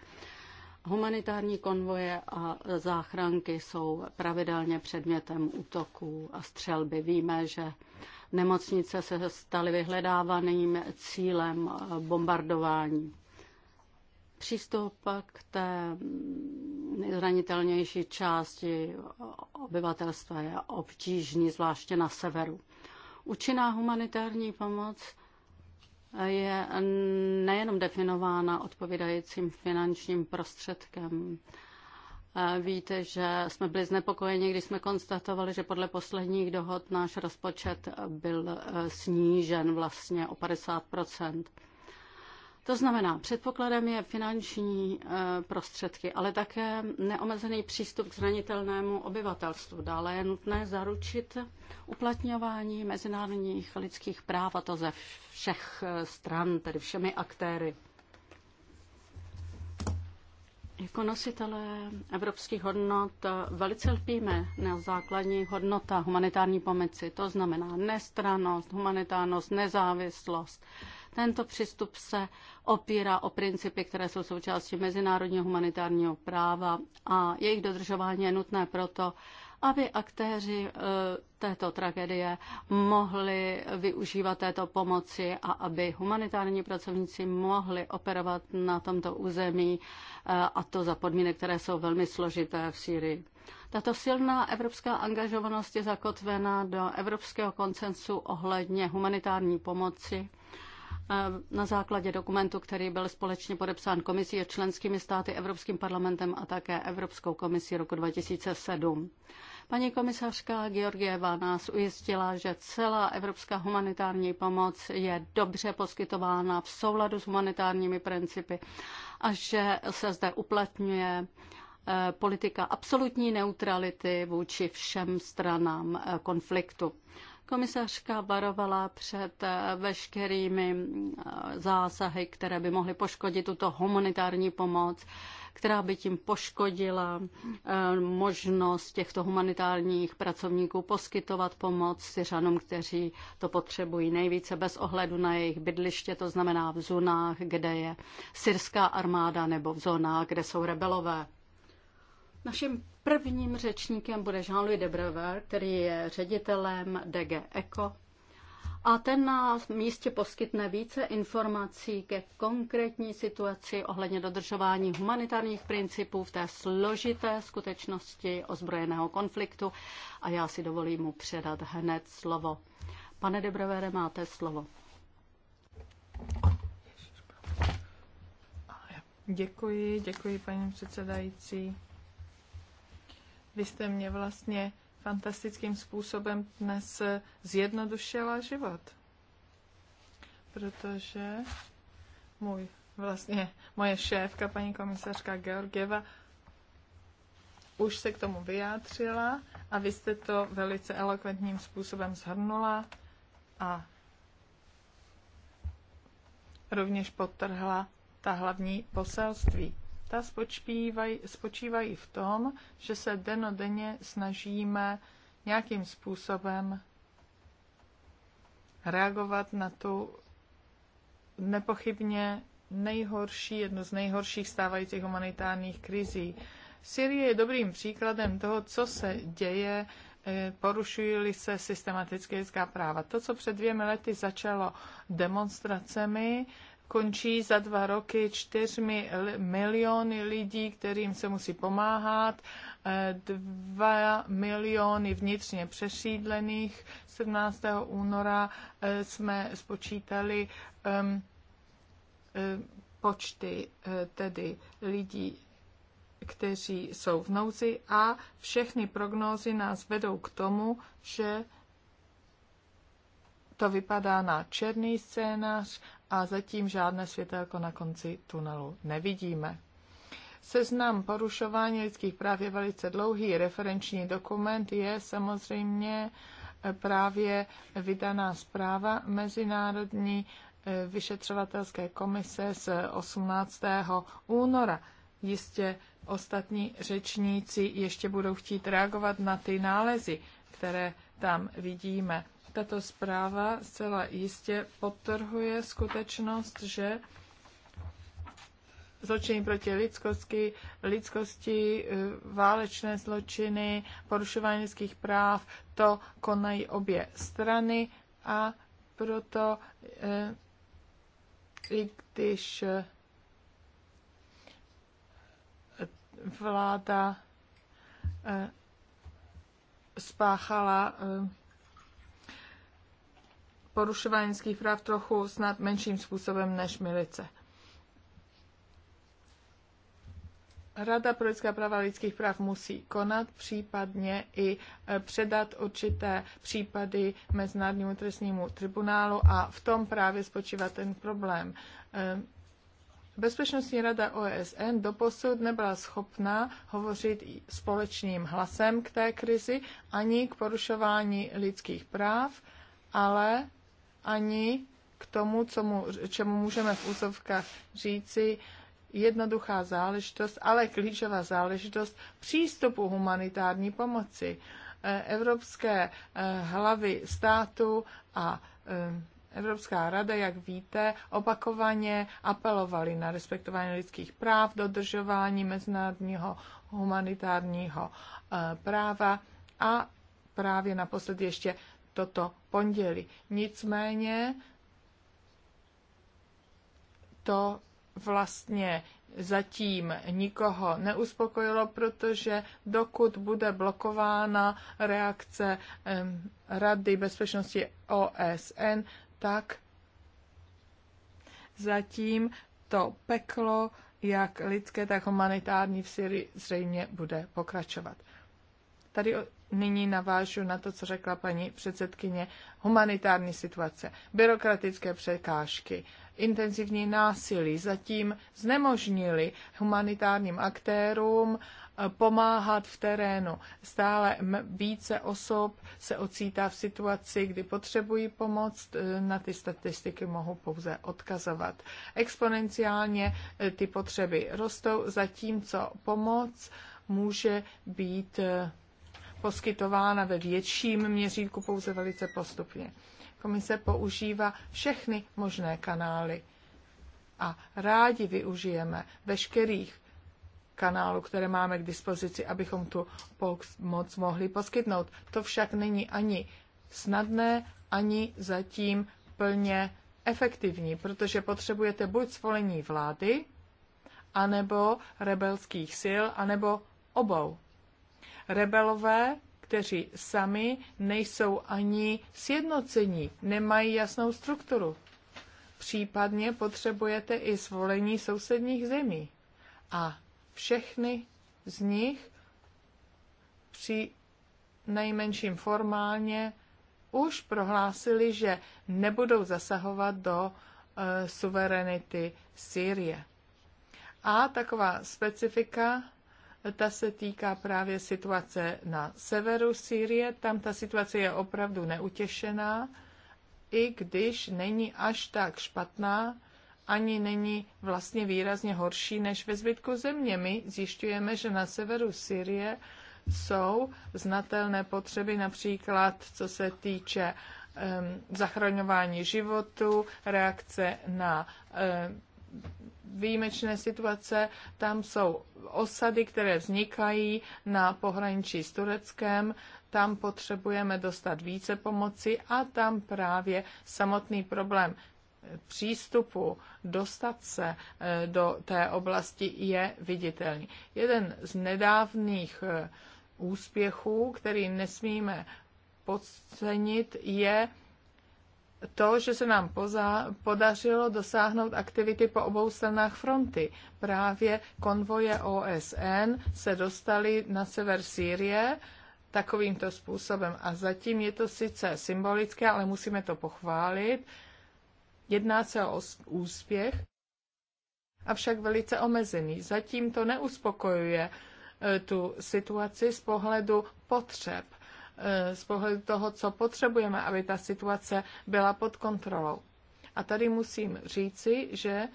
Humanitární konvoje a záchranky jsou pravidelně předmětem útoků a střelby. Víme, že nemocnice se staly vyhledávaným cílem bombardování. Přístup k té nejzranitelnější části obyvatelstva je obtížný, zvláště na severu. Účinná humanitární pomoc je nejenom definována odpovídajícím finančním prostředkem. Víte, že jsme byli znepokojeni, když jsme konstatovali, že podle posledních dohod náš rozpočet byl e, snížen vlastně o 50 to znamená, předpokladem je finanční eh, prostředky, ale také neomezený přístup k zranitelnému obyvatelstvu. Dále je nutné zaručit uplatňování mezinárodních lidských práv, a to ze všech eh, stran, tedy všemi aktéry. Jako nositelé evropských hodnot eh, velice lpíme na základní hodnota humanitární pomoci. To znamená nestranost, humanitárnost, nezávislost, tento přístup se opírá o principy, které jsou součástí mezinárodního humanitárního práva a jejich dodržování je nutné proto, aby aktéři eh, této tragédie mohli využívat této pomoci a aby humanitární pracovníci mohli operovat na tomto území eh, a to za podmínek, které jsou velmi složité v Sýrii. Tato silná evropská angažovanost je zakotvená do evropského koncensu ohledně humanitární pomoci na základě dokumentu, který byl společně podepsán komisí a členskými státy, Evropským parlamentem a také Evropskou komisí roku 2007. Paní komisařka Georgieva nás ujistila, že celá evropská humanitární pomoc je dobře poskytována v souladu s humanitárními principy a že se zde uplatňuje eh, politika absolutní neutrality vůči všem stranám eh, konfliktu. Komisařka varovala před eh, veškerými eh, zásahy, které by mohly poškodit tuto humanitární pomoc která by tím poškodila eh, možnost těchto humanitárních pracovníků poskytovat pomoc Syřanům, kteří to potřebují nejvíce bez ohledu na jejich bydliště, to znamená v zónách, kde je syrská armáda nebo v zónách, kde jsou rebelové. Naším prvním řečníkem bude Jean-Louis Debrever, který je ředitelem DG ECO. A ten na místě poskytne více informací ke konkrétní situaci ohledně dodržování humanitárních principů v té složité skutečnosti ozbrojeného konfliktu. A já si dovolím mu předat hned slovo. Pane Debrevere, máte slovo. Děkuji, děkuji paní předsedající. Vy jste mě vlastně fantastickým způsobem dnes zjednodušila život. Protože můj vlastně moje šéfka, paní komisařka Georgieva, už se k tomu vyjádřila a vy jste to velice elokventním způsobem zhrnula a rovněž podtrhla ta hlavní poselství ta spočívají, spočívají v tom, že se denodenně snažíme nějakým způsobem reagovat na tu nepochybně nejhorší, jednu z nejhorších stávajících humanitárních krizí. Syrie je dobrým příkladem toho, co se děje, eh, porušují-li se systematicky lidská práva. To, co před dvěmi lety začalo demonstracemi, končí za dva roky čtyřmi miliony lidí, kterým se musí pomáhat, eh, dva miliony vnitřně přesídlených. 17. února eh, jsme spočítali eh, počty tedy lidí, kteří jsou v nouzi a všechny prognózy nás vedou k tomu, že to vypadá na černý scénář a zatím žádné světelko jako na konci tunelu nevidíme. Seznam porušování lidských práv je velice dlouhý. Referenční dokument je samozřejmě eh, právě vydaná zpráva Mezinárodní eh, vyšetřovatelské komise z 18. února. Jistě ostatní řečníci ještě budou chtít reagovat na ty nálezy, které tam vidíme. Tato zpráva zcela jistě podtrhuje skutečnost, že zločiny proti lidskosti, lidskosti, eh, válečné zločiny, porušování lidských práv, to konají obě strany a proto eh, i když eh, vláda spáchala porušování lidských práv trochu snad menším způsobem než milice. Rada pro lidská práva lidských práv musí konat, případně i e, předat určité případy Mezinárodnímu trestnímu tribunálu a v tom právě spočívá ten problém. E, Bezpečnostní rada OSN doposud nebyla schopná hovořit společným hlasem k té krizi ani k porušování lidských práv, ale ani k tomu, co mu, čemu můžeme v úzovkách říci, jednoduchá záležitost, ale klíčová záležitost přístupu humanitární pomoci. Eh, Evropské eh, hlavy státu a eh, Evropská rada, jak víte, opakovaně apelovali na respektování lidských práv, dodržování mezinárodního humanitárního práva a právě naposled ještě toto pondělí. Nicméně to vlastně zatím nikoho neuspokojilo, protože dokud bude blokována reakce Rady bezpečnosti OSN, tak zatím to peklo, jak lidské, tak humanitární v Syrii zřejmě bude pokračovat. Tady nyní navážu na to, co řekla paní předsedkyně, humanitární situace, byrokratické překážky, intenzivní násilí zatím znemožnili humanitárním aktérům eh, pomáhat v terénu. Stále více osob se ocítá v situaci, kdy potřebují pomoc. Na ty statistiky mohu pouze odkazovat. Exponenciálně eh, ty potřeby rostou, zatímco pomoc může být eh, poskytována ve větším měřítku pouze velice postupně. Komise používá všechny možné kanály a rádi využijeme veškerých kanálů, které máme k dispozici, abychom tu moc mohli poskytnout. To však není ani snadné, ani zatím plně efektivní, protože potřebujete buď svolení vlády, anebo rebelských sil, anebo obou. Rebelové, kteří sami nejsou ani sjednocení, nemají jasnou strukturu. Případně potřebujete i zvolení sousedních zemí. A všechny z nich při nejmenším formálně už prohlásili, že nebudou zasahovat do e, suverenity Sýrie. A taková specifika ta se týká právě situace na severu Sýrie. Tam ta situace je opravdu neutěšená, i když není až tak špatná, ani není vlastně výrazně horší než ve zbytku země. My zjišťujeme, že na severu Syrie jsou znatelné potřeby, například co se týče um, zachraňování životu, reakce na um, výjimečné situace, tam jsou osady, které vznikají na pohraničí s Tureckem, tam potřebujeme dostat více pomoci a tam právě samotný problém přístupu dostat se eh, do té oblasti je viditelný. Jeden z nedávných eh, úspěchů, který nesmíme podcenit, je to, že se nám poza, podařilo dosáhnout aktivity po obou stranách fronty. Právě konvoje OSN se dostaly na sever Sýrie takovýmto způsobem. A zatím je to sice symbolické, ale musíme to pochválit. Jedná se o úspěch, avšak velice omezený. Zatím to neuspokojuje e, tu situaci z pohledu potřeb Eh, z pohledu toho, co potřebujeme, aby ta situace byla pod kontrolou. A tady musím říci, že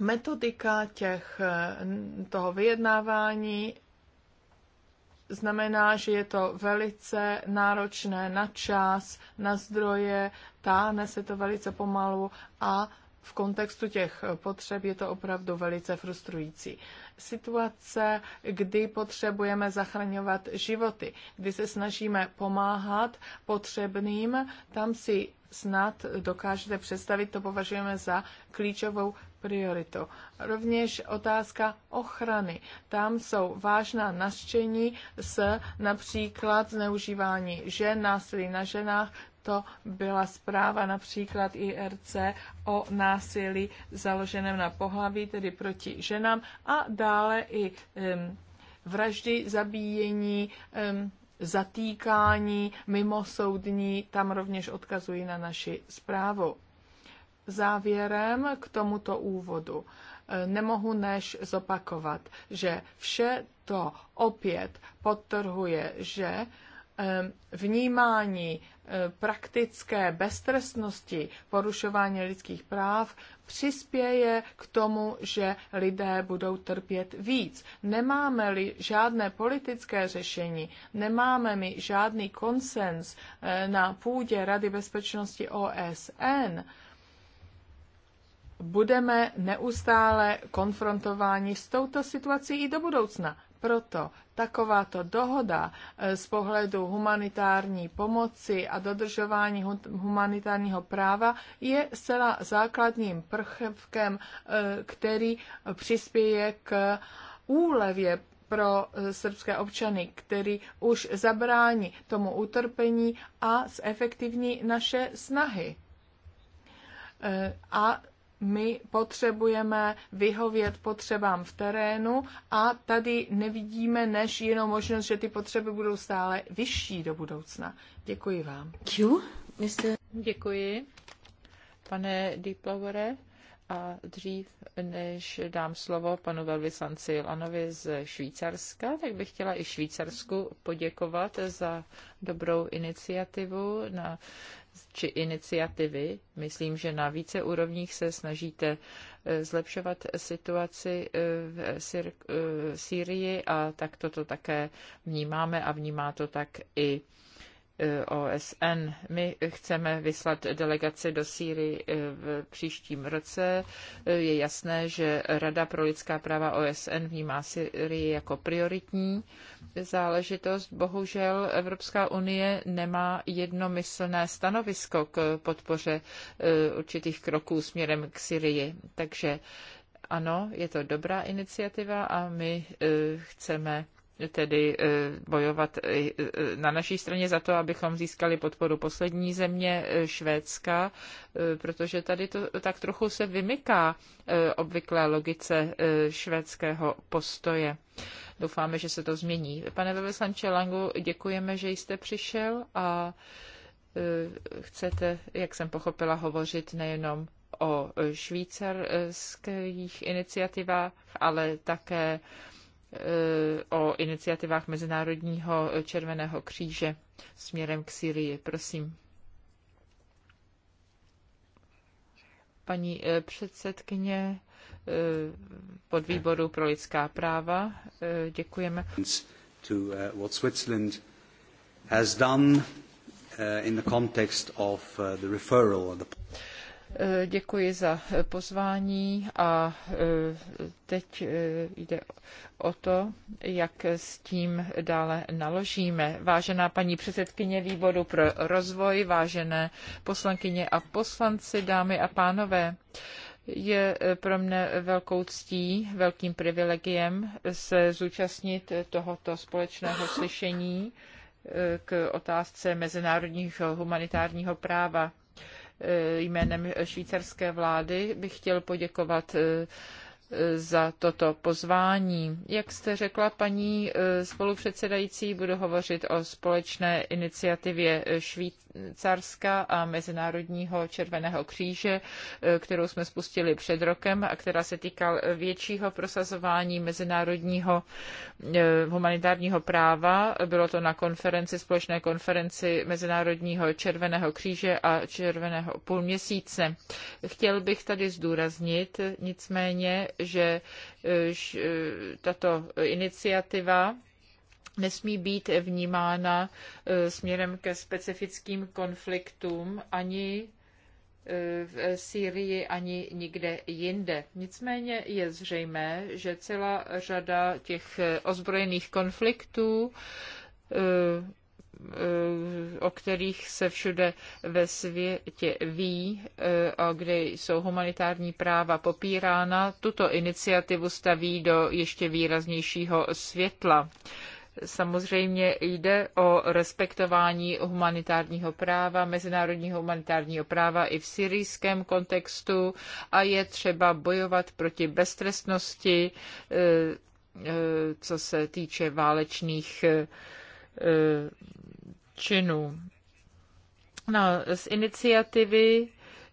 metodika těch, eh, toho vyjednávání znamená, že je to velice náročné na čas, na zdroje, táhne se to velice pomalu a v kontextu těch potřeb je to opravdu velice frustrující. Situace, kdy potřebujeme zachraňovat životy, kdy se snažíme pomáhat potřebným, tam si snad dokážete představit, to považujeme za klíčovou prioritu. Rovněž otázka ochrany. Tam jsou vážná nařčení s například zneužívání žen, násilí na ženách, to byla zpráva například IRC o násilí založeném na pohlaví, tedy proti ženám, a dále i um, vraždy, zabíjení, um, zatýkání mimosoudní, tam rovněž odkazují na naši zprávu. Závěrem k tomuto úvodu e, nemohu než zopakovat, že vše to opět podtrhuje, že vnímání praktické beztrestnosti porušování lidských práv přispěje k tomu, že lidé budou trpět víc. Nemáme-li žádné politické řešení, nemáme mi žádný konsens eh, na půdě Rady bezpečnosti OSN, budeme neustále konfrontováni s touto situací i do budoucna. Proto takováto dohoda eh, z pohledu humanitární pomoci a dodržování humanitárního práva je zcela základním prvkem, eh, který přispěje k úlevě pro eh, srbské občany, který už zabrání tomu utrpení a zefektivní naše snahy. A my potřebujeme vyhovět potřebám v terénu a tady nevidíme než jinou možnost, že ty potřeby budou stále vyšší do budoucna. Děkuji vám. Děkuji, pane Diplauere. A dřív, než dám slovo panu velvyslanci Lanovi z Švýcarska, tak bych chtěla i Švýcarsku poděkovat za dobrou iniciativu na či iniciativy. Myslím, že na více úrovních se snažíte eh, zlepšovat situaci eh, v Syrii eh, a tak toto také vnímáme a vnímá to tak i OSN. My chceme vyslat delegaci do Sýrii eh, v příštím roce. Je jasné, že Rada pro lidská práva OSN vnímá Sýrii jako prioritní záležitost. Bohužel Evropská unie nemá jednomyslné stanovisko k podpoře eh, určitých kroků směrem k Syrii. Takže ano, je to dobrá iniciativa a my eh, chceme tedy eh, bojovat eh, na naší straně za to, abychom získali podporu poslední země eh, Švédska, protože tady to tak trochu se vymyká obvyklé logice švédského postoje. Doufáme, že se to změní. Pane Veveslanče Langu, děkujeme, že jste přišel a chcete, jak jsem pochopila, hovořit nejenom o švýcarských iniciativách, ale také Eh, o iniciativách Mezinárodního červeného kříže směrem k Syrii. Prosím. Paní eh, předsedkyně eh, podvýboru pro lidská práva, děkujeme. To what Switzerland has done in the context of the referral of the Eh, děkuji za eh, pozvání a eh, teď jde o to, jak s tím dále naložíme. Vážená paní předsedkyně výboru pro rozvoj, vážené poslankyně a poslanci, dámy a pánové, je pro mne velkou ctí, velkým privilegiem se zúčastnit tohoto společného slyšení k otázce mezinárodního humanitárního práva Eh, jménem švýcarské vlády bych chtěl poděkovat eh, za toto pozvání. Jak jste řekla, paní eh, spolupředsedající, budu hovořit o společné iniciativě Švýc Carska a Mezinárodního červeného kříže, eh, kterou jsme spustili před rokem a která se týkal většího prosazování mezinárodního eh, humanitárního práva. Bylo to na konferenci, společné konferenci Mezinárodního červeného kříže a červeného půlměsíce. Chtěl bych tady zdůraznit nicméně, že eh, tato iniciativa nesmí být vnímána eh, směrem ke specifickým konfliktům ani eh, v Sýrii ani nikde jinde. Nicméně je zřejmé, že celá řada těch eh, ozbrojených konfliktů o kterých se všude ve světě ví a kde jsou humanitární práva popírána, tuto iniciativu staví do ještě výraznějšího světla. Samozřejmě jde o respektování humanitárního práva, mezinárodního humanitárního práva i v syrijském kontextu a je třeba bojovat proti beztrestnosti, eh, eh, co se týče válečných eh, činů. No, z iniciativy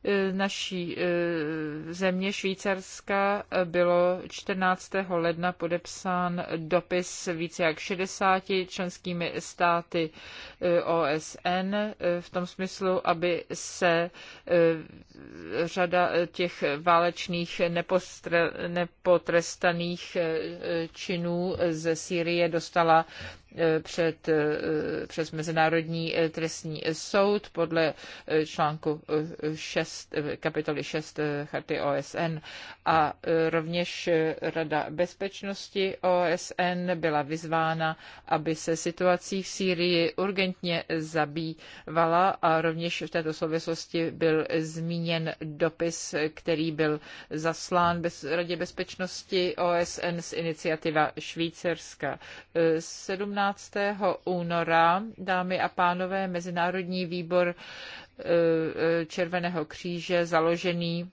E, naší e, země Švýcarska e, bylo 14. ledna podepsán dopis více jak 60 členskými státy OSN v tom smyslu, aby se řada těch válečných nepotrestaných činů ze Sýrie dostala E, před, e, přes Mezinárodní e, trestní soud podle článku 6, kapitoly 6 Charty OSN a rovněž Rada bezpečnosti OSN byla vyzvána, aby se situací v Sýrii urgentně zabývala a rovněž v této souvislosti byl zmíněn dopis, který byl zaslán bez, Radě bezpečnosti OSN z iniciativa Švýcarska. 17 15. února, dámy a pánové, Mezinárodní výbor e, e, Červeného kříže založený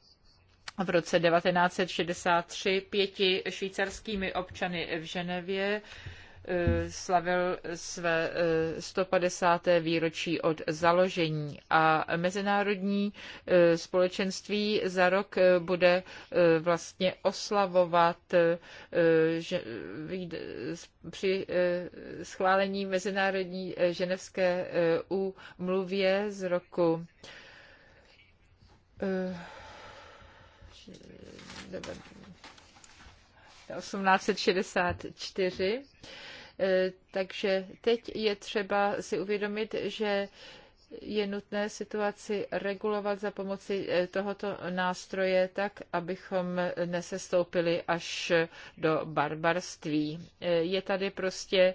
v roce 1963 pěti švýcarskými občany v Ženevě Eh, slavil své 150. Eh, výročí od založení a mezinárodní eh, společenství za rok bude vlastně oslavovat že, při schválení mezinárodní ženevské úmluvě z roku 1864 Eh, takže teď je třeba si uvědomit, že je nutné situaci regulovat za pomoci eh, tohoto nástroje tak, abychom nesestoupili až do barbarství. Eh, je tady prostě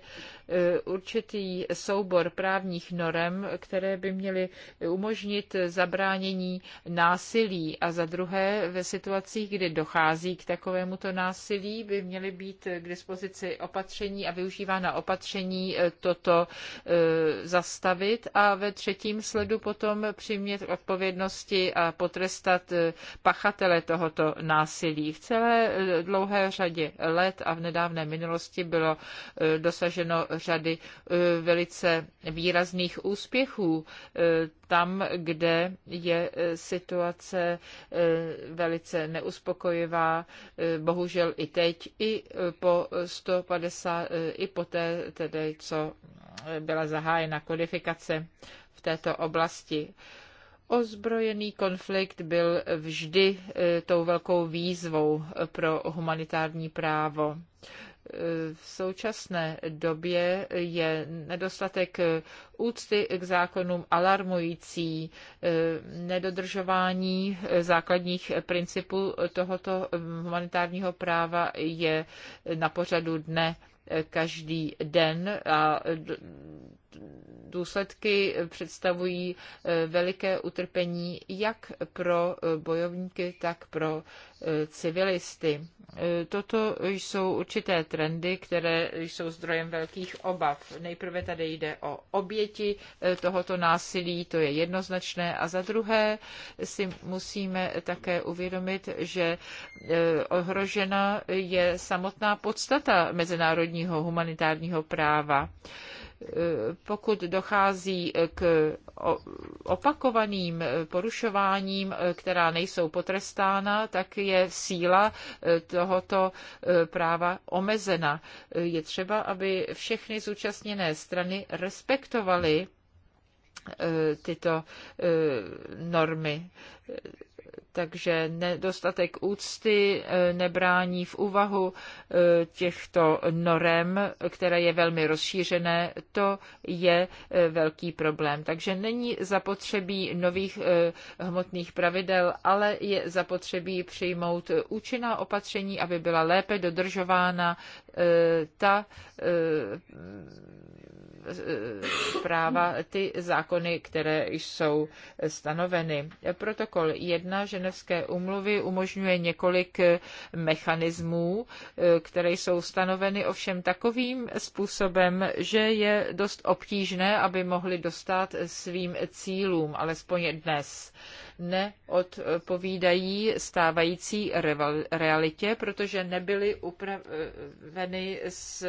eh, určitý soubor právních norem, které by měly umožnit zabránění násilí a za druhé ve situacích, kdy dochází k takovémuto násilí, by měly být k dispozici opatření a využívána opatření toto zastavit a ve třetí tím sledu potom přimět k odpovědnosti a potrestat eh, pachatele tohoto násilí. V celé eh, dlouhé řadě let a v nedávné minulosti bylo eh, dosaženo řady velice výrazných úspěchů tam, kde je situace velice neuspokojivá, bohužel i teď, i po 150, i poté, tedy, co byla zahájena kodifikace v této oblasti. Ozbrojený konflikt byl vždy e, tou velkou výzvou pro humanitární právo. E, v současné době je nedostatek úcty k zákonům alarmující, e, nedodržování základních principů tohoto humanitárního práva je na pořadu dne každý den a důsledky představují eh, veliké utrpení jak pro bojovníky, tak pro civilisty. E, toto jsou určité trendy, které jsou zdrojem velkých obav. Nejprve tady jde o oběti e, tohoto násilí, to je jednoznačné, a za druhé si musíme také uvědomit, že e, ohrožena je samotná podstata mezinárodního humanitárního práva pokud dochází k opakovaným porušováním, která nejsou potrestána, tak je síla tohoto práva omezena. Je třeba, aby všechny zúčastněné strany respektovaly eh, tyto eh, normy. Takže nedostatek úcty eh, nebrání v úvahu eh, těchto norem, které je velmi rozšířené, to je eh, velký problém. Takže není zapotřebí nových hmotných pravidel, ale je zapotřebí přijmout účinná opatření, aby byla lépe dodržována ta eh, práva, ty zákony, které jsou stanoveny. Protokol 1 Ženevské umluvy umožňuje několik mechanismů, eh, které jsou stanoveny ovšem takovým způsobem, že je dost obtížné, aby mohly dostat svým cílům, alespoň dnes neodpovídají stávající realitě, protože nebyly upraveny s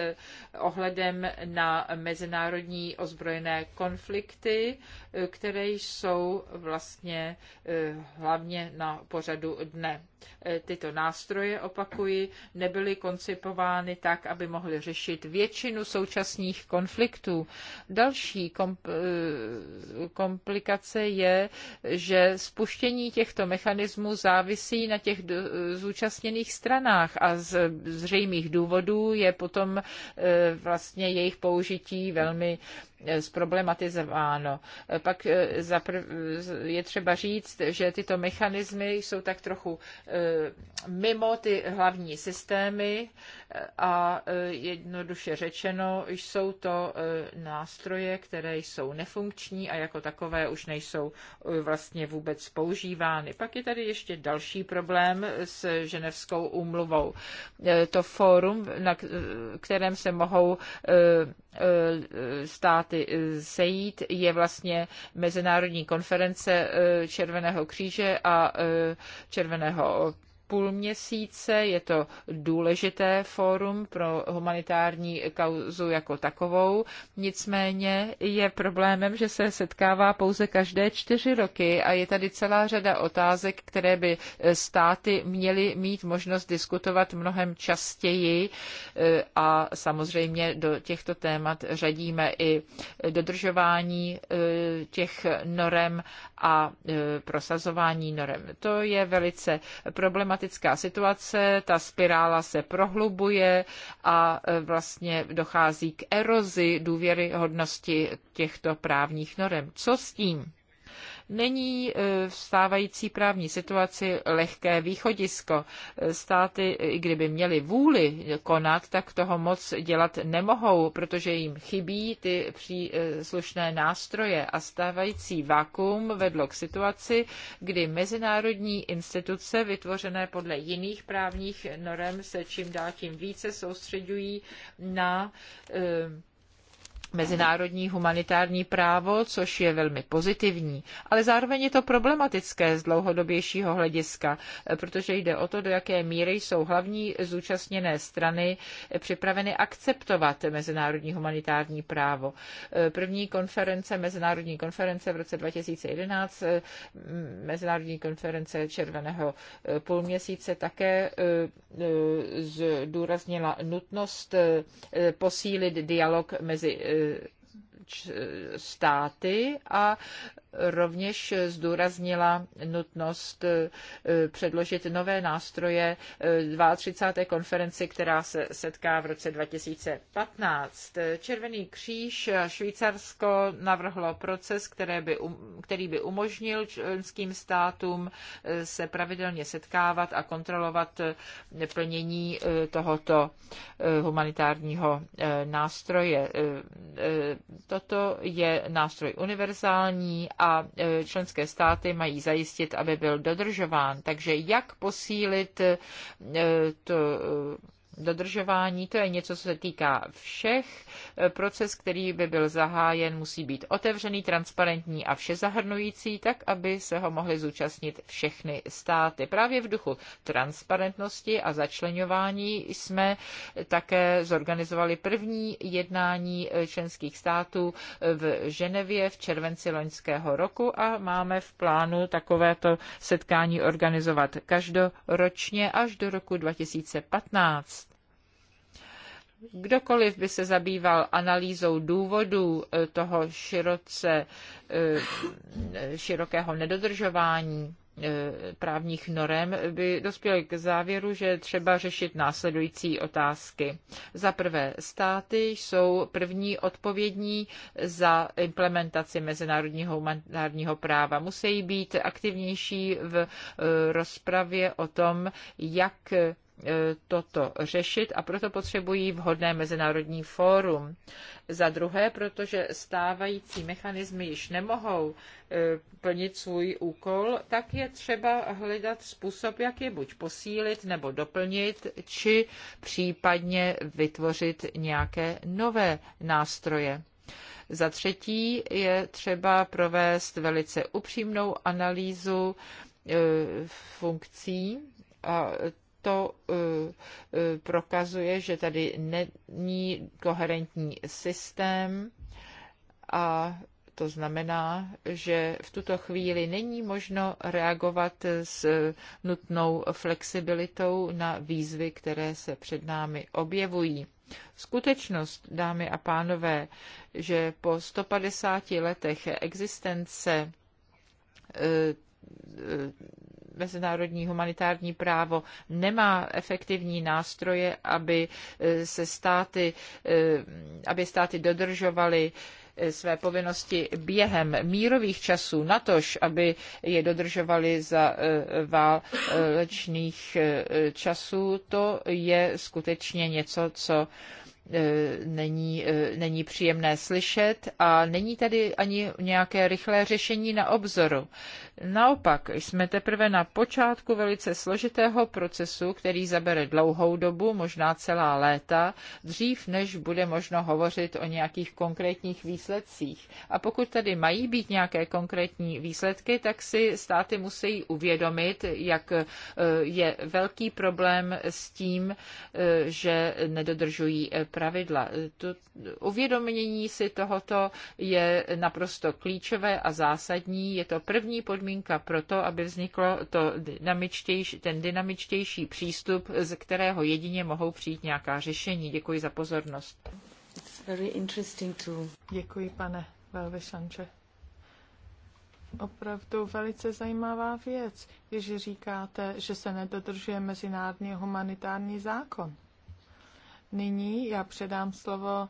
ohledem na mezinárodní ozbrojené konflikty, které jsou vlastně eh, hlavně na pořadu dne. Eh, tyto nástroje, opakuji, nebyly koncipovány tak, aby mohly řešit většinu současných konfliktů. Další eh, komplikace je, že spuštění těchto mechanismů závisí na těch zúčastněných stranách a z zřejmých důvodů je potom vlastně jejich použití velmi zproblematizováno. Pak eh, je třeba říct, že tyto mechanismy jsou tak trochu eh, mimo ty hlavní systémy eh, a jednoduše řečeno jsou to nástroje, které jsou nefunkční a jako takové už nejsou vlastně vůbec používány. Pak je tady ještě další problém s ženevskou úmluvou. To fórum, na kterém se mohou stát státy eh, sejít, je vlastně Mezinárodní konference eh, Červeného kříže a eh, Červeného půl měsíce. Je to důležité fórum pro humanitární kauzu jako takovou. Nicméně je problémem, že se setkává pouze každé čtyři roky a je tady celá řada otázek, které by státy měly mít možnost diskutovat mnohem častěji e, a samozřejmě do těchto témat řadíme i dodržování e, těch norem a e, prosazování norem. To je velice problematické dramatická situace, ta spirála se prohlubuje a e, vlastně dochází k erozi důvěryhodnosti těchto právních norem. Co s tím? není e, v stávající právní situaci lehké východisko. Státy, i kdyby měly vůli konat, tak toho moc dělat nemohou, protože jim chybí ty příslušné nástroje a stávající vakuum vedlo k situaci, kdy mezinárodní instituce vytvořené podle jiných právních norem se čím dál tím více soustředují na e, mezinárodní humanitární právo, což je velmi pozitivní, ale zároveň je to problematické z dlouhodobějšího hlediska, protože jde o to, do jaké míry jsou hlavní zúčastněné strany připraveny akceptovat mezinárodní humanitární právo. První konference, mezinárodní konference v roce 2011, mezinárodní konference červeného půlměsíce také e, e, zdůraznila nutnost e, posílit dialog mezi státy a rovněž zdůraznila nutnost eh, předložit nové nástroje 32. Eh, konferenci, která se setká v roce 2015. Červený kříž a Švýcarsko navrhlo proces, které by, um, který by umožnil členským státům eh, se pravidelně setkávat a kontrolovat plnění tohoto humanitárního nástroje. Toto je nástroj univerzální a a e, členské státy mají zajistit, aby byl dodržován. Takže jak posílit e, to dodržování, to je něco, co se týká všech. E, proces, který by byl zahájen, musí být otevřený, transparentní a všezahrnující, tak, aby se ho mohly zúčastnit všechny státy. Právě v duchu transparentnosti a začlenování jsme také zorganizovali první jednání e, členských států e, v Ženevě v červenci loňského roku a máme v plánu takovéto setkání organizovat každoročně až do roku 2015 kdokoliv by se zabýval analýzou důvodů eh, toho široce, eh, širokého nedodržování eh, právních norem by dospěl k závěru, že třeba řešit následující otázky. Za prvé, státy jsou první odpovědní za implementaci mezinárodního humanitárního práva. Musí být aktivnější v rozpravě o tom, jak E, toto řešit a proto potřebují vhodné mezinárodní fórum. Za druhé, protože stávající mechanismy již nemohou e, plnit svůj úkol, tak je třeba hledat způsob, jak je buď posílit nebo doplnit, či případně vytvořit nějaké nové nástroje. Za třetí je třeba provést velice upřímnou analýzu e, funkcí a to eh, eh, prokazuje, že tady není koherentní systém a to znamená, že v tuto chvíli není možno reagovat s nutnou flexibilitou na výzvy, které se před námi objevují. Skutečnost, dámy a pánové, že po 150 letech existence eh, mezinárodní humanitární právo nemá efektivní nástroje, aby eh, se státy, eh, aby státy dodržovaly eh, své povinnosti během mírových časů, natož, aby je dodržovali za válečných časů, to je skutečně něco, co E, není, e, není příjemné slyšet a není tady ani nějaké rychlé řešení na obzoru. Naopak, jsme teprve na počátku velice složitého procesu, který zabere dlouhou dobu, možná celá léta, dřív než bude možno hovořit o nějakých konkrétních výsledcích. A pokud tady mají být nějaké konkrétní výsledky, tak si státy musí uvědomit, jak e, je velký problém s tím, že nedodržují pravidla. To uvědomění si tohoto je naprosto klíčové a zásadní. Je to první podmínka pro to, aby vzniklo to dynamičtější, ten dynamičtější přístup, z kterého jedině mohou přijít nějaká řešení. Děkuji za pozornost. Děkuji, pane Velvyšanče. opravdu velice zajímavá věc, když říkáte, že se nedodržuje mezinárodní humanitární zákon nyní já předám slovo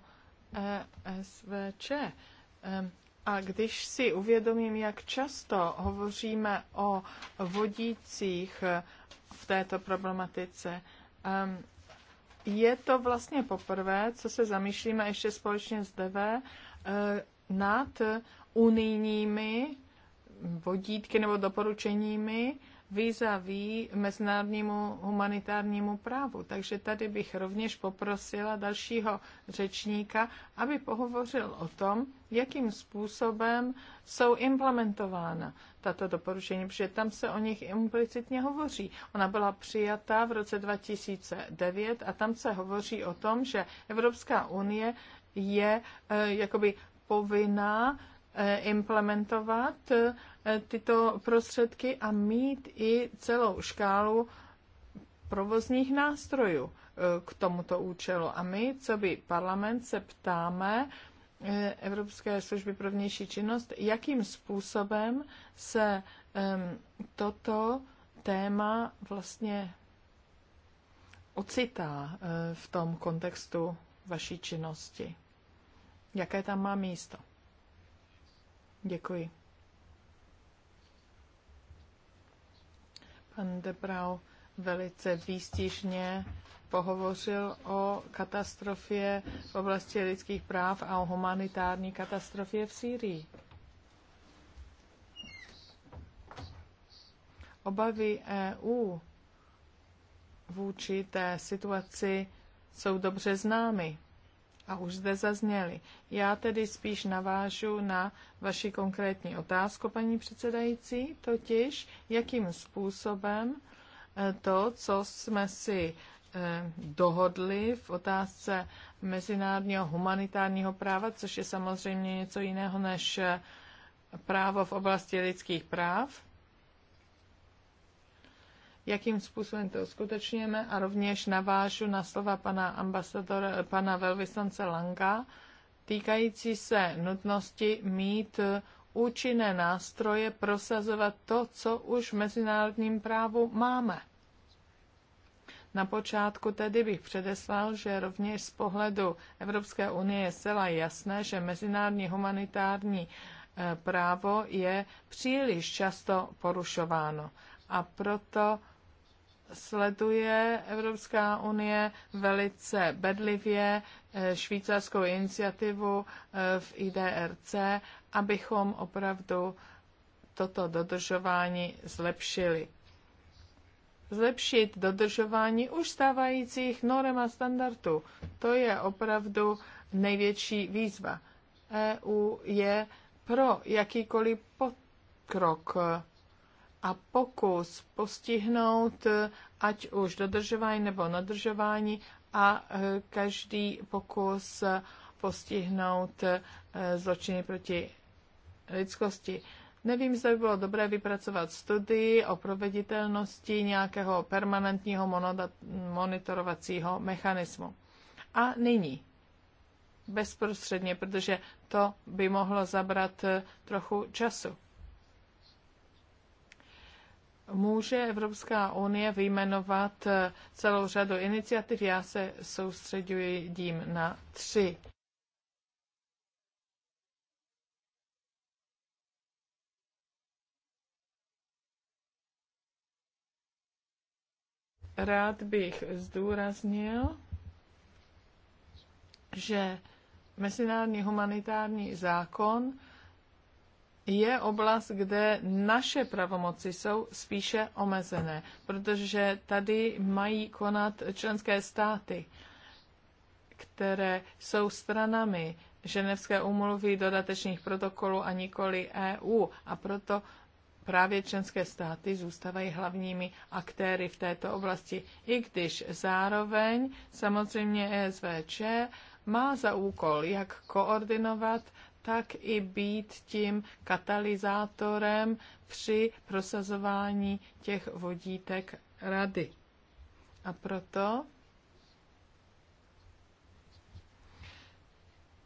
ESVČ. Eh, a když si uvědomím, jak často hovoříme o vodících eh, v této problematice, je to vlastně poprvé, co se zamýšlíme ještě společně s DV eh, nad unijními vodítky nebo doporučeními vis mezinárodnímu humanitárnímu právu. Takže tady bych rovněž poprosila dalšího řečníka, aby pohovořil o tom, jakým způsobem jsou implementována tato doporučení, protože tam se o nich implicitně hovoří. Ona byla přijata v roce 2009 a tam se hovoří o tom, že Evropská unie je e, jakoby povinná eh, implementovat tyto prostředky a mít i celou škálu provozních nástrojů e, k tomuto účelu. A my, co by parlament, se ptáme e, Evropské služby pro vnější činnost, jakým způsobem se toto téma vlastně ocitá e, v tom kontextu vaší činnosti. Jaké tam má místo? Děkuji. Pan Debrau velice výstižně pohovořil o katastrofě v oblasti lidských práv a o humanitární katastrofě v Sýrii. Obavy EU vůči té situaci jsou dobře známy a už zde zazněly. Já tedy spíš navážu na vaši konkrétní otázku, paní předsedající, totiž jakým způsobem eh, to, co jsme si eh, dohodli v otázce mezinárodního humanitárního práva, což je samozřejmě něco jiného než eh, právo v oblasti lidských práv, jakým způsobem to uskutečňujeme a rovněž navážu na slova pana ambasadora, pana velvyslance Langa, týkající se nutnosti mít účinné nástroje prosazovat to, co už v mezinárodním právu máme. Na počátku tedy bych předeslal, že rovněž z pohledu Evropské unie je zcela jasné, že mezinárodní humanitární e, právo je příliš často porušováno. A proto sleduje Evropská unie velice bedlivě eh, švýcarskou iniciativu eh, v IDRC, abychom opravdu toto dodržování zlepšili. Zlepšit dodržování už stávajících norm a standardů, to je opravdu největší výzva. EU je pro jakýkoliv pokrok a pokus postihnout ať už dodržování nebo nadržování a e, každý pokus postihnout e, zločiny proti lidskosti. Nevím, zda by bylo dobré vypracovat studii o proveditelnosti nějakého permanentního monitorovacího mechanismu. A nyní, bezprostředně, protože to by mohlo zabrat e, trochu času. Může Evropská unie vyjmenovat eh, celou řadu iniciativ, já se soustředuji dím na tři. Rád bych zdůraznil, že mezinárodní humanitární zákon je oblast, kde naše pravomoci jsou spíše omezené, protože tady mají konat členské státy, které jsou stranami ženevské úmluvy dodatečných protokolů a nikoli EU. A proto právě členské státy zůstávají hlavními aktéry v této oblasti, i když zároveň samozřejmě ESVČ má za úkol, jak koordinovat tak i být tím katalyzátorem při prosazování těch vodítek rady. A proto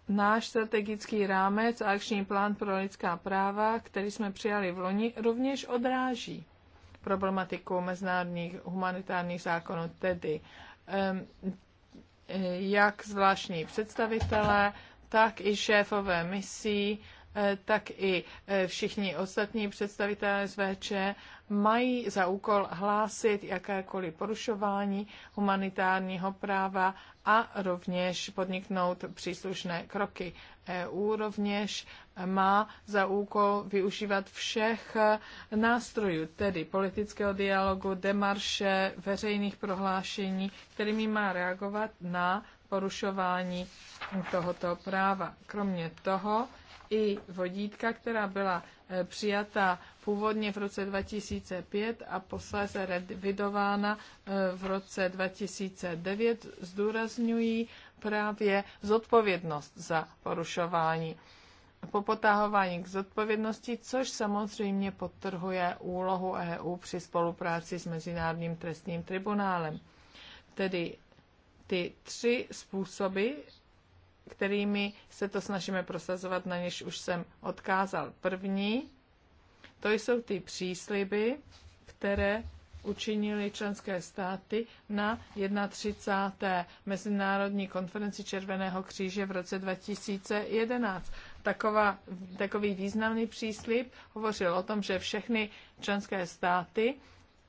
náš strategický rámec a akční plán pro lidská práva, který jsme přijali v loni, rovněž odráží problematiku mezinárodních humanitárních zákonů, tedy jak zvláštní představitelé tak i šéfové misí, eh, tak i eh, všichni ostatní představitelé SVČ mají za úkol hlásit jakékoliv porušování humanitárního práva a rovněž podniknout příslušné kroky. EU rovněž má za úkol využívat všech eh, nástrojů, tedy politického dialogu, demarše, veřejných prohlášení, kterými má reagovat na porušování tohoto práva. Kromě toho i vodítka, která byla eh, přijata původně v roce 2005 a posléze revidována eh, v roce 2009, zdůrazňují právě zodpovědnost za porušování popotahování k zodpovědnosti, což samozřejmě podtrhuje úlohu EU při spolupráci s Mezinárodním trestním tribunálem. Tedy ty tři způsoby, kterými se to snažíme prosazovat, na něž už jsem odkázal. První, to jsou ty přísliby, které učinili členské státy na 31. Mezinárodní konferenci Červeného kříže v roce 2011. Taková, takový významný příslip hovořil o tom, že všechny členské státy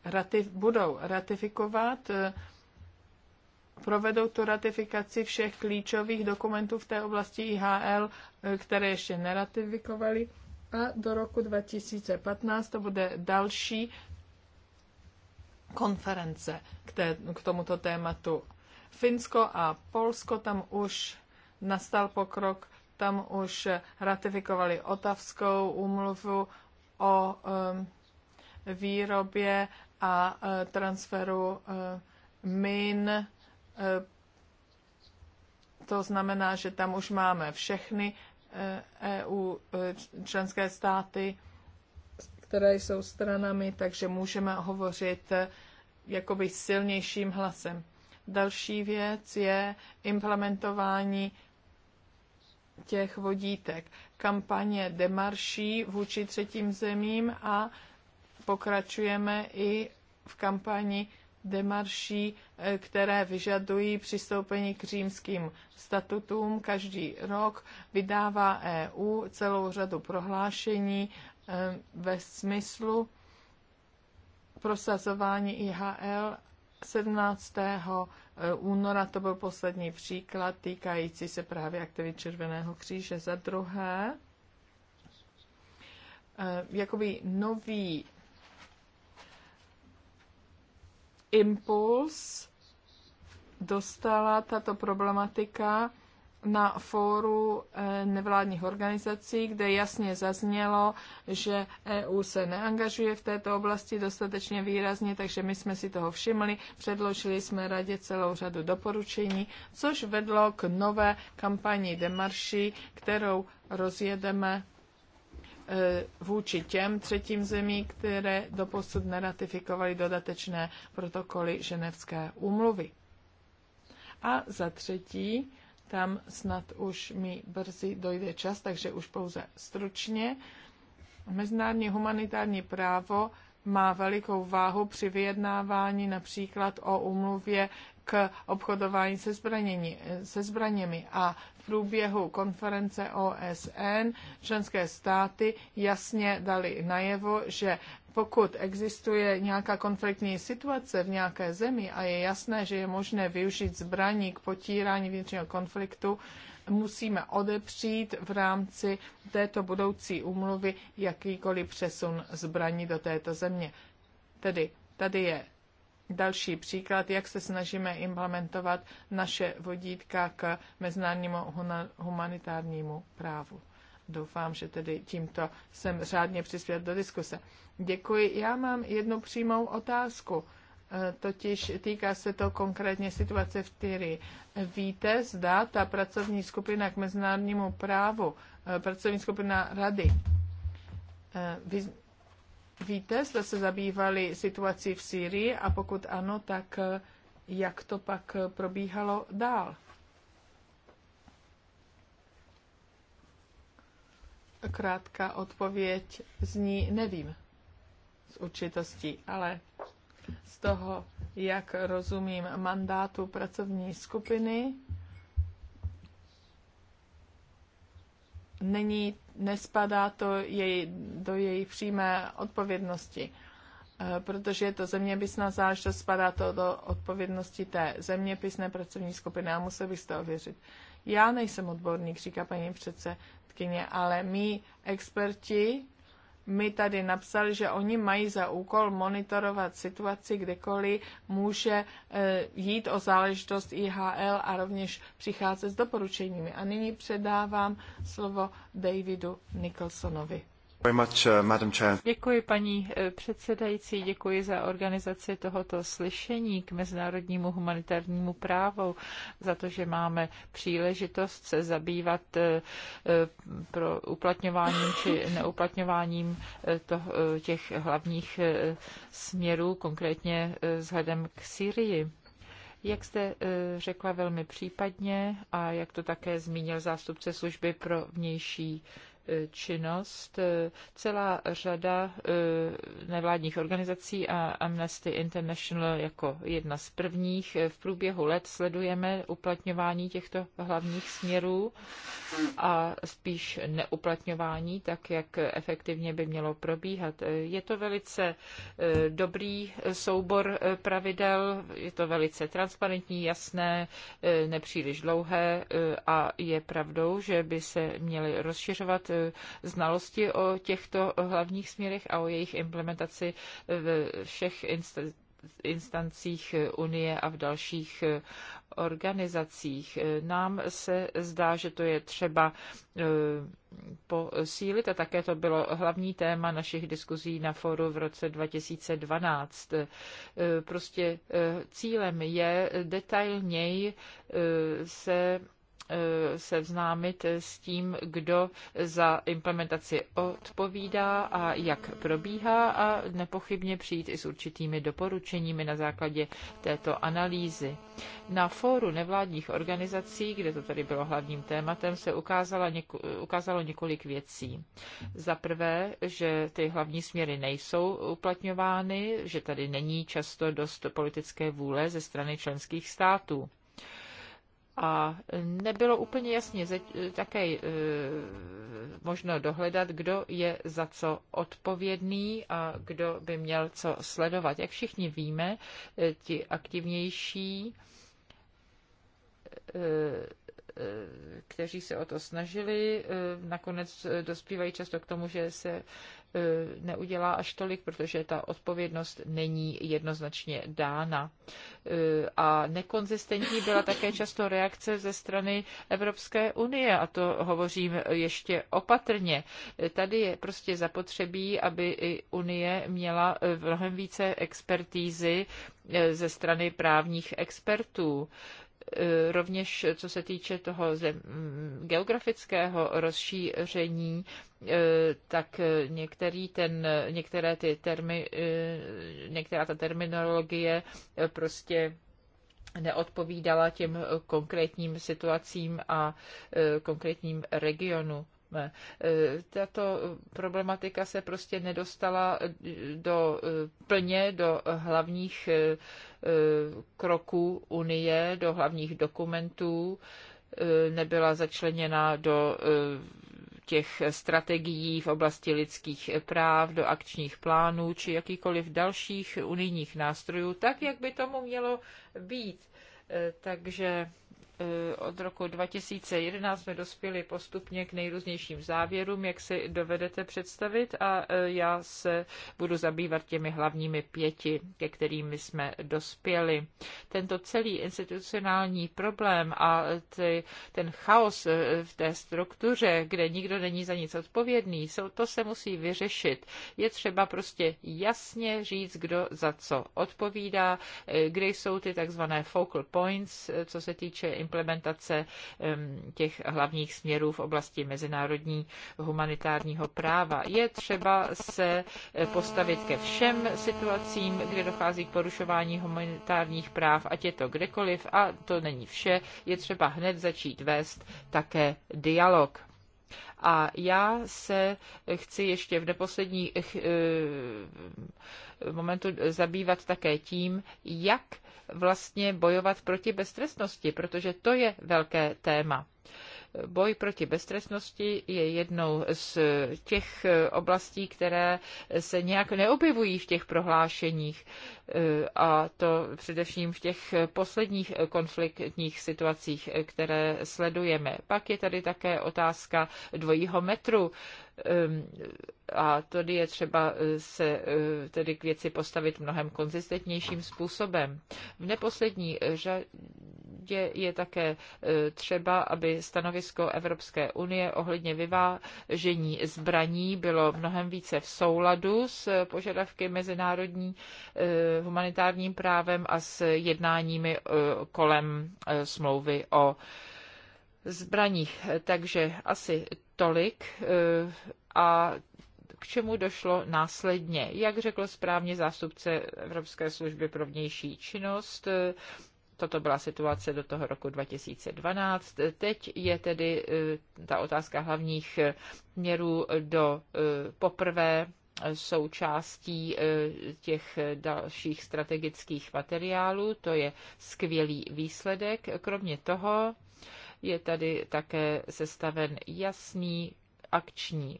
ratif- budou ratifikovat eh, provedou tu ratifikaci všech klíčových dokumentů v té oblasti IHL, eh, které ještě neratifikovali. A do roku 2015 to bude další konference k, té, k tomuto tématu. Finsko a Polsko, tam už nastal pokrok, tam už ratifikovali Otavskou úmluvu o um, výrobě a uh, transferu uh, min Eh, to znamená, že tam už máme všechny EU eh, e eh, členské státy, které jsou stranami, takže můžeme hovořit jakoby silnějším hlasem. Další věc je implementování těch vodítek. Kampaně demarší vůči třetím zemím a pokračujeme i v kampani demarší, eh, které vyžadují přistoupení k římským statutům. Každý rok vydává EU celou řadu prohlášení eh, ve smyslu prosazování IHL 17. Eh, února to byl poslední příklad týkající se právě aktivit Červeného kříže. Za druhé, jakoby nový impuls dostala tato problematika na fóru eh, nevládních organizací, kde jasně zaznělo, že EU se neangažuje v této oblasti dostatečně výrazně, takže my jsme si toho všimli, předložili jsme radě celou řadu doporučení, což vedlo k nové kampani Demarši, kterou rozjedeme Eh, vůči těm třetím zemí, které doposud neratifikovaly dodatečné protokoly Ženevské úmluvy. A za třetí, tam snad už mi brzy dojde čas, takže už pouze stručně. Mezinárodní humanitární právo má velikou váhu při vyjednávání například o umluvě k obchodování se, zbranění, se zbraněmi a v průběhu konference OSN členské státy jasně dali najevo, že pokud existuje nějaká konfliktní situace v nějaké zemi a je jasné, že je možné využít zbraní k potírání vnitřního konfliktu, musíme odepřít v rámci této budoucí úmluvy jakýkoliv přesun zbraní do této země. Tedy tady je další příklad, jak se snažíme implementovat naše vodítka k mezinárodnímu humanitárnímu právu. Doufám, že tedy tímto jsem řádně přispěl do diskuse. Děkuji. Já mám jednu přímou otázku. E, totiž týká se to konkrétně situace v Tyrii. Víte, zda ta pracovní skupina k mezinárodnímu právu, e, pracovní skupina rady, e, Víte, jste se zabývali situací v Sýrii a pokud ano, tak eh, jak to pak eh, probíhalo dál? Krátká odpověď zní nevím Z určitostí, ale z toho, jak rozumím mandátu pracovní skupiny, není nespadá to jej, do její přímé odpovědnosti, eh, protože je to zeměpisná záležitost, spadá to do odpovědnosti té zeměpisné pracovní skupiny a musel bych to ověřit. Já nejsem odborník, říká paní předsedkyně, ale my experti mi tady napsali, že oni mají za úkol monitorovat situaci, kdekoliv může eh, jít o záležitost IHL a rovněž přicházet s doporučeními. A nyní předávám slovo Davidu Nicholsonovi. Uh, děkuji paní eh, předsedající, děkuji za organizaci tohoto slyšení k mezinárodnímu humanitárnímu právu, za to, že máme příležitost se zabývat eh, eh, pro uplatňováním či neuplatňováním těch hlavních směrů, konkrétně vzhledem k Syrii. Jak jste řekla velmi případně a jak to také zmínil zástupce služby pro vnější činnost. Celá řada eh, nevládních organizací a Amnesty International jako jedna z prvních eh, v průběhu let sledujeme uplatňování těchto hlavních směrů a spíš neuplatňování, tak jak efektivně by mělo probíhat. Eh, je to velice dobrý soubor pravidel, je to velice transparentní, jasné, nepříliš dlouhé a je pravdou, že by se měly rozšiřovat Eh, znalosti o těchto hlavních směrech a o jejich implementaci ve všech instancích instancích Unie a v dalších eh, organizacích. Eh, nám se zdá, že to je třeba posílit a také to bylo hlavní téma našich diskuzí na fóru v roce 2012. Prostě cílem je detailněji se Eh, seznámit s tím, kdo za implementaci odpovídá a jak probíhá a nepochybně přijít i s určitými doporučeními na základě této analýzy. Na fóru nevládních organizací, kde to tady bylo hlavním tématem, se ukázalo, něko- ukázalo několik věcí. Za prvé, že ty hlavní směry nejsou uplatňovány, že tady není často dost politické vůle ze strany členských států a nebylo úplně jasně také e, možno dohledat, kdo je za co odpovědný a kdo by měl co sledovat. Jak všichni víme, e, ti aktivnější, e, kteří se o to snažili, nakonec dospívají často k tomu, že se E, neudělá až tolik, protože ta odpovědnost není jednoznačně dána. E, a nekonzistentní byla také často reakce ze strany Evropské unie, a to hovořím ještě opatrně. E, tady je prostě zapotřebí, aby i unie měla mnohem více expertízy ze strany právních expertů. E, rovněž co se týče toho zem, mm, geografického rozšíření, e, tak některý ten, některé ty termi, e, některá ta terminologie prostě neodpovídala těm konkrétním situacím a konkrétním regionu, Eh, tato problematika se prostě nedostala eh, do, eh, plně do hlavních kroků Unie, do hlavních dokumentů, nebyla začleněna do těch strategií v oblasti lidských práv, do akčních plánů či jakýkoliv dalších unijních nástrojů, tak jak by tomu mělo být. Takže Eh, od roku 2011 jsme dospěli postupně k nejrůznějším závěrům, jak si dovedete představit a eh, já se budu zabývat těmi hlavními pěti, ke kterým jsme dospěli. Tento celý institucionální problém a ty, ten chaos eh, v té struktuře, kde nikdo není za nic odpovědný, to se musí vyřešit. Je třeba prostě jasně říct, kdo za co odpovídá, kde jsou ty takzvané focal points, co se týče implementace těch hlavních směrů v oblasti mezinárodní humanitárního práva. Je třeba se eh, postavit ke všem situacím, kde dochází k porušování humanitárních práv, ať je to kdekoliv, a to není vše, je třeba hned začít vést také dialog. A já se eh, chci ještě v neposlední eh, momentu zabývat také tím, jak vlastně bojovat proti beztrestnosti, protože to je velké téma. Boj proti beztrestnosti je jednou z těch eh, oblastí, které se nějak neobjevují v těch prohlášeních eh, a to především v těch posledních konfliktních situacích, eh, které sledujeme. Pak je tady také otázka dvojího metru ehm, a tady je třeba se tedy k věci postavit mnohem konzistentnějším způsobem. V neposlední řadě případě je také e, třeba, aby stanovisko Evropské unie ohledně vyvážení zbraní bylo mnohem více v souladu s požadavky mezinárodní e, humanitárním právem a s jednáními e, kolem smlouvy o zbraních. Takže asi tolik. A k čemu došlo následně. Jak řekl správně zástupce Evropské služby pro vnější činnost, Toto byla situace do toho roku 2012. Teď je tedy e, ta otázka hlavních e, měrů do e, poprvé součástí těch dalších strategických materiálů. To je skvělý výsledek. Kromě toho je tady také sestaven jasný akční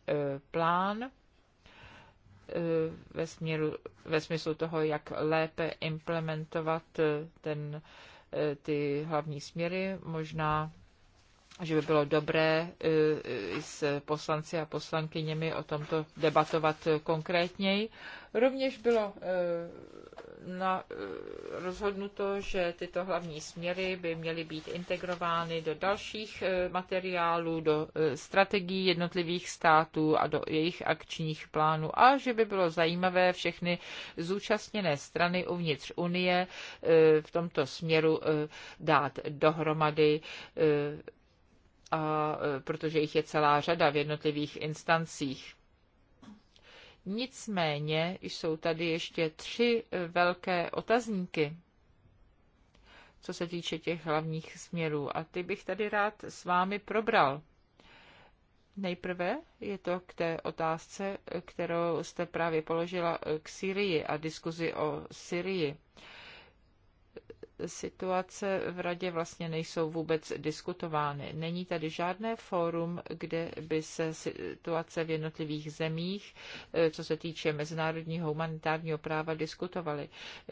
plán ve, směru, ve smyslu toho, jak lépe implementovat ten ty hlavní směry. Možná že by bylo dobré eh, eh, i s poslanci a poslankyněmi o tomto debatovat konkrétněji. Rovněž bylo eh, na, eh, rozhodnuto, že tyto hlavní směry by měly být integrovány do dalších eh, materiálů, do eh, strategií jednotlivých států a do jejich akčních plánů a že by bylo zajímavé všechny zúčastněné strany uvnitř Unie v tomto směru dát dohromady a protože jich je celá řada v jednotlivých instancích. Nicméně jsou tady ještě tři eh, velké otazníky, co se týče těch hlavních směrů. A ty bych tady rád s vámi probral. Nejprve je to k té otázce, eh, kterou jste právě položila eh, k Syrii a diskuzi o Syrii situace v radě vlastně nejsou vůbec diskutovány. Není tady žádné fórum, kde by se situace v jednotlivých zemích, eh, co se týče mezinárodního humanitárního práva, diskutovaly.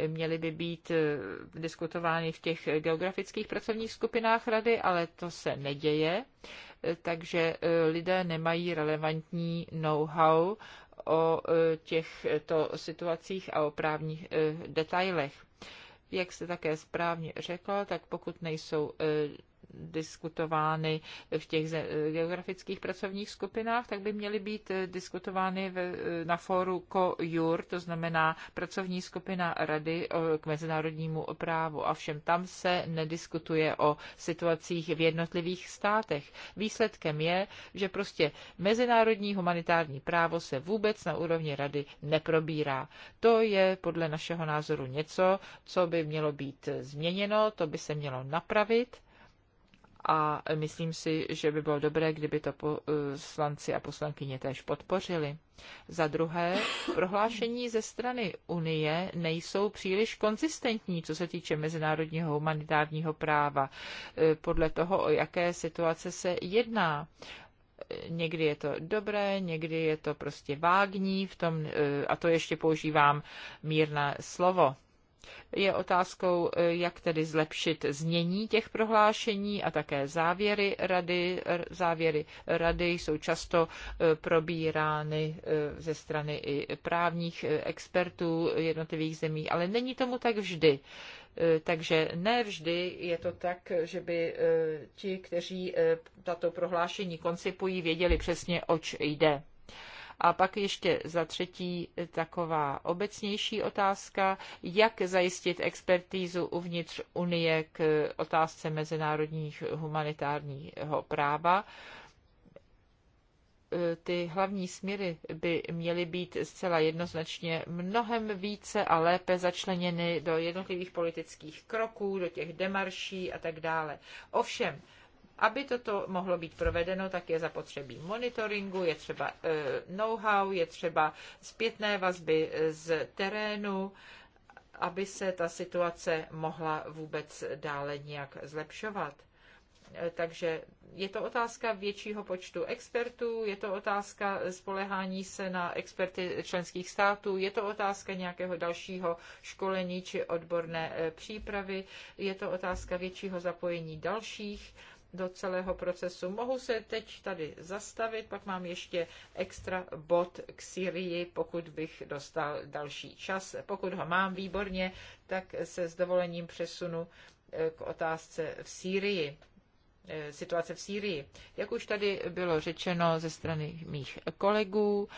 Měly by být eh, diskutovány v těch geografických pracovních skupinách rady, ale to se neděje, eh, takže lidé nemají relevantní know-how o těchto situacích a o právních detailech. Jak jste také správně řekla, tak pokud nejsou eh, diskutovány v těch geografických pracovních skupinách, tak by měly být eh, diskutovány eh, na fóru COJUR, to znamená pracovní skupina Rady eh, k mezinárodnímu právu. A všem tam se nediskutuje o situacích v jednotlivých státech. Výsledkem je, že prostě mezinárodní humanitární právo se vůbec na úrovni Rady neprobírá. To je podle našeho názoru něco, co by mělo být změněno, to by se mělo napravit a myslím si, že by bylo dobré, kdyby to poslanci a poslankyně též podpořili. Za druhé, prohlášení ze strany Unie nejsou příliš konzistentní, co se týče mezinárodního humanitárního práva, e, podle toho, o jaké situace se jedná někdy je to dobré, někdy je to prostě vágní v tom, e, a to ještě používám mírné slovo. Je otázkou, eh, jak tedy zlepšit znění těch prohlášení a také závěry rady. Závěry rady jsou často eh, probírány eh, ze strany i právních expertů jednotlivých zemí, ale není tomu tak vždy. Takže ne vždy je to tak, že by ti, kteří tato prohlášení koncipují, věděli přesně, oč jde. A pak ještě za třetí taková obecnější otázka, jak zajistit expertízu uvnitř Unie k otázce mezinárodních humanitárního práva ty hlavní směry by měly být zcela jednoznačně mnohem více a lépe začleněny do jednotlivých politických kroků, do těch demarší a tak dále. Ovšem, aby toto mohlo být provedeno, tak je zapotřebí monitoringu, je třeba eh, know-how, je třeba zpětné vazby eh, z terénu, aby se ta situace mohla vůbec dále nějak zlepšovat. Eh, takže je to otázka většího počtu expertů, je to otázka spolehání se na experty členských států, je to otázka nějakého dalšího školení či odborné přípravy, je to otázka většího zapojení dalších do celého procesu. Mohu se teď tady zastavit, pak mám ještě extra bod k Syrii, pokud bych dostal další čas. Pokud ho mám výborně, tak se s dovolením přesunu eh, k otázce v Syrii eh, situace v Sýrii. Jak už tady bylo řečeno ze strany mých kolegů,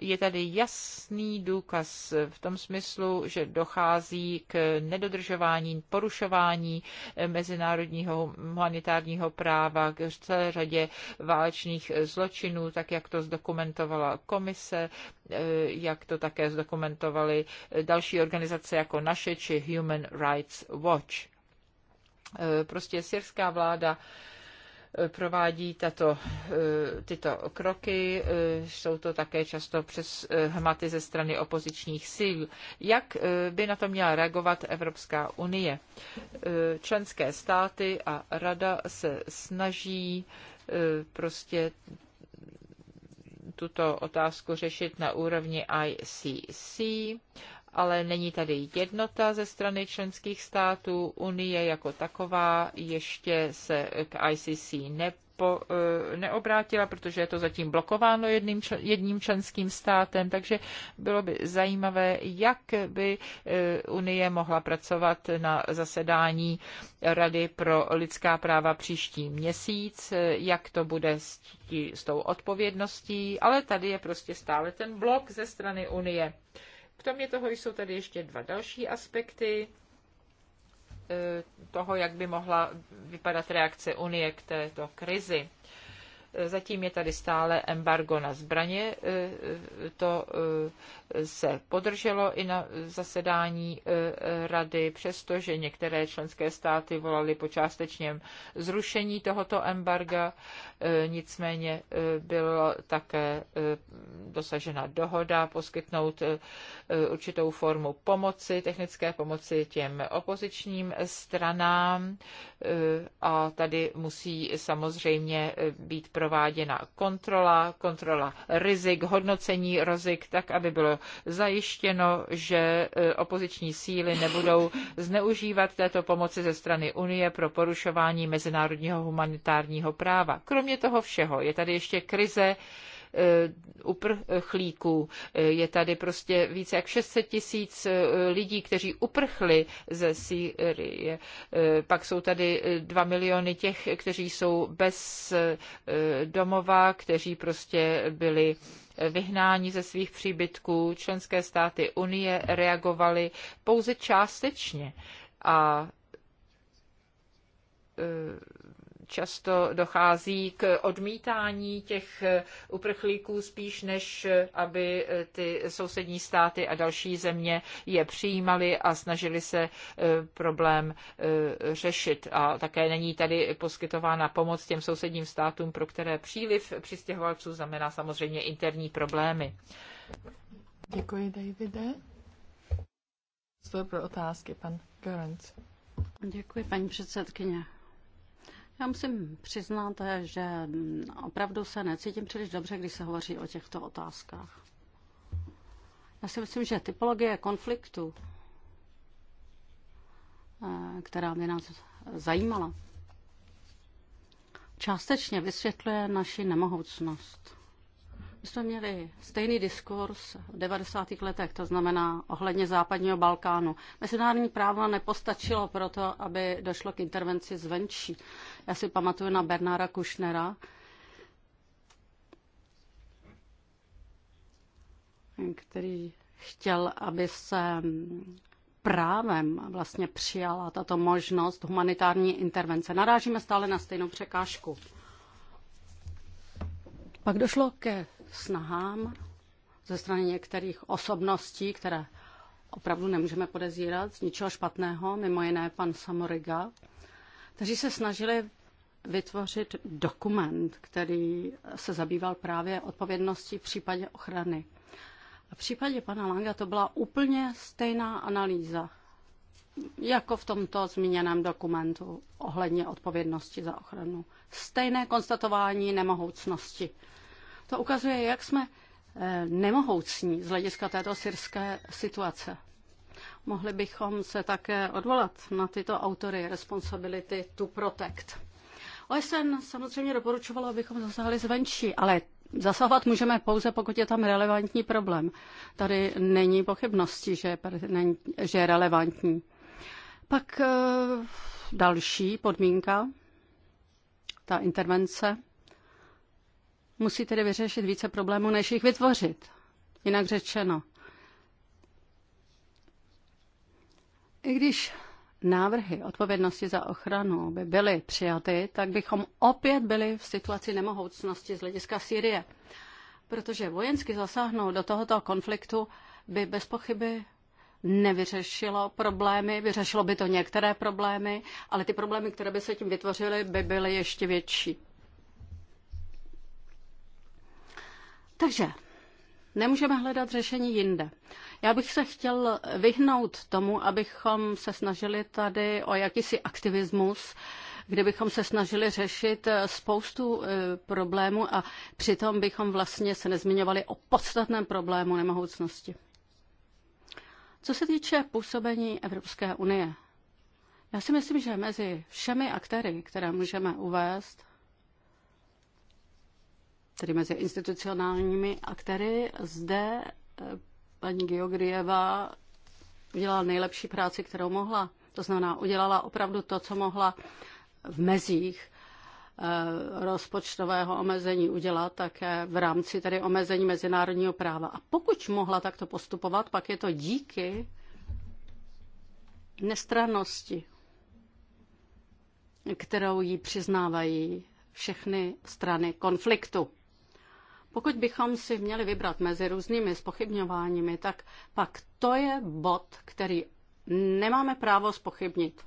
je tady jasný důkaz v tom smyslu, že dochází k nedodržování, porušování eh, mezinárodního humanitárního práva k celé řadě válečných zločinů, tak jak to zdokumentovala komise, eh, jak to také zdokumentovaly eh, další organizace jako naše či Human Rights Watch. Prostě syrská vláda provádí tato, eh, tyto kroky. Eh, jsou to také často přes eh, hmaty ze strany opozičních sil. Jak by na to měla reagovat Evropská unie? Členské státy a rada se snaží prostě tuto otázku řešit na úrovni ICC ale není tady jednota ze strany členských států. Unie jako taková ještě se k ICC nepo, eh, neobrátila, protože je to zatím blokováno jedným, jedním členským státem, takže bylo by zajímavé, jak by eh, Unie mohla pracovat na zasedání Rady pro lidská práva příští měsíc, eh, jak to bude s, tí, s tou odpovědností, ale tady je prostě stále ten blok ze strany Unie. Kromě toho jsou tady ještě dva další aspekty eh, toho, jak by mohla vypadat reakce Unie k této krizi. Zatím je tady stále embargo na zbraně. E, e, to e, se podrželo i na zasedání rady, přestože některé členské státy volaly po částečném zrušení tohoto embarga. Nicméně byla také dosažena dohoda poskytnout určitou formu pomoci, technické pomoci těm opozičním stranám a tady musí samozřejmě být pro prováděna kontrola, kontrola rizik, hodnocení rizik, tak, aby bylo zajištěno, že e, opoziční síly nebudou zneužívat této pomoci ze strany Unie pro porušování mezinárodního humanitárního práva. Kromě toho všeho je tady ještě krize Eh, uprchlíků. Eh, je tady prostě více jak 600 tisíc eh, lidí, kteří uprchli ze Sýrie. Pak jsou tady 2 miliony těch, kteří jsou bez domova, kteří prostě byli vyhnání ze svých příbytků. Členské státy Unie reagovaly pouze částečně a často dochází k odmítání těch eh, uprchlíků spíš, než eh, aby eh, ty sousední státy a další země je přijímali a snažili se problém řešit. A také není tady poskytována pomoc těm sousedním státům, pro které příliv přistěhovalců znamená samozřejmě interní problémy. Děkuji, Davide. Prostor pro otázky, pan Görenc. Děkuji, paní předsedkyně. Já musím přiznat, že opravdu se necítím příliš dobře, když se hovoří o těchto otázkách. Já si myslím, že typologie konfliktu, eh, která mě nás zajímala, částečně vysvětluje naši nemohoucnost. My jsme měli stejný diskurs v 90. letech, to znamená ohledně západního Balkánu. Mezinárodní právo nepostačilo pro to, aby došlo k intervenci zvenčí. Já si pamatuju na Bernára Kušnera, který chtěl, aby se právem vlastně přijala tato možnost humanitární intervence. Narážíme stále na stejnou překážku. Pak došlo ke snahám ze strany některých osobností, které opravdu nemůžeme podezírat z ničeho špatného, mimo jiné pan Samoriga, kteří se snažili vytvořit dokument, který se zabýval právě odpovědností v případě ochrany. A v případě pana Langa to byla úplně stejná analýza, jako v tomto zmíněném dokumentu ohledně odpovědnosti za ochranu. Stejné konstatování nemohoucnosti to ukazuje, jak jsme eh, nemohoucní z hlediska této syrské situace. Mohli bychom se také odvolat na tyto autory Responsibility to Protect. OSN samozřejmě doporučovalo, abychom zasahli zvenčí, ale zasahovat můžeme pouze, pokud je tam relevantní problém. Tady není pochybnosti, že, že je relevantní. Pak eh, další podmínka, ta intervence Musí tedy vyřešit více problémů, než jich vytvořit. Jinak řečeno. I když návrhy odpovědnosti za ochranu by byly přijaty, tak bychom opět byli v situaci nemohoucnosti z hlediska Sýrie. Protože vojensky zasáhnout do tohoto konfliktu by bez pochyby nevyřešilo problémy, vyřešilo by to některé problémy, ale ty problémy, které by se tím vytvořily, by byly ještě větší. Takže nemůžeme hledat řešení jinde. Já bych se chtěl vyhnout tomu, abychom se snažili tady o jakýsi aktivismus, kdybychom se snažili řešit eh, spoustu eh, problémů a přitom bychom vlastně se nezmiňovali o podstatném problému nemohoucnosti. Co se týče působení Evropské unie, já si myslím, že mezi všemi aktéry, které můžeme uvést, tedy mezi institucionálními aktéry. Zde eh, paní Georgieva udělala nejlepší práci, kterou mohla. To znamená, udělala opravdu to, co mohla v mezích eh, rozpočtového omezení udělat také v rámci tedy omezení mezinárodního práva. A pokud mohla takto postupovat, pak je to díky nestrannosti, kterou jí přiznávají všechny strany konfliktu. Pokud bychom si měli vybrat mezi různými spochybňováními, tak pak to je bod, který nemáme právo spochybnit.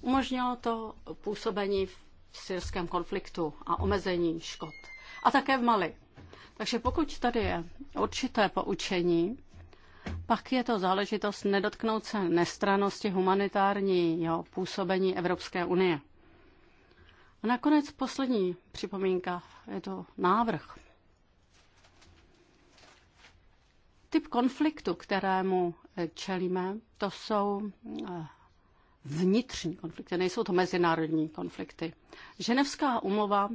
Umožnilo to působení v syrském konfliktu a omezení škod. A také v Mali. Takže pokud tady je určité poučení, pak je to záležitost nedotknout se nestranosti humanitárního působení Evropské unie. A nakonec poslední připomínka, je to návrh. Typ konfliktu, kterému eh, čelíme, to jsou eh, vnitřní konflikty, nejsou to mezinárodní konflikty. Ženevská umova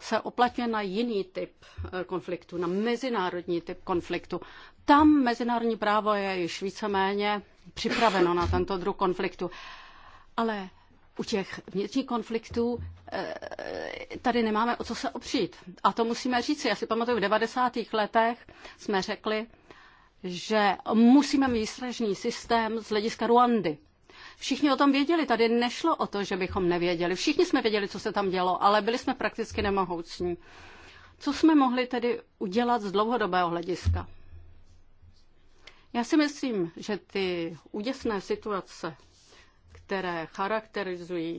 se oplatňuje na jiný typ eh, konfliktu, na mezinárodní typ konfliktu. Tam mezinárodní právo je již víceméně připraveno na tento druh konfliktu. Ale u těch vnitřních konfliktů tady nemáme o co se opřít. A to musíme říct. Já si pamatuju, v 90. letech jsme řekli, že musíme mít výstražný systém z hlediska Ruandy. Všichni o tom věděli, tady nešlo o to, že bychom nevěděli. Všichni jsme věděli, co se tam dělo, ale byli jsme prakticky nemohoucní. Co jsme mohli tedy udělat z dlouhodobého hlediska? Já si myslím, že ty úděsné situace, které charakterizují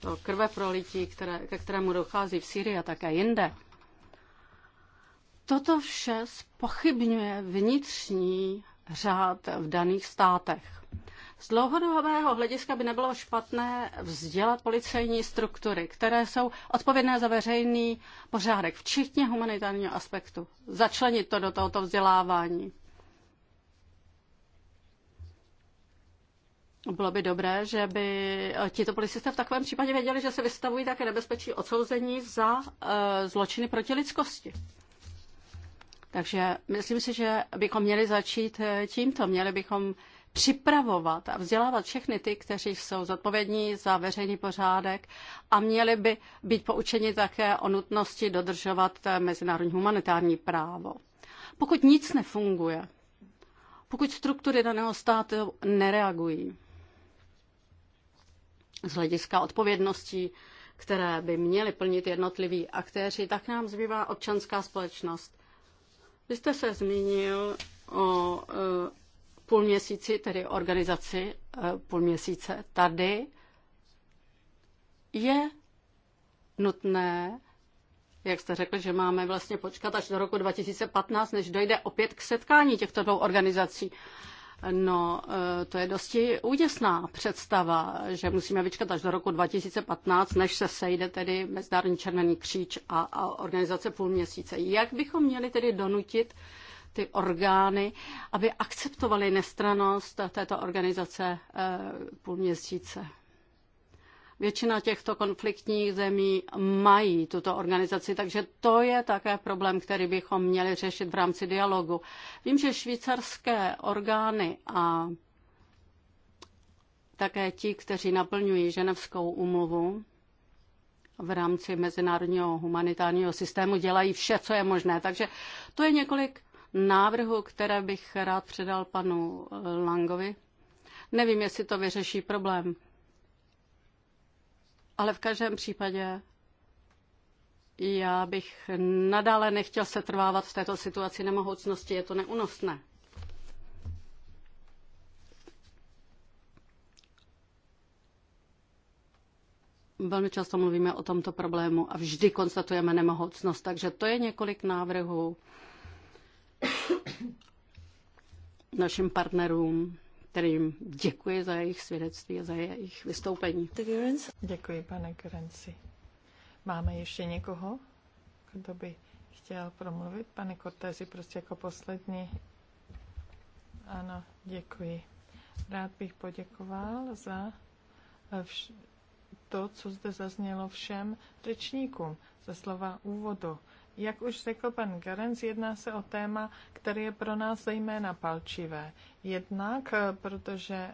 to krveprolití, které, ke kterému dochází v Syrii a také jinde, Toto vše spochybňuje vnitřní řád v daných státech. Z dlouhodobého hlediska by nebylo špatné vzdělat policejní struktury, které jsou odpovědné za veřejný pořádek, včetně humanitárního aspektu. Začlenit to do tohoto vzdělávání. Bylo by dobré, že by tito policisté v takovém případě věděli, že se vystavují také nebezpečí odsouzení za e, zločiny proti lidskosti. Takže myslím si, že bychom měli začít eh, tímto. Měli bychom připravovat a vzdělávat všechny ty, kteří jsou zodpovědní za veřejný pořádek a měli by být poučeni také o nutnosti dodržovat eh, mezinárodní humanitární právo. Pokud nic nefunguje, pokud struktury daného státu nereagují z hlediska odpovědností, které by měly plnit jednotliví aktéři, tak nám zbývá občanská společnost. Vy jste se zmínil o e, půl měsíci, tedy organizaci e, půl měsíce tady. Je nutné, jak jste řekl, že máme vlastně počkat až do roku 2015, než dojde opět k setkání těchto dvou organizací. No, eh, to je dosti úděsná představa, že musíme vyčkat až do roku 2015, než se sejde tedy Mezdární červený kříč a, a organizace půl měsíce. Jak bychom měli tedy donutit ty orgány, aby akceptovali nestranost této organizace eh, půl měsíce? Většina těchto konfliktních zemí mají tuto organizaci, takže to je také problém, který bychom měli řešit v rámci dialogu. Vím, že švýcarské orgány a také ti, kteří naplňují ženevskou umluvu v rámci mezinárodního humanitárního systému, dělají vše, co je možné. Takže to je několik návrhů, které bych rád předal panu Langovi. Nevím, jestli to vyřeší problém. Ale v každém případě já bych nadále nechtěl se trvávat v této situaci nemohoucnosti, je to neunosné. Velmi často mluvíme o tomto problému a vždy konstatujeme nemohoucnost, takže to je několik návrhů našim partnerům jim děkuji za jejich svědectví a za jejich vystoupení. Děkuji, pane Kerenci. Máme ještě někoho, kdo by chtěl promluvit? Pane Kortézi, prostě jako poslední. Ano, děkuji. Rád bych poděkoval za eh, to, co zde zaznělo všem řečníkům, za slova úvodu. Jak už řekl pan Garenc, jedná se o téma, které je pro nás zejména palčivé. Jednak, eh, protože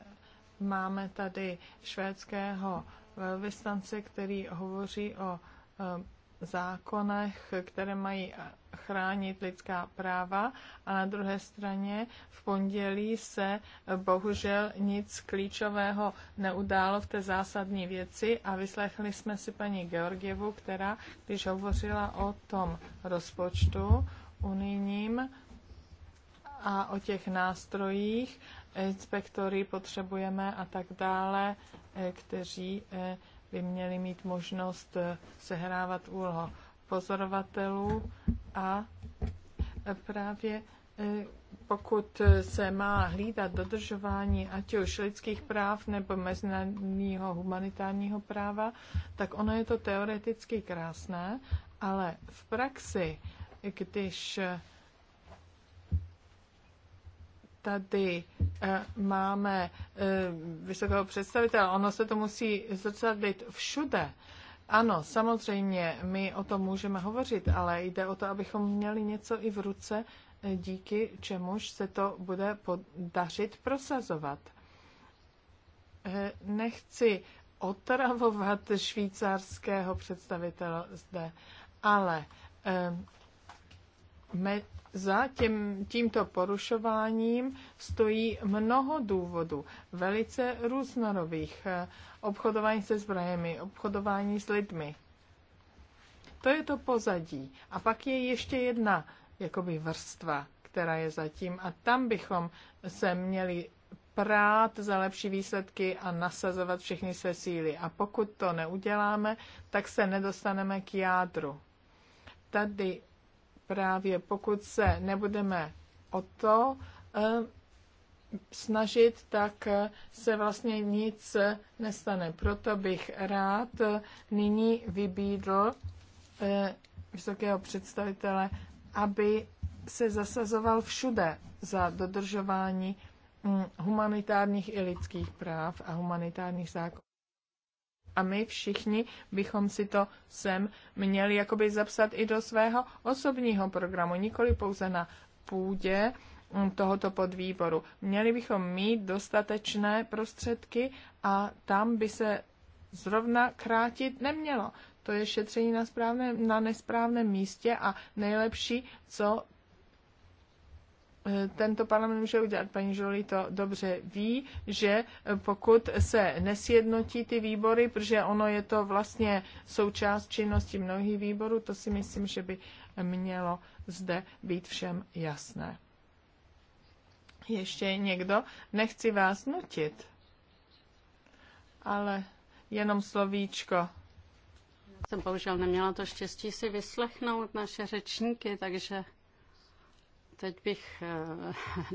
máme tady švédského velvyslance, který hovoří o eh, zákonech, které mají chránit lidská práva a na druhé straně v pondělí se bohužel nic klíčového neudálo v té zásadní věci a vyslechli jsme si paní Georgievu, která, když hovořila o tom rozpočtu unijním a o těch nástrojích, inspektory potřebujeme a tak dále, kteří eh, by měli mít možnost eh, sehrávat úlohu pozorovatelů a eh, právě eh, pokud se má hlídat dodržování ať už lidských práv nebo mezinárodního humanitárního práva, tak ono je to teoreticky krásné, ale v praxi, když tady Eh, máme eh, vysokého představitele, ono se to musí zrcadlit všude. Ano, samozřejmě, my o tom můžeme hovořit, ale jde o to, abychom měli něco i v ruce, eh, díky čemuž se to bude podařit prosazovat. Nechci otravovat švýcarského představitele zde, ale za tím, tímto porušováním stojí mnoho důvodů, velice různorových. Obchodování se zbrojemi, obchodování s lidmi. To je to pozadí. A pak je ještě jedna jakoby vrstva, která je zatím. A tam bychom se měli prát za lepší výsledky a nasazovat všechny své síly. A pokud to neuděláme, tak se nedostaneme k jádru. Tady právě pokud se nebudeme o to eh, snažit, tak eh, se vlastně nic nestane. Proto bych rád nyní vybídl eh, vysokého představitele, aby se zasazoval všude za dodržování hm, humanitárních i lidských práv a humanitárních zákonů. A my všichni bychom si to sem měli jakoby zapsat i do svého osobního programu, nikoli pouze na půdě mm, tohoto podvýboru. Měli bychom mít dostatečné prostředky a tam by se zrovna krátit nemělo. To je šetření na, správném, na nesprávném místě a nejlepší, co Eh, tento parlament může udělat. Paní Žolí to dobře ví, že eh, pokud se nesjednotí ty výbory, protože ono je to vlastně součást činnosti mnohých výborů, to si myslím, že by mělo zde být všem jasné. Ještě někdo? Nechci vás nutit, ale jenom slovíčko jsem bohužel neměla to štěstí si vyslechnout naše řečníky, takže Teď bych eh,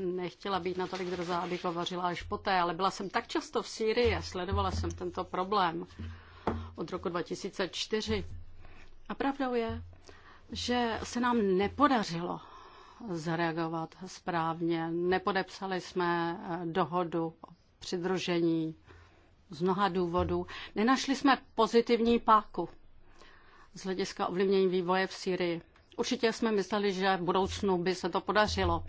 nechtěla být natolik drzá, abych hovořila až poté, ale byla jsem tak často v Sýrii a sledovala jsem tento problém od roku 2004. A pravdou je, že se nám nepodařilo zareagovat správně. Nepodepsali jsme eh, dohodu o přidružení z mnoha důvodů. Nenašli jsme pozitivní páku z hlediska ovlivnění vývoje v Sýrii. Určitě jsme mysleli, že v budoucnu by se to podařilo.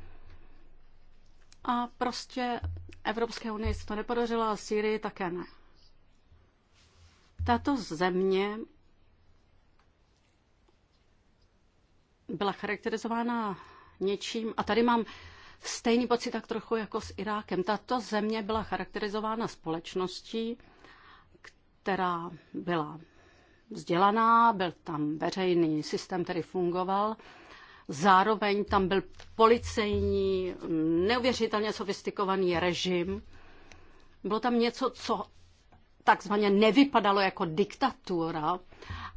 A prostě Evropské unii se to nepodařilo a Syrii také ne. Tato země byla charakterizována něčím, a tady mám stejný pocit tak trochu jako s Irákem. Tato země byla charakterizována společností, která byla vzdělaná, byl tam veřejný systém, který fungoval. Zároveň tam byl policejní, mm, neuvěřitelně sofistikovaný režim. Bylo tam něco, co takzvaně nevypadalo jako diktatura,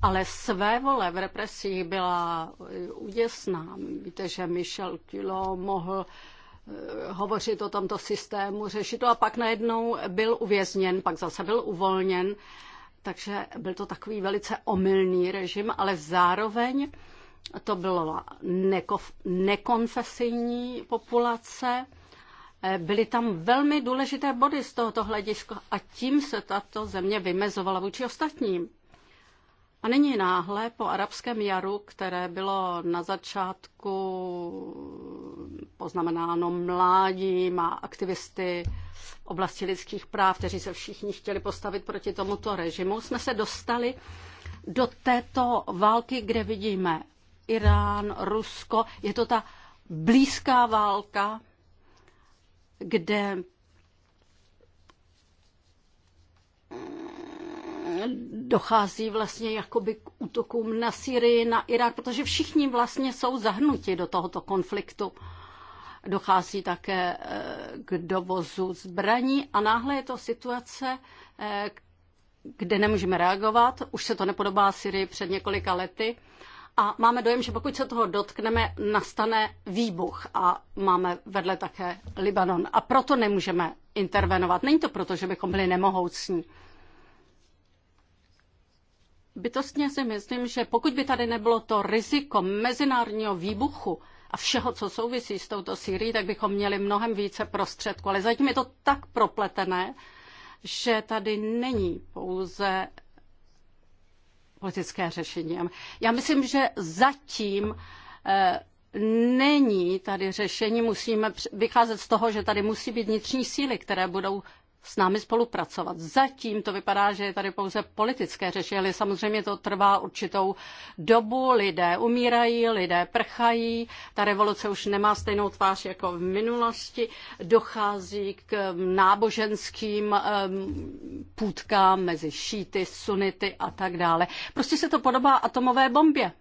ale své vole v represích byla eh, úděsná. Víte, že Michel Kilo mohl eh, hovořit o tomto systému, řešit to a pak najednou byl uvězněn, pak zase byl uvolněn. Takže byl to takový velice omylný režim, ale zároveň to byla nekof, nekonfesijní populace. Byly tam velmi důležité body z tohoto hlediska a tím se tato země vymezovala vůči ostatním. A nyní náhle po arabském jaru, které bylo na začátku poznamenáno mládím a aktivisty oblasti lidských práv, kteří se všichni chtěli postavit proti tomuto režimu, jsme se dostali do této války, kde vidíme Irán, Rusko. Je to ta blízká válka, kde dochází vlastně jakoby k útokům na Syrii, na Irák, protože všichni vlastně jsou zahnuti do tohoto konfliktu dochází také eh, k dovozu zbraní a náhle je to situace, eh, kde nemůžeme reagovat, už se to nepodobá Syrii před několika lety a máme dojem, že pokud se toho dotkneme, nastane výbuch a máme vedle také Libanon a proto nemůžeme intervenovat. Není to proto, že bychom byli nemohoucní. Bytostně si myslím, že pokud by tady nebylo to riziko mezinárodního výbuchu, a všeho, co souvisí s touto Syrií, tak bychom měli mnohem více prostředků. Ale zatím je to tak propletené, že tady není pouze politické řešení. Já myslím, že zatím eh, není tady řešení. Musíme vycházet z toho, že tady musí být vnitřní síly, které budou s námi spolupracovat. Zatím to vypadá, že je tady pouze politické řešení, ale samozřejmě to trvá určitou dobu. Lidé umírají, lidé prchají, ta revoluce už nemá stejnou tvář jako v minulosti, dochází k náboženským půdkám mezi šíty, sunity a tak dále. Prostě se to podobá atomové bombě.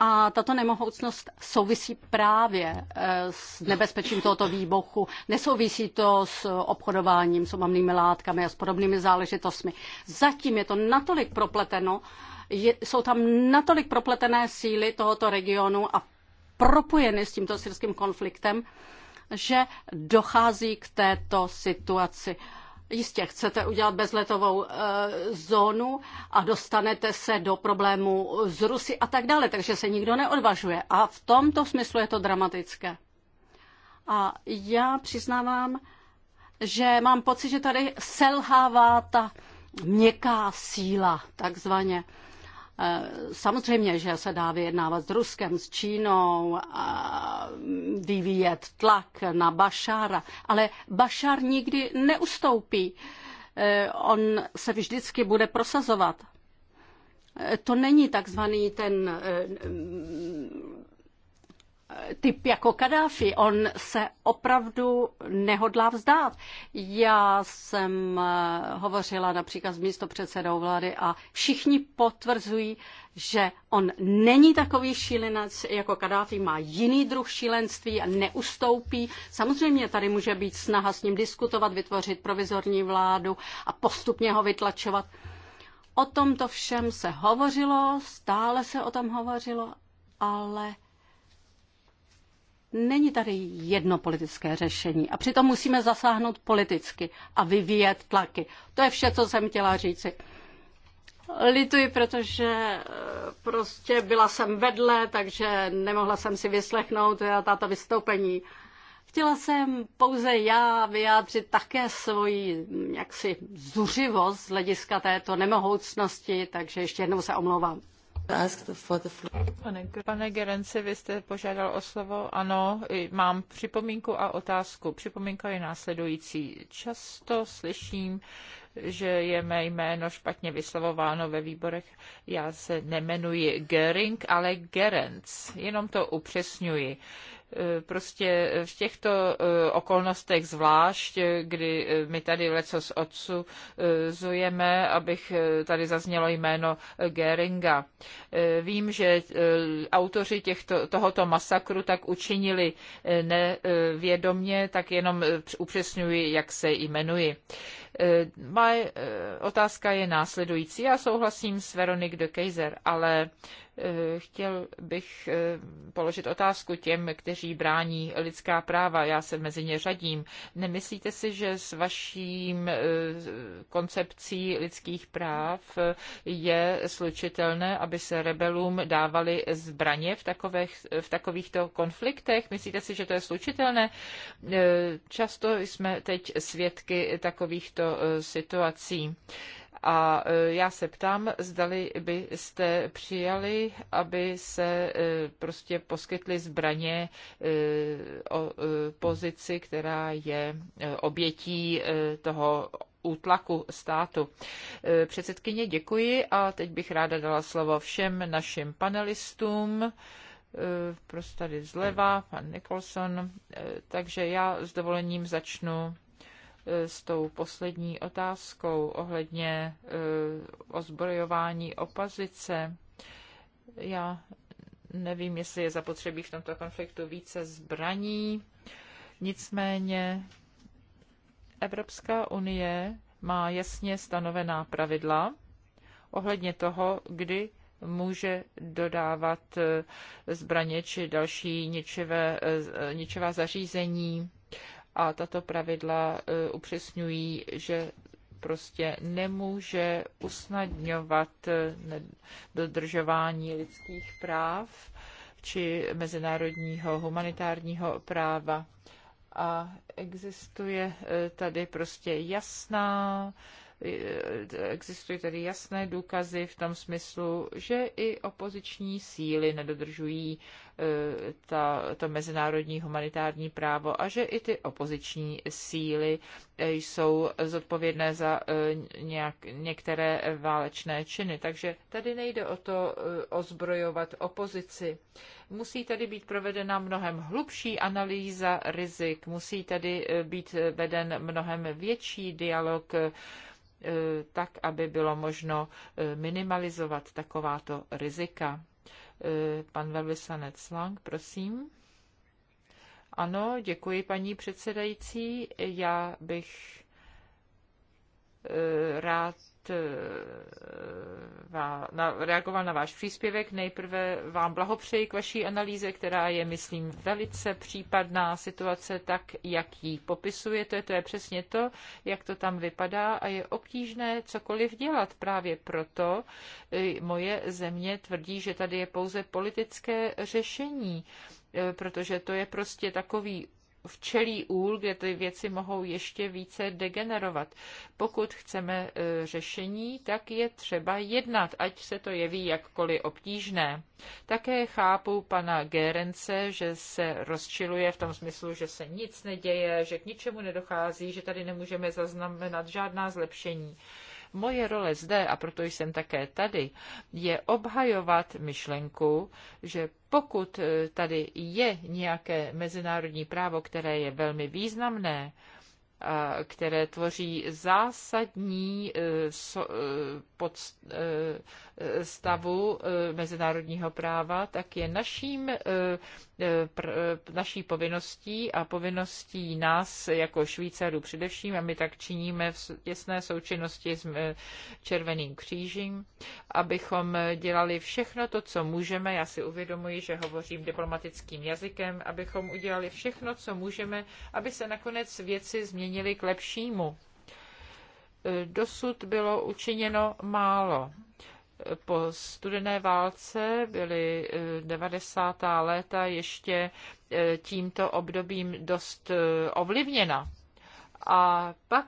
A tato nemohoucnost souvisí právě eh, s nebezpečím tohoto výbuchu. Nesouvisí to s obchodováním s omamnými látkami a s podobnými záležitostmi. Zatím je to natolik propleteno, je, jsou tam natolik propletené síly tohoto regionu a propojeny s tímto syrským konfliktem, že dochází k této situaci. Jistě chcete udělat bezletovou e, zónu a dostanete se do problému z Rusy a tak dále, takže se nikdo neodvažuje. A v tomto smyslu je to dramatické. A já přiznávám, že mám pocit, že tady selhává ta měkká síla, takzvaně. Eh, samozřejmě, že se dá vyjednávat s Ruskem, s Čínou, a vyvíjet tlak na Bašára, ale Bašár nikdy neustoupí. Eh, on se vždycky bude prosazovat. Eh, to není takzvaný ten typ jako Kadáfi. On se opravdu nehodlá vzdát. Já jsem eh, hovořila například s místopředsedou vlády a všichni potvrzují, že on není takový šílenec jako Kadáfi, má jiný druh šílenství a neustoupí. Samozřejmě tady může být snaha s ním diskutovat, vytvořit provizorní vládu a postupně ho vytlačovat. O tomto všem se hovořilo, stále se o tom hovořilo, ale Není tady jedno politické řešení a přitom musíme zasáhnout politicky a vyvíjet tlaky. To je vše, co jsem chtěla říci. Lituji, protože eh, prostě byla jsem vedle, takže nemohla jsem si vyslechnout eh, tato vystoupení. Chtěla jsem pouze já vyjádřit také svoji jaksi zuřivost z hlediska této nemohoucnosti, takže ještě jednou se omlouvám. Pane, pane Gerenci, vy jste požádal o slovo. Ano, mám připomínku a otázku. Připomínka je následující. Často slyším, že je mé jméno špatně vyslovováno ve výborech. Já se nemenuji Gering, ale Gerenc. Jenom to upřesňuji. Eh, prostě v těchto eh, okolnostech zvlášť, eh, kdy my tady lecos zujeme, abych tady zaznělo jméno Geringa. Vím, že autoři těchto, tohoto masakru tak učinili nevědomně, tak jenom upřesňuji, jak se jmenuji. Má otázka je následující. Já souhlasím s Veronik de Kejzer, ale Eh, chtěl bych eh, položit otázku těm, kteří brání lidská práva. Já se mezi ně řadím. Nemyslíte si, že s vaším eh, koncepcí lidských práv je slučitelné, aby se rebelům dávaly zbraně v, takových, v takovýchto konfliktech? Myslíte si, že to je slučitelné? Často jsme teď svědky takovýchto situací. A e, já se ptám, zdali byste přijali, aby se e, prostě poskytly zbraně e, o pozici, která je obětí toho útlaku státu. Předsedkyně, děkuji a teď bych ráda dala slovo všem našim panelistům prostě tady zleva, pan Nicholson. Takže já s dovolením začnu s tou poslední otázkou ohledně eh, ozbrojování opozice. Já nevím, jestli je zapotřebí v tomto konfliktu více zbraní. Nicméně Evropská unie má jasně stanovená pravidla ohledně toho, kdy může dodávat eh, zbraně či další ničivé, eh, ničivá zařízení a tato pravidla e, upřesňují, že prostě nemůže usnadňovat e, dodržování lidských práv či mezinárodního humanitárního práva. A existuje e, tady prostě jasná E, existují tady jasné důkazy v tom smyslu, že i opoziční síly nedodržují e, ta, to mezinárodní humanitární právo a že i ty opoziční síly e, jsou zodpovědné za nějak, některé válečné činy. Takže tady nejde o to ozbrojovat opozici. Musí tady být provedena mnohem hlubší analýza rizik, musí tady být veden mnohem větší dialog E, tak, aby bylo možno e, minimalizovat takováto rizika. E, pan velvyslanec Lang, prosím. Ano, děkuji paní předsedající. Já bych rád Eh, na, reagoval na váš příspěvek. Nejprve vám blahopřeji k vaší analýze, která je, myslím, velice případná situace, tak jak ji popisujete. To je přesně to, jak to tam vypadá a je obtížné cokoliv dělat. Právě proto eh, moje země tvrdí, že tady je pouze politické řešení eh, protože to je prostě takový včelí úl, kde ty věci mohou ještě více degenerovat. Pokud chceme e, řešení, tak je třeba jednat, ať se to jeví jakkoliv obtížné. Také chápu pana Gérence, že se rozčiluje v tom smyslu, že se nic neděje, že k ničemu nedochází, že tady nemůžeme zaznamenat žádná zlepšení. Moje role zde, a proto jsem také tady, je obhajovat myšlenku, že pokud e, tady je nějaké mezinárodní právo, které je velmi významné, a které tvoří zásadní e, so, e, pod, stavu eh, mezinárodního práva, tak je naším, eh, eh, naší povinností a povinností nás jako Švýcarů především, a my tak činíme v těsné součinnosti s Červeným křížem, abychom dělali všechno to, co můžeme. Já si uvědomuji, že hovořím diplomatickým jazykem, abychom udělali všechno, co můžeme, aby se nakonec věci změnily k lepšímu dosud bylo učiněno málo po studené válce byly 90. Eh, léta ještě eh, tímto obdobím dost eh, ovlivněna. A pak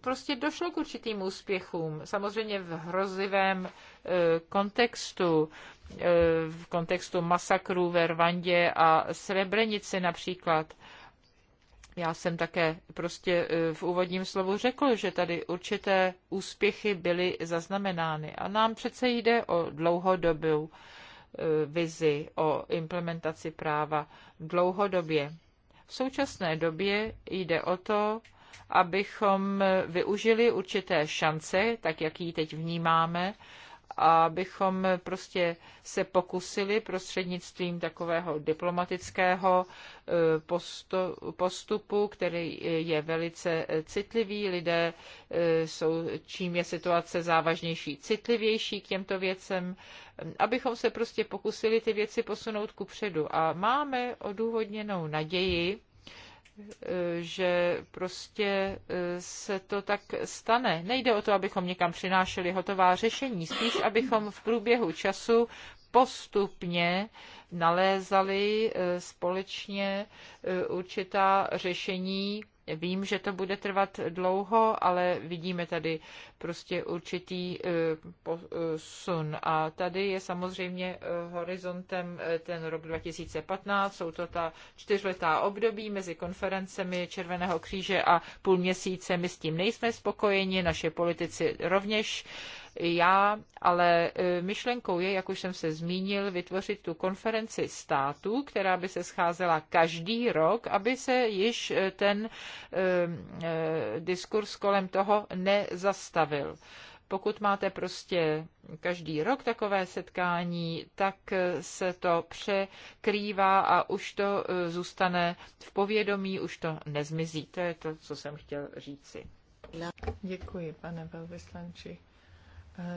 prostě došlo k určitým úspěchům, samozřejmě v hrozivém kontextu, v kontextu masakrů ve Rwandě a Srebrenici například. Já jsem také prostě e, v úvodním slovu řekl, že tady určité úspěchy byly zaznamenány. A nám přece jde o dlouhodobou e, vizi, o implementaci práva dlouhodobě. V současné době jde o to, abychom využili určité šance, tak jak ji teď vnímáme, abychom prostě se pokusili prostřednictvím takového diplomatického eh, postupu, který je velice eh, citlivý. Lidé eh, jsou, čím je situace závažnější, citlivější k těmto věcem, abychom se prostě pokusili ty věci posunout ku předu. A máme odůvodněnou naději, že prostě e, se to tak stane. Nejde o to, abychom někam přinášeli hotová řešení, spíš abychom v průběhu času postupně nalézali e, společně e, určitá řešení Vím, že to bude trvat dlouho, ale vidíme tady prostě určitý e, posun. E, a tady je samozřejmě e, horizontem ten rok 2015. Jsou to ta čtyřletá období mezi konferencemi Červeného kříže a půl měsíce. My s tím nejsme spokojeni, naše politici rovněž já, ale e, myšlenkou je, jak už jsem se zmínil, vytvořit tu konferenci států, která by se scházela každý rok, aby se již e, ten e, diskurs kolem toho nezastavil. Pokud máte prostě každý rok takové setkání, tak se to překrývá a už to zůstane v povědomí, už to nezmizí. To je to, co jsem chtěl říci. Děkuji, pane velvyslanči.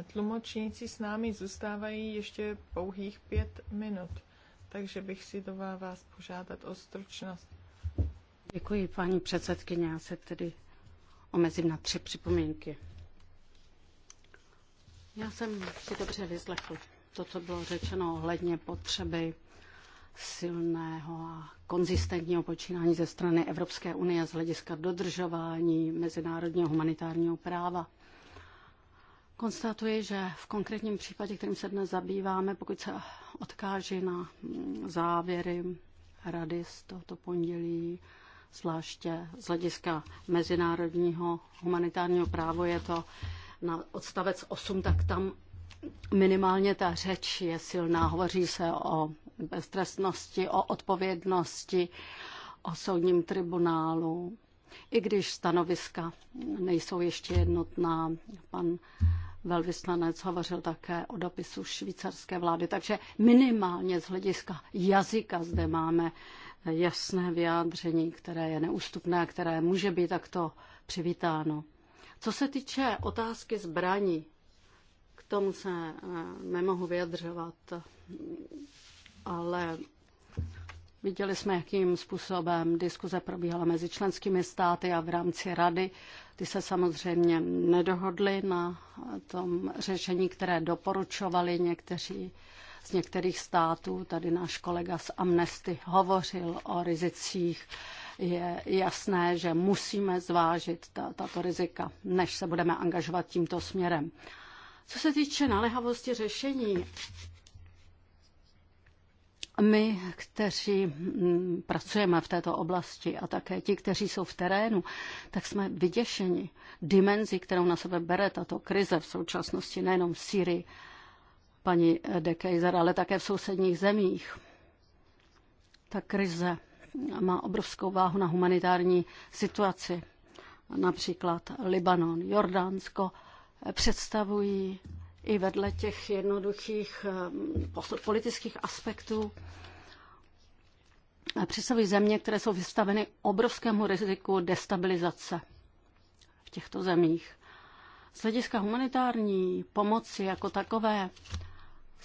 Tlumočníci s námi zůstávají ještě pouhých pět minut, takže bych si dová vás požádat o stručnost. Děkuji, paní předsedkyně. Já se tedy omezím na tři připomínky. Já jsem si dobře vyslechl to, co bylo řečeno ohledně potřeby silného a konzistentního počínání ze strany Evropské unie z hlediska dodržování mezinárodního humanitárního práva. Konstatuji, že v konkrétním případě, kterým se dnes zabýváme, pokud se odkáže na mm, závěry rady z tohoto pondělí, zvláště z hlediska mezinárodního humanitárního právo je to na odstavec 8, tak tam minimálně ta řeč je silná. Hovoří se o beztrestnosti, o odpovědnosti, o soudním tribunálu. I když stanoviska nejsou ještě jednotná, pan Velvyslanec hovořil také o dopisu švýcarské vlády, takže minimálně z hlediska jazyka zde máme jasné vyjádření, které je neústupné a které může být takto přivítáno. Co se týče otázky zbraní, k tomu se eh, nemohu vyjadřovat, ale viděli jsme, jakým způsobem diskuze probíhala mezi členskými státy a v rámci rady ty se samozřejmě nedohodly na tom řešení, které doporučovali někteří z některých států. Tady náš kolega z Amnesty hovořil o rizicích. Je jasné, že musíme zvážit tato rizika, než se budeme angažovat tímto směrem. Co se týče naléhavosti řešení, my, kteří mm, pracujeme v této oblasti a také ti, kteří jsou v terénu, tak jsme vyděšeni dimenzí, kterou na sebe bere tato krize v současnosti, nejenom v Syrii, paní de Kejzer, ale také v sousedních zemích. Ta krize má obrovskou váhu na humanitární situaci. Například Libanon, Jordánsko eh, představují i vedle těch jednoduchých eh, politických aspektů představují země, které jsou vystaveny obrovskému riziku destabilizace v těchto zemích. Z hlediska humanitární pomoci jako takové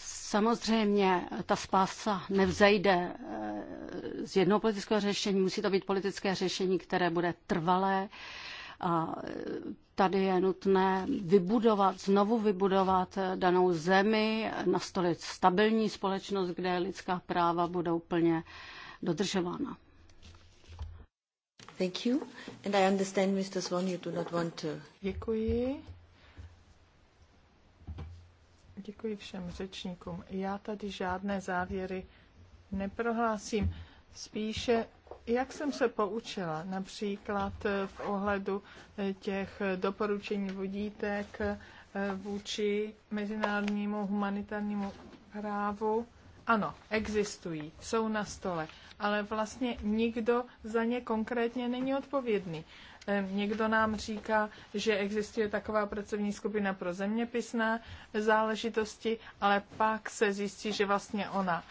samozřejmě ta spása nevzejde eh, z jednoho politického řešení, musí to být politické řešení, které bude trvalé, a e, tady je nutné vybudovat, znovu vybudovat e, danou zemi, nastolit stabilní společnost, kde lidská práva budou plně dodržována. Thank you. And I understand, Mr. Swan, you do not want to... Děkuji. Děkuji všem řečníkům. Já tady žádné závěry neprohlásím spíše, jak jsem se poučila, například v ohledu těch doporučení vodítek eh, vůči mezinárodnímu humanitárnímu právu. Ano, existují, jsou na stole, ale vlastně nikdo za ně konkrétně není odpovědný. Ehm, někdo nám říká, že existuje taková pracovní skupina pro zeměpisné záležitosti, ale pak se zjistí, že vlastně ona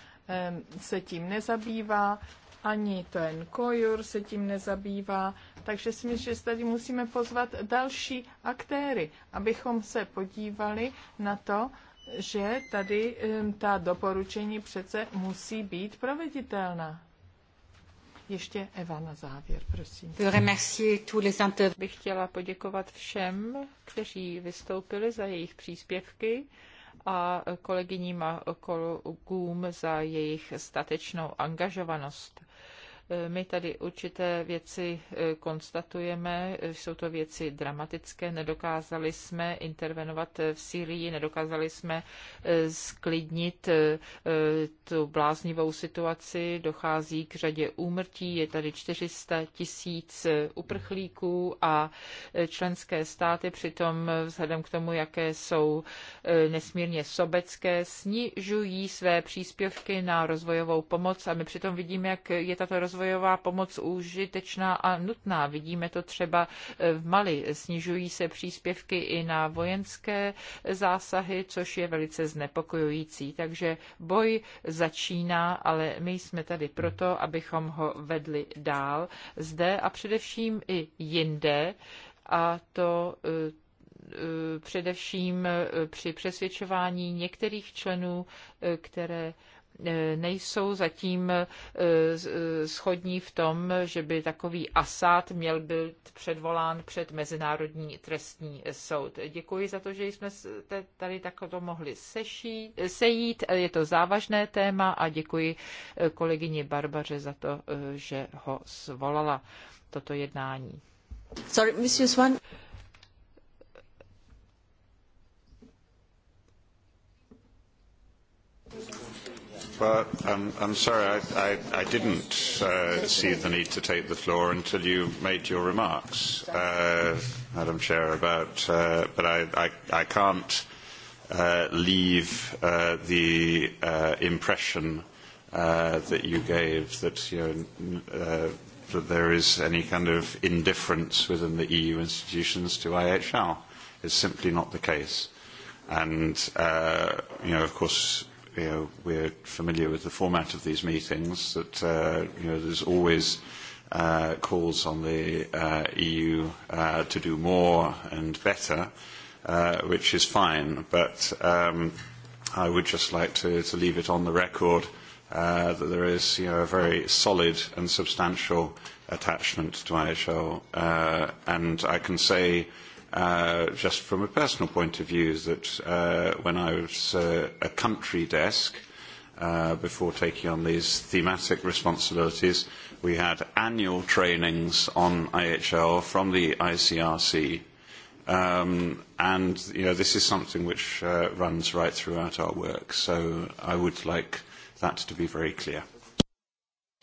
se tím nezabývá, ani ten Kojur se tím nezabývá, takže si myslím, že tady musíme pozvat další aktéry, abychom se podívali na to, že tady ta doporučení přece musí být proveditelná. Ještě Eva na závěr, prosím. Bych chtěla poděkovat všem, kteří vystoupili za jejich příspěvky a kolegyním a kolegům za jejich statečnou angažovanost. My tady určité věci e, konstatujeme, e, jsou to věci dramatické, nedokázali jsme intervenovat e, v Syrii, nedokázali jsme sklidnit tu bláznivou situaci, dochází k řadě úmrtí, je tady 400 tisíc uprchlíků a členské státy přitom vzhledem k tomu, jaké jsou nesmírně sobecké, snižují své příspěvky na rozvojovou pomoc a my přitom vidíme, jak je tato rozvojová rozvojová pomoc užitečná a nutná. Vidíme to třeba eh, v Mali. Snižují se příspěvky i na vojenské zásahy, což je velice znepokojující. Takže boj začíná, ale my jsme tady proto, abychom ho vedli dál zde a především i jinde. A to eh, eh, především při přesvědčování některých členů, které E, nejsou zatím e, e, schodní v tom, že by takový Asad měl být předvolán před Mezinárodní trestní soud. Děkuji za to, že jsme tady takto mohli sešít, sejít. Je to závažné téma a děkuji kolegyni Barbaře za to, že ho svolala toto jednání. Sorry, Swan. Well, um, I'm sorry, I, I, I didn't uh, see the need to take the floor until you made your remarks, uh, Madam Chair, about, uh, but I, I, I can't uh, leave uh, the uh, impression uh, that you gave that, you know, uh, that there is any kind of indifference within the EU institutions to IHR. It's simply not the case. And, uh, you know, of course, you know, we're familiar with the format of these meetings, that uh, you know, there's always uh, calls on the uh, EU uh, to do more and better, uh, which is fine. But um, I would just like to, to leave it on the record uh, that there is you know, a very solid and substantial attachment to IHL. Uh, and I can say uh, just from a personal point of view, is that uh, when I was uh, a country desk, uh, before taking on these thematic responsibilities, we had annual trainings on IHL from the ICRC. Um, and, you know, this is something which uh, runs right throughout our work. So I would like that to be very clear.